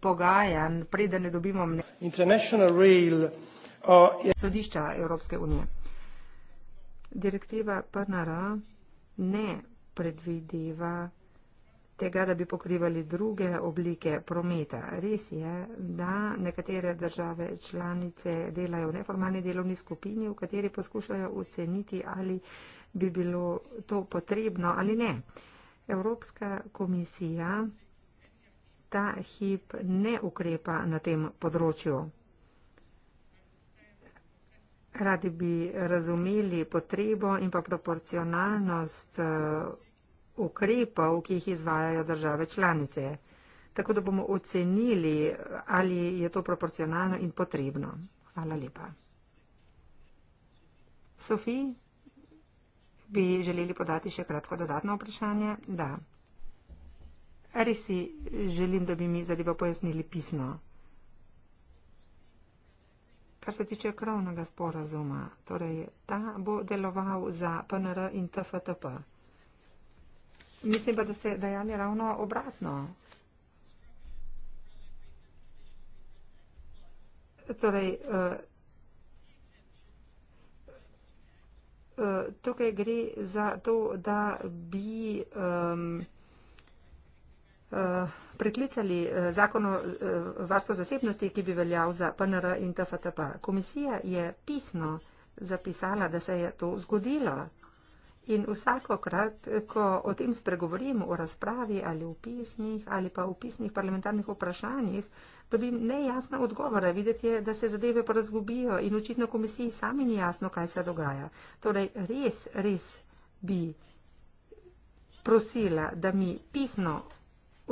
pogajanj, preden ne dobimo mnenja uh, sodišča Evropske unije. Direktiva PNR ne predvideva tega, da bi pokrivali druge oblike prometa. Res je, da nekatere države članice delajo v neformalni delovni skupini, v kateri poskušajo oceniti, ali bi bilo to potrebno ali ne. Evropska komisija ta hip ne ukrepa na tem področju. Radi bi razumeli potrebo in pa proporcionalnost eh, ukrepov, ki jih izvajajo države članice. Tako da bomo ocenili, ali je to proporcionalno in potrebno. Hvala lepa. Sofi, bi želeli podati še kratko dodatno vprašanje? Da. Ali si želim, da bi mi zadevo pojasnili pisno? Kar se tiče krovnega sporazuma, torej ta bo deloval za PNR in TFTP. Mislim pa, da ste dejanje ravno obratno. Torej, eh, eh, tukaj gre za to, da bi eh, priklicali zakon o varstvu zasebnosti, ki bi veljal za PNR in TFTP. Komisija je pisno zapisala, da se je to zgodilo. In vsakokrat, ko o tem spregovorim v razpravi ali v pismih ali pa v pismih parlamentarnih vprašanjih, dobim nejasna odgovora. Videti je, da se zadeve porazgubijo in očitno komisiji sami ni jasno, kaj se dogaja. Torej, res, res bi prosila, da mi pisno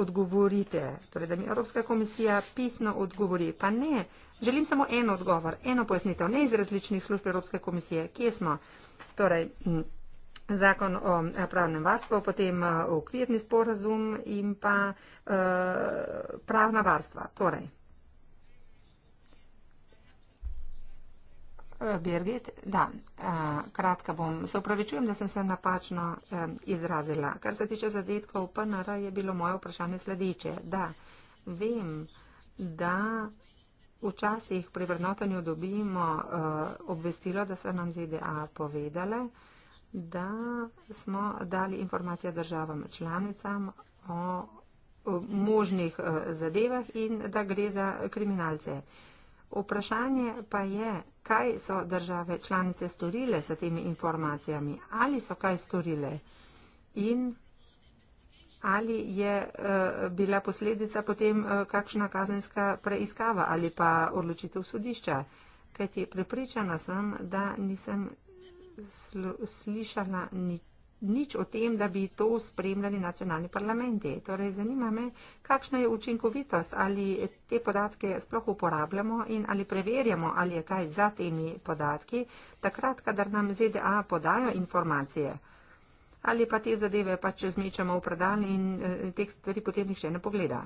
odgovorite, torej, da mi Evropska komisija pisno odgovori. Pa ne, želim samo en odgovor, eno pojasnitev, ne iz različnih služb Evropske komisije, kje smo. Torej, zakon o eh, pravnem varstvu, potem eh, okvirni sporazum in pa uh, pravna varstva. Torej. Birgit, da, kratka bom. Se upravičujem, da sem se napačno izrazila. Kar se tiče zadetkov PNR, je bilo moje vprašanje sledeče. Da, vem, da včasih pri vrnotenju dobimo obvestilo, da so nam ZDA povedale, da smo dali informacije državam članicam o možnih eh, zadevah in da gre za kriminalce. Vprašanje pa je, kaj so države članice storile s temi informacijami, ali so kaj storile in ali je eh, bila posledica potem eh, kakšna kazenska preiskava ali pa odločitev sodišča. Kajti prepričana sem, da nisem sl slišala ni nič o tem, da bi to spremljali nacionalni parlamenti. Torej, zanima me, kakšna je učinkovitost, ali te podatke sploh uporabljamo in ali preverjamo, ali je kaj za temi podatki, takrat, kadar nam ZDA podajo informacije. Ali pa te zadeve pač zmečamo v predal in eh, teh stvari potem nihče ne pogleda.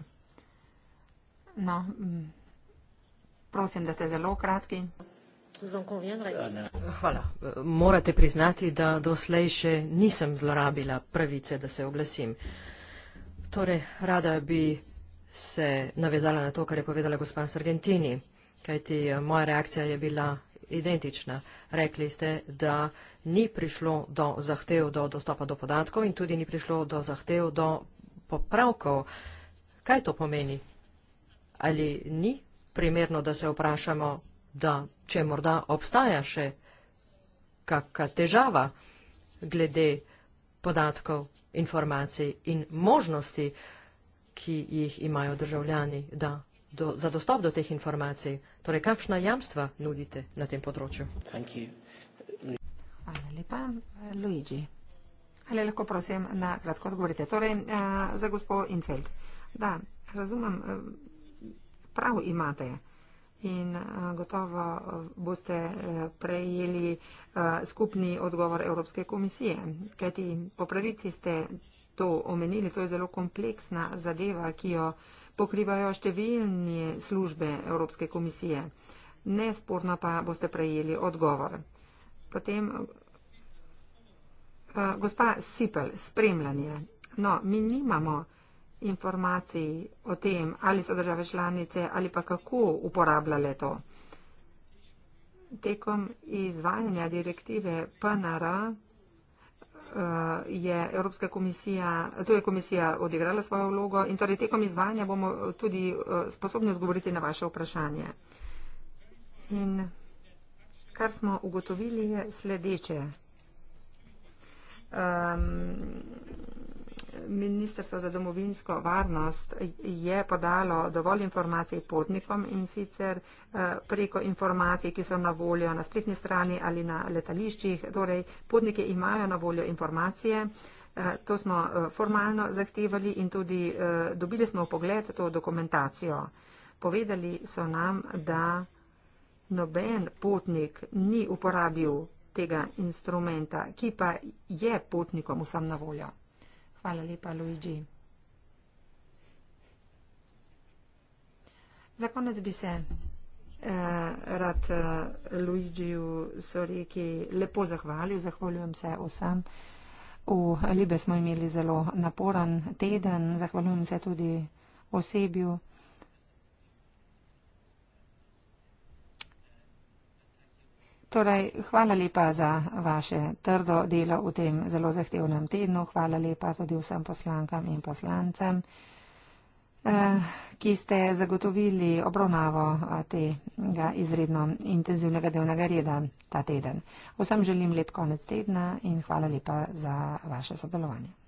No, prosim, da ste zelo kratki vous en conviendrez. Ah, voilà. voilà. Morate priznati, da doslej še nisem zlorabila pravice, da se oglasim. Torej, rada bi se navezala na to, kar je povedala gospa iz Argentini, kajti eh, moja reakcija je bila identična. Rekli ste, da ni prišlo do zahtev do dostopa do podatkov in tudi ni prišlo do zahtev do popravkov. Kaj to pomeni? Ali ni primerno, da se vprašamo, da če morda obstaja še kakšna težava glede podatkov, informacij in možnosti, ki jih imajo državljani da, do, za dostop do teh informacij. Torej, kakšna jamstva nudite na tem področju? Hvala lepa. Luigi. Ali lahko prosim na kratko odgovorite? Torej, eh, za gospod Infeld. Da, razumem, eh, prav imate in eh, gotovo eh, boste eh, prejeli skupni odgovor Evropske komisije. Kajti po pravici ste to omenili, to je zelo kompleksna zadeva, ki jo pokrivajo številne službe Evropske komisije. Nesporno pa boste prejeli odgovor. Potem, gospa Sipel, spremljanje. No, mi nimamo informacij o tem, ali so države članice ali pa kako uporabljale to. Tekom izvajanja direktive PNR eh, je Evropska komisija, to je komisija odigrala svojo vlogo in torej tekom izvajanja bomo tudi eh, sposobni odgovoriti na vaše vprašanje. In kar smo ugotovili je sledeče. Um, Ministrstvo za domovinsko varnost je podalo dovolj informacij potnikom in sicer eh, preko informacij, ki so na voljo na spletni strani ali na letališčih. Torej, potniki imajo na voljo informacije. Eh, to smo eh, formalno zahtevali in tudi dobili smo pogled to dokumentacijo. Povedali so nam, da noben potnik ni uporabil tega instrumenta, ki pa je potnikom vsem na voljo. Hvala lepa, Luigi. Za konec bi se eh, rad eh, Luigiju Soreki lepo zahvalil. Zahvaljujem se vsem. V Libe smo imeli zelo naporen teden. Zahvaljujem se tudi osebju. Torej, hvala lepa za vaše trdo delo v tem zelo zahtevnem tednu. Hvala lepa tudi vsem poslankam in poslancem, eh, ki ste zagotovili obravnavo eh, tega izredno intenzivnega delnega reda ta teden. Vsem želim lep konec tedna in hvala lepa za vaše sodelovanje.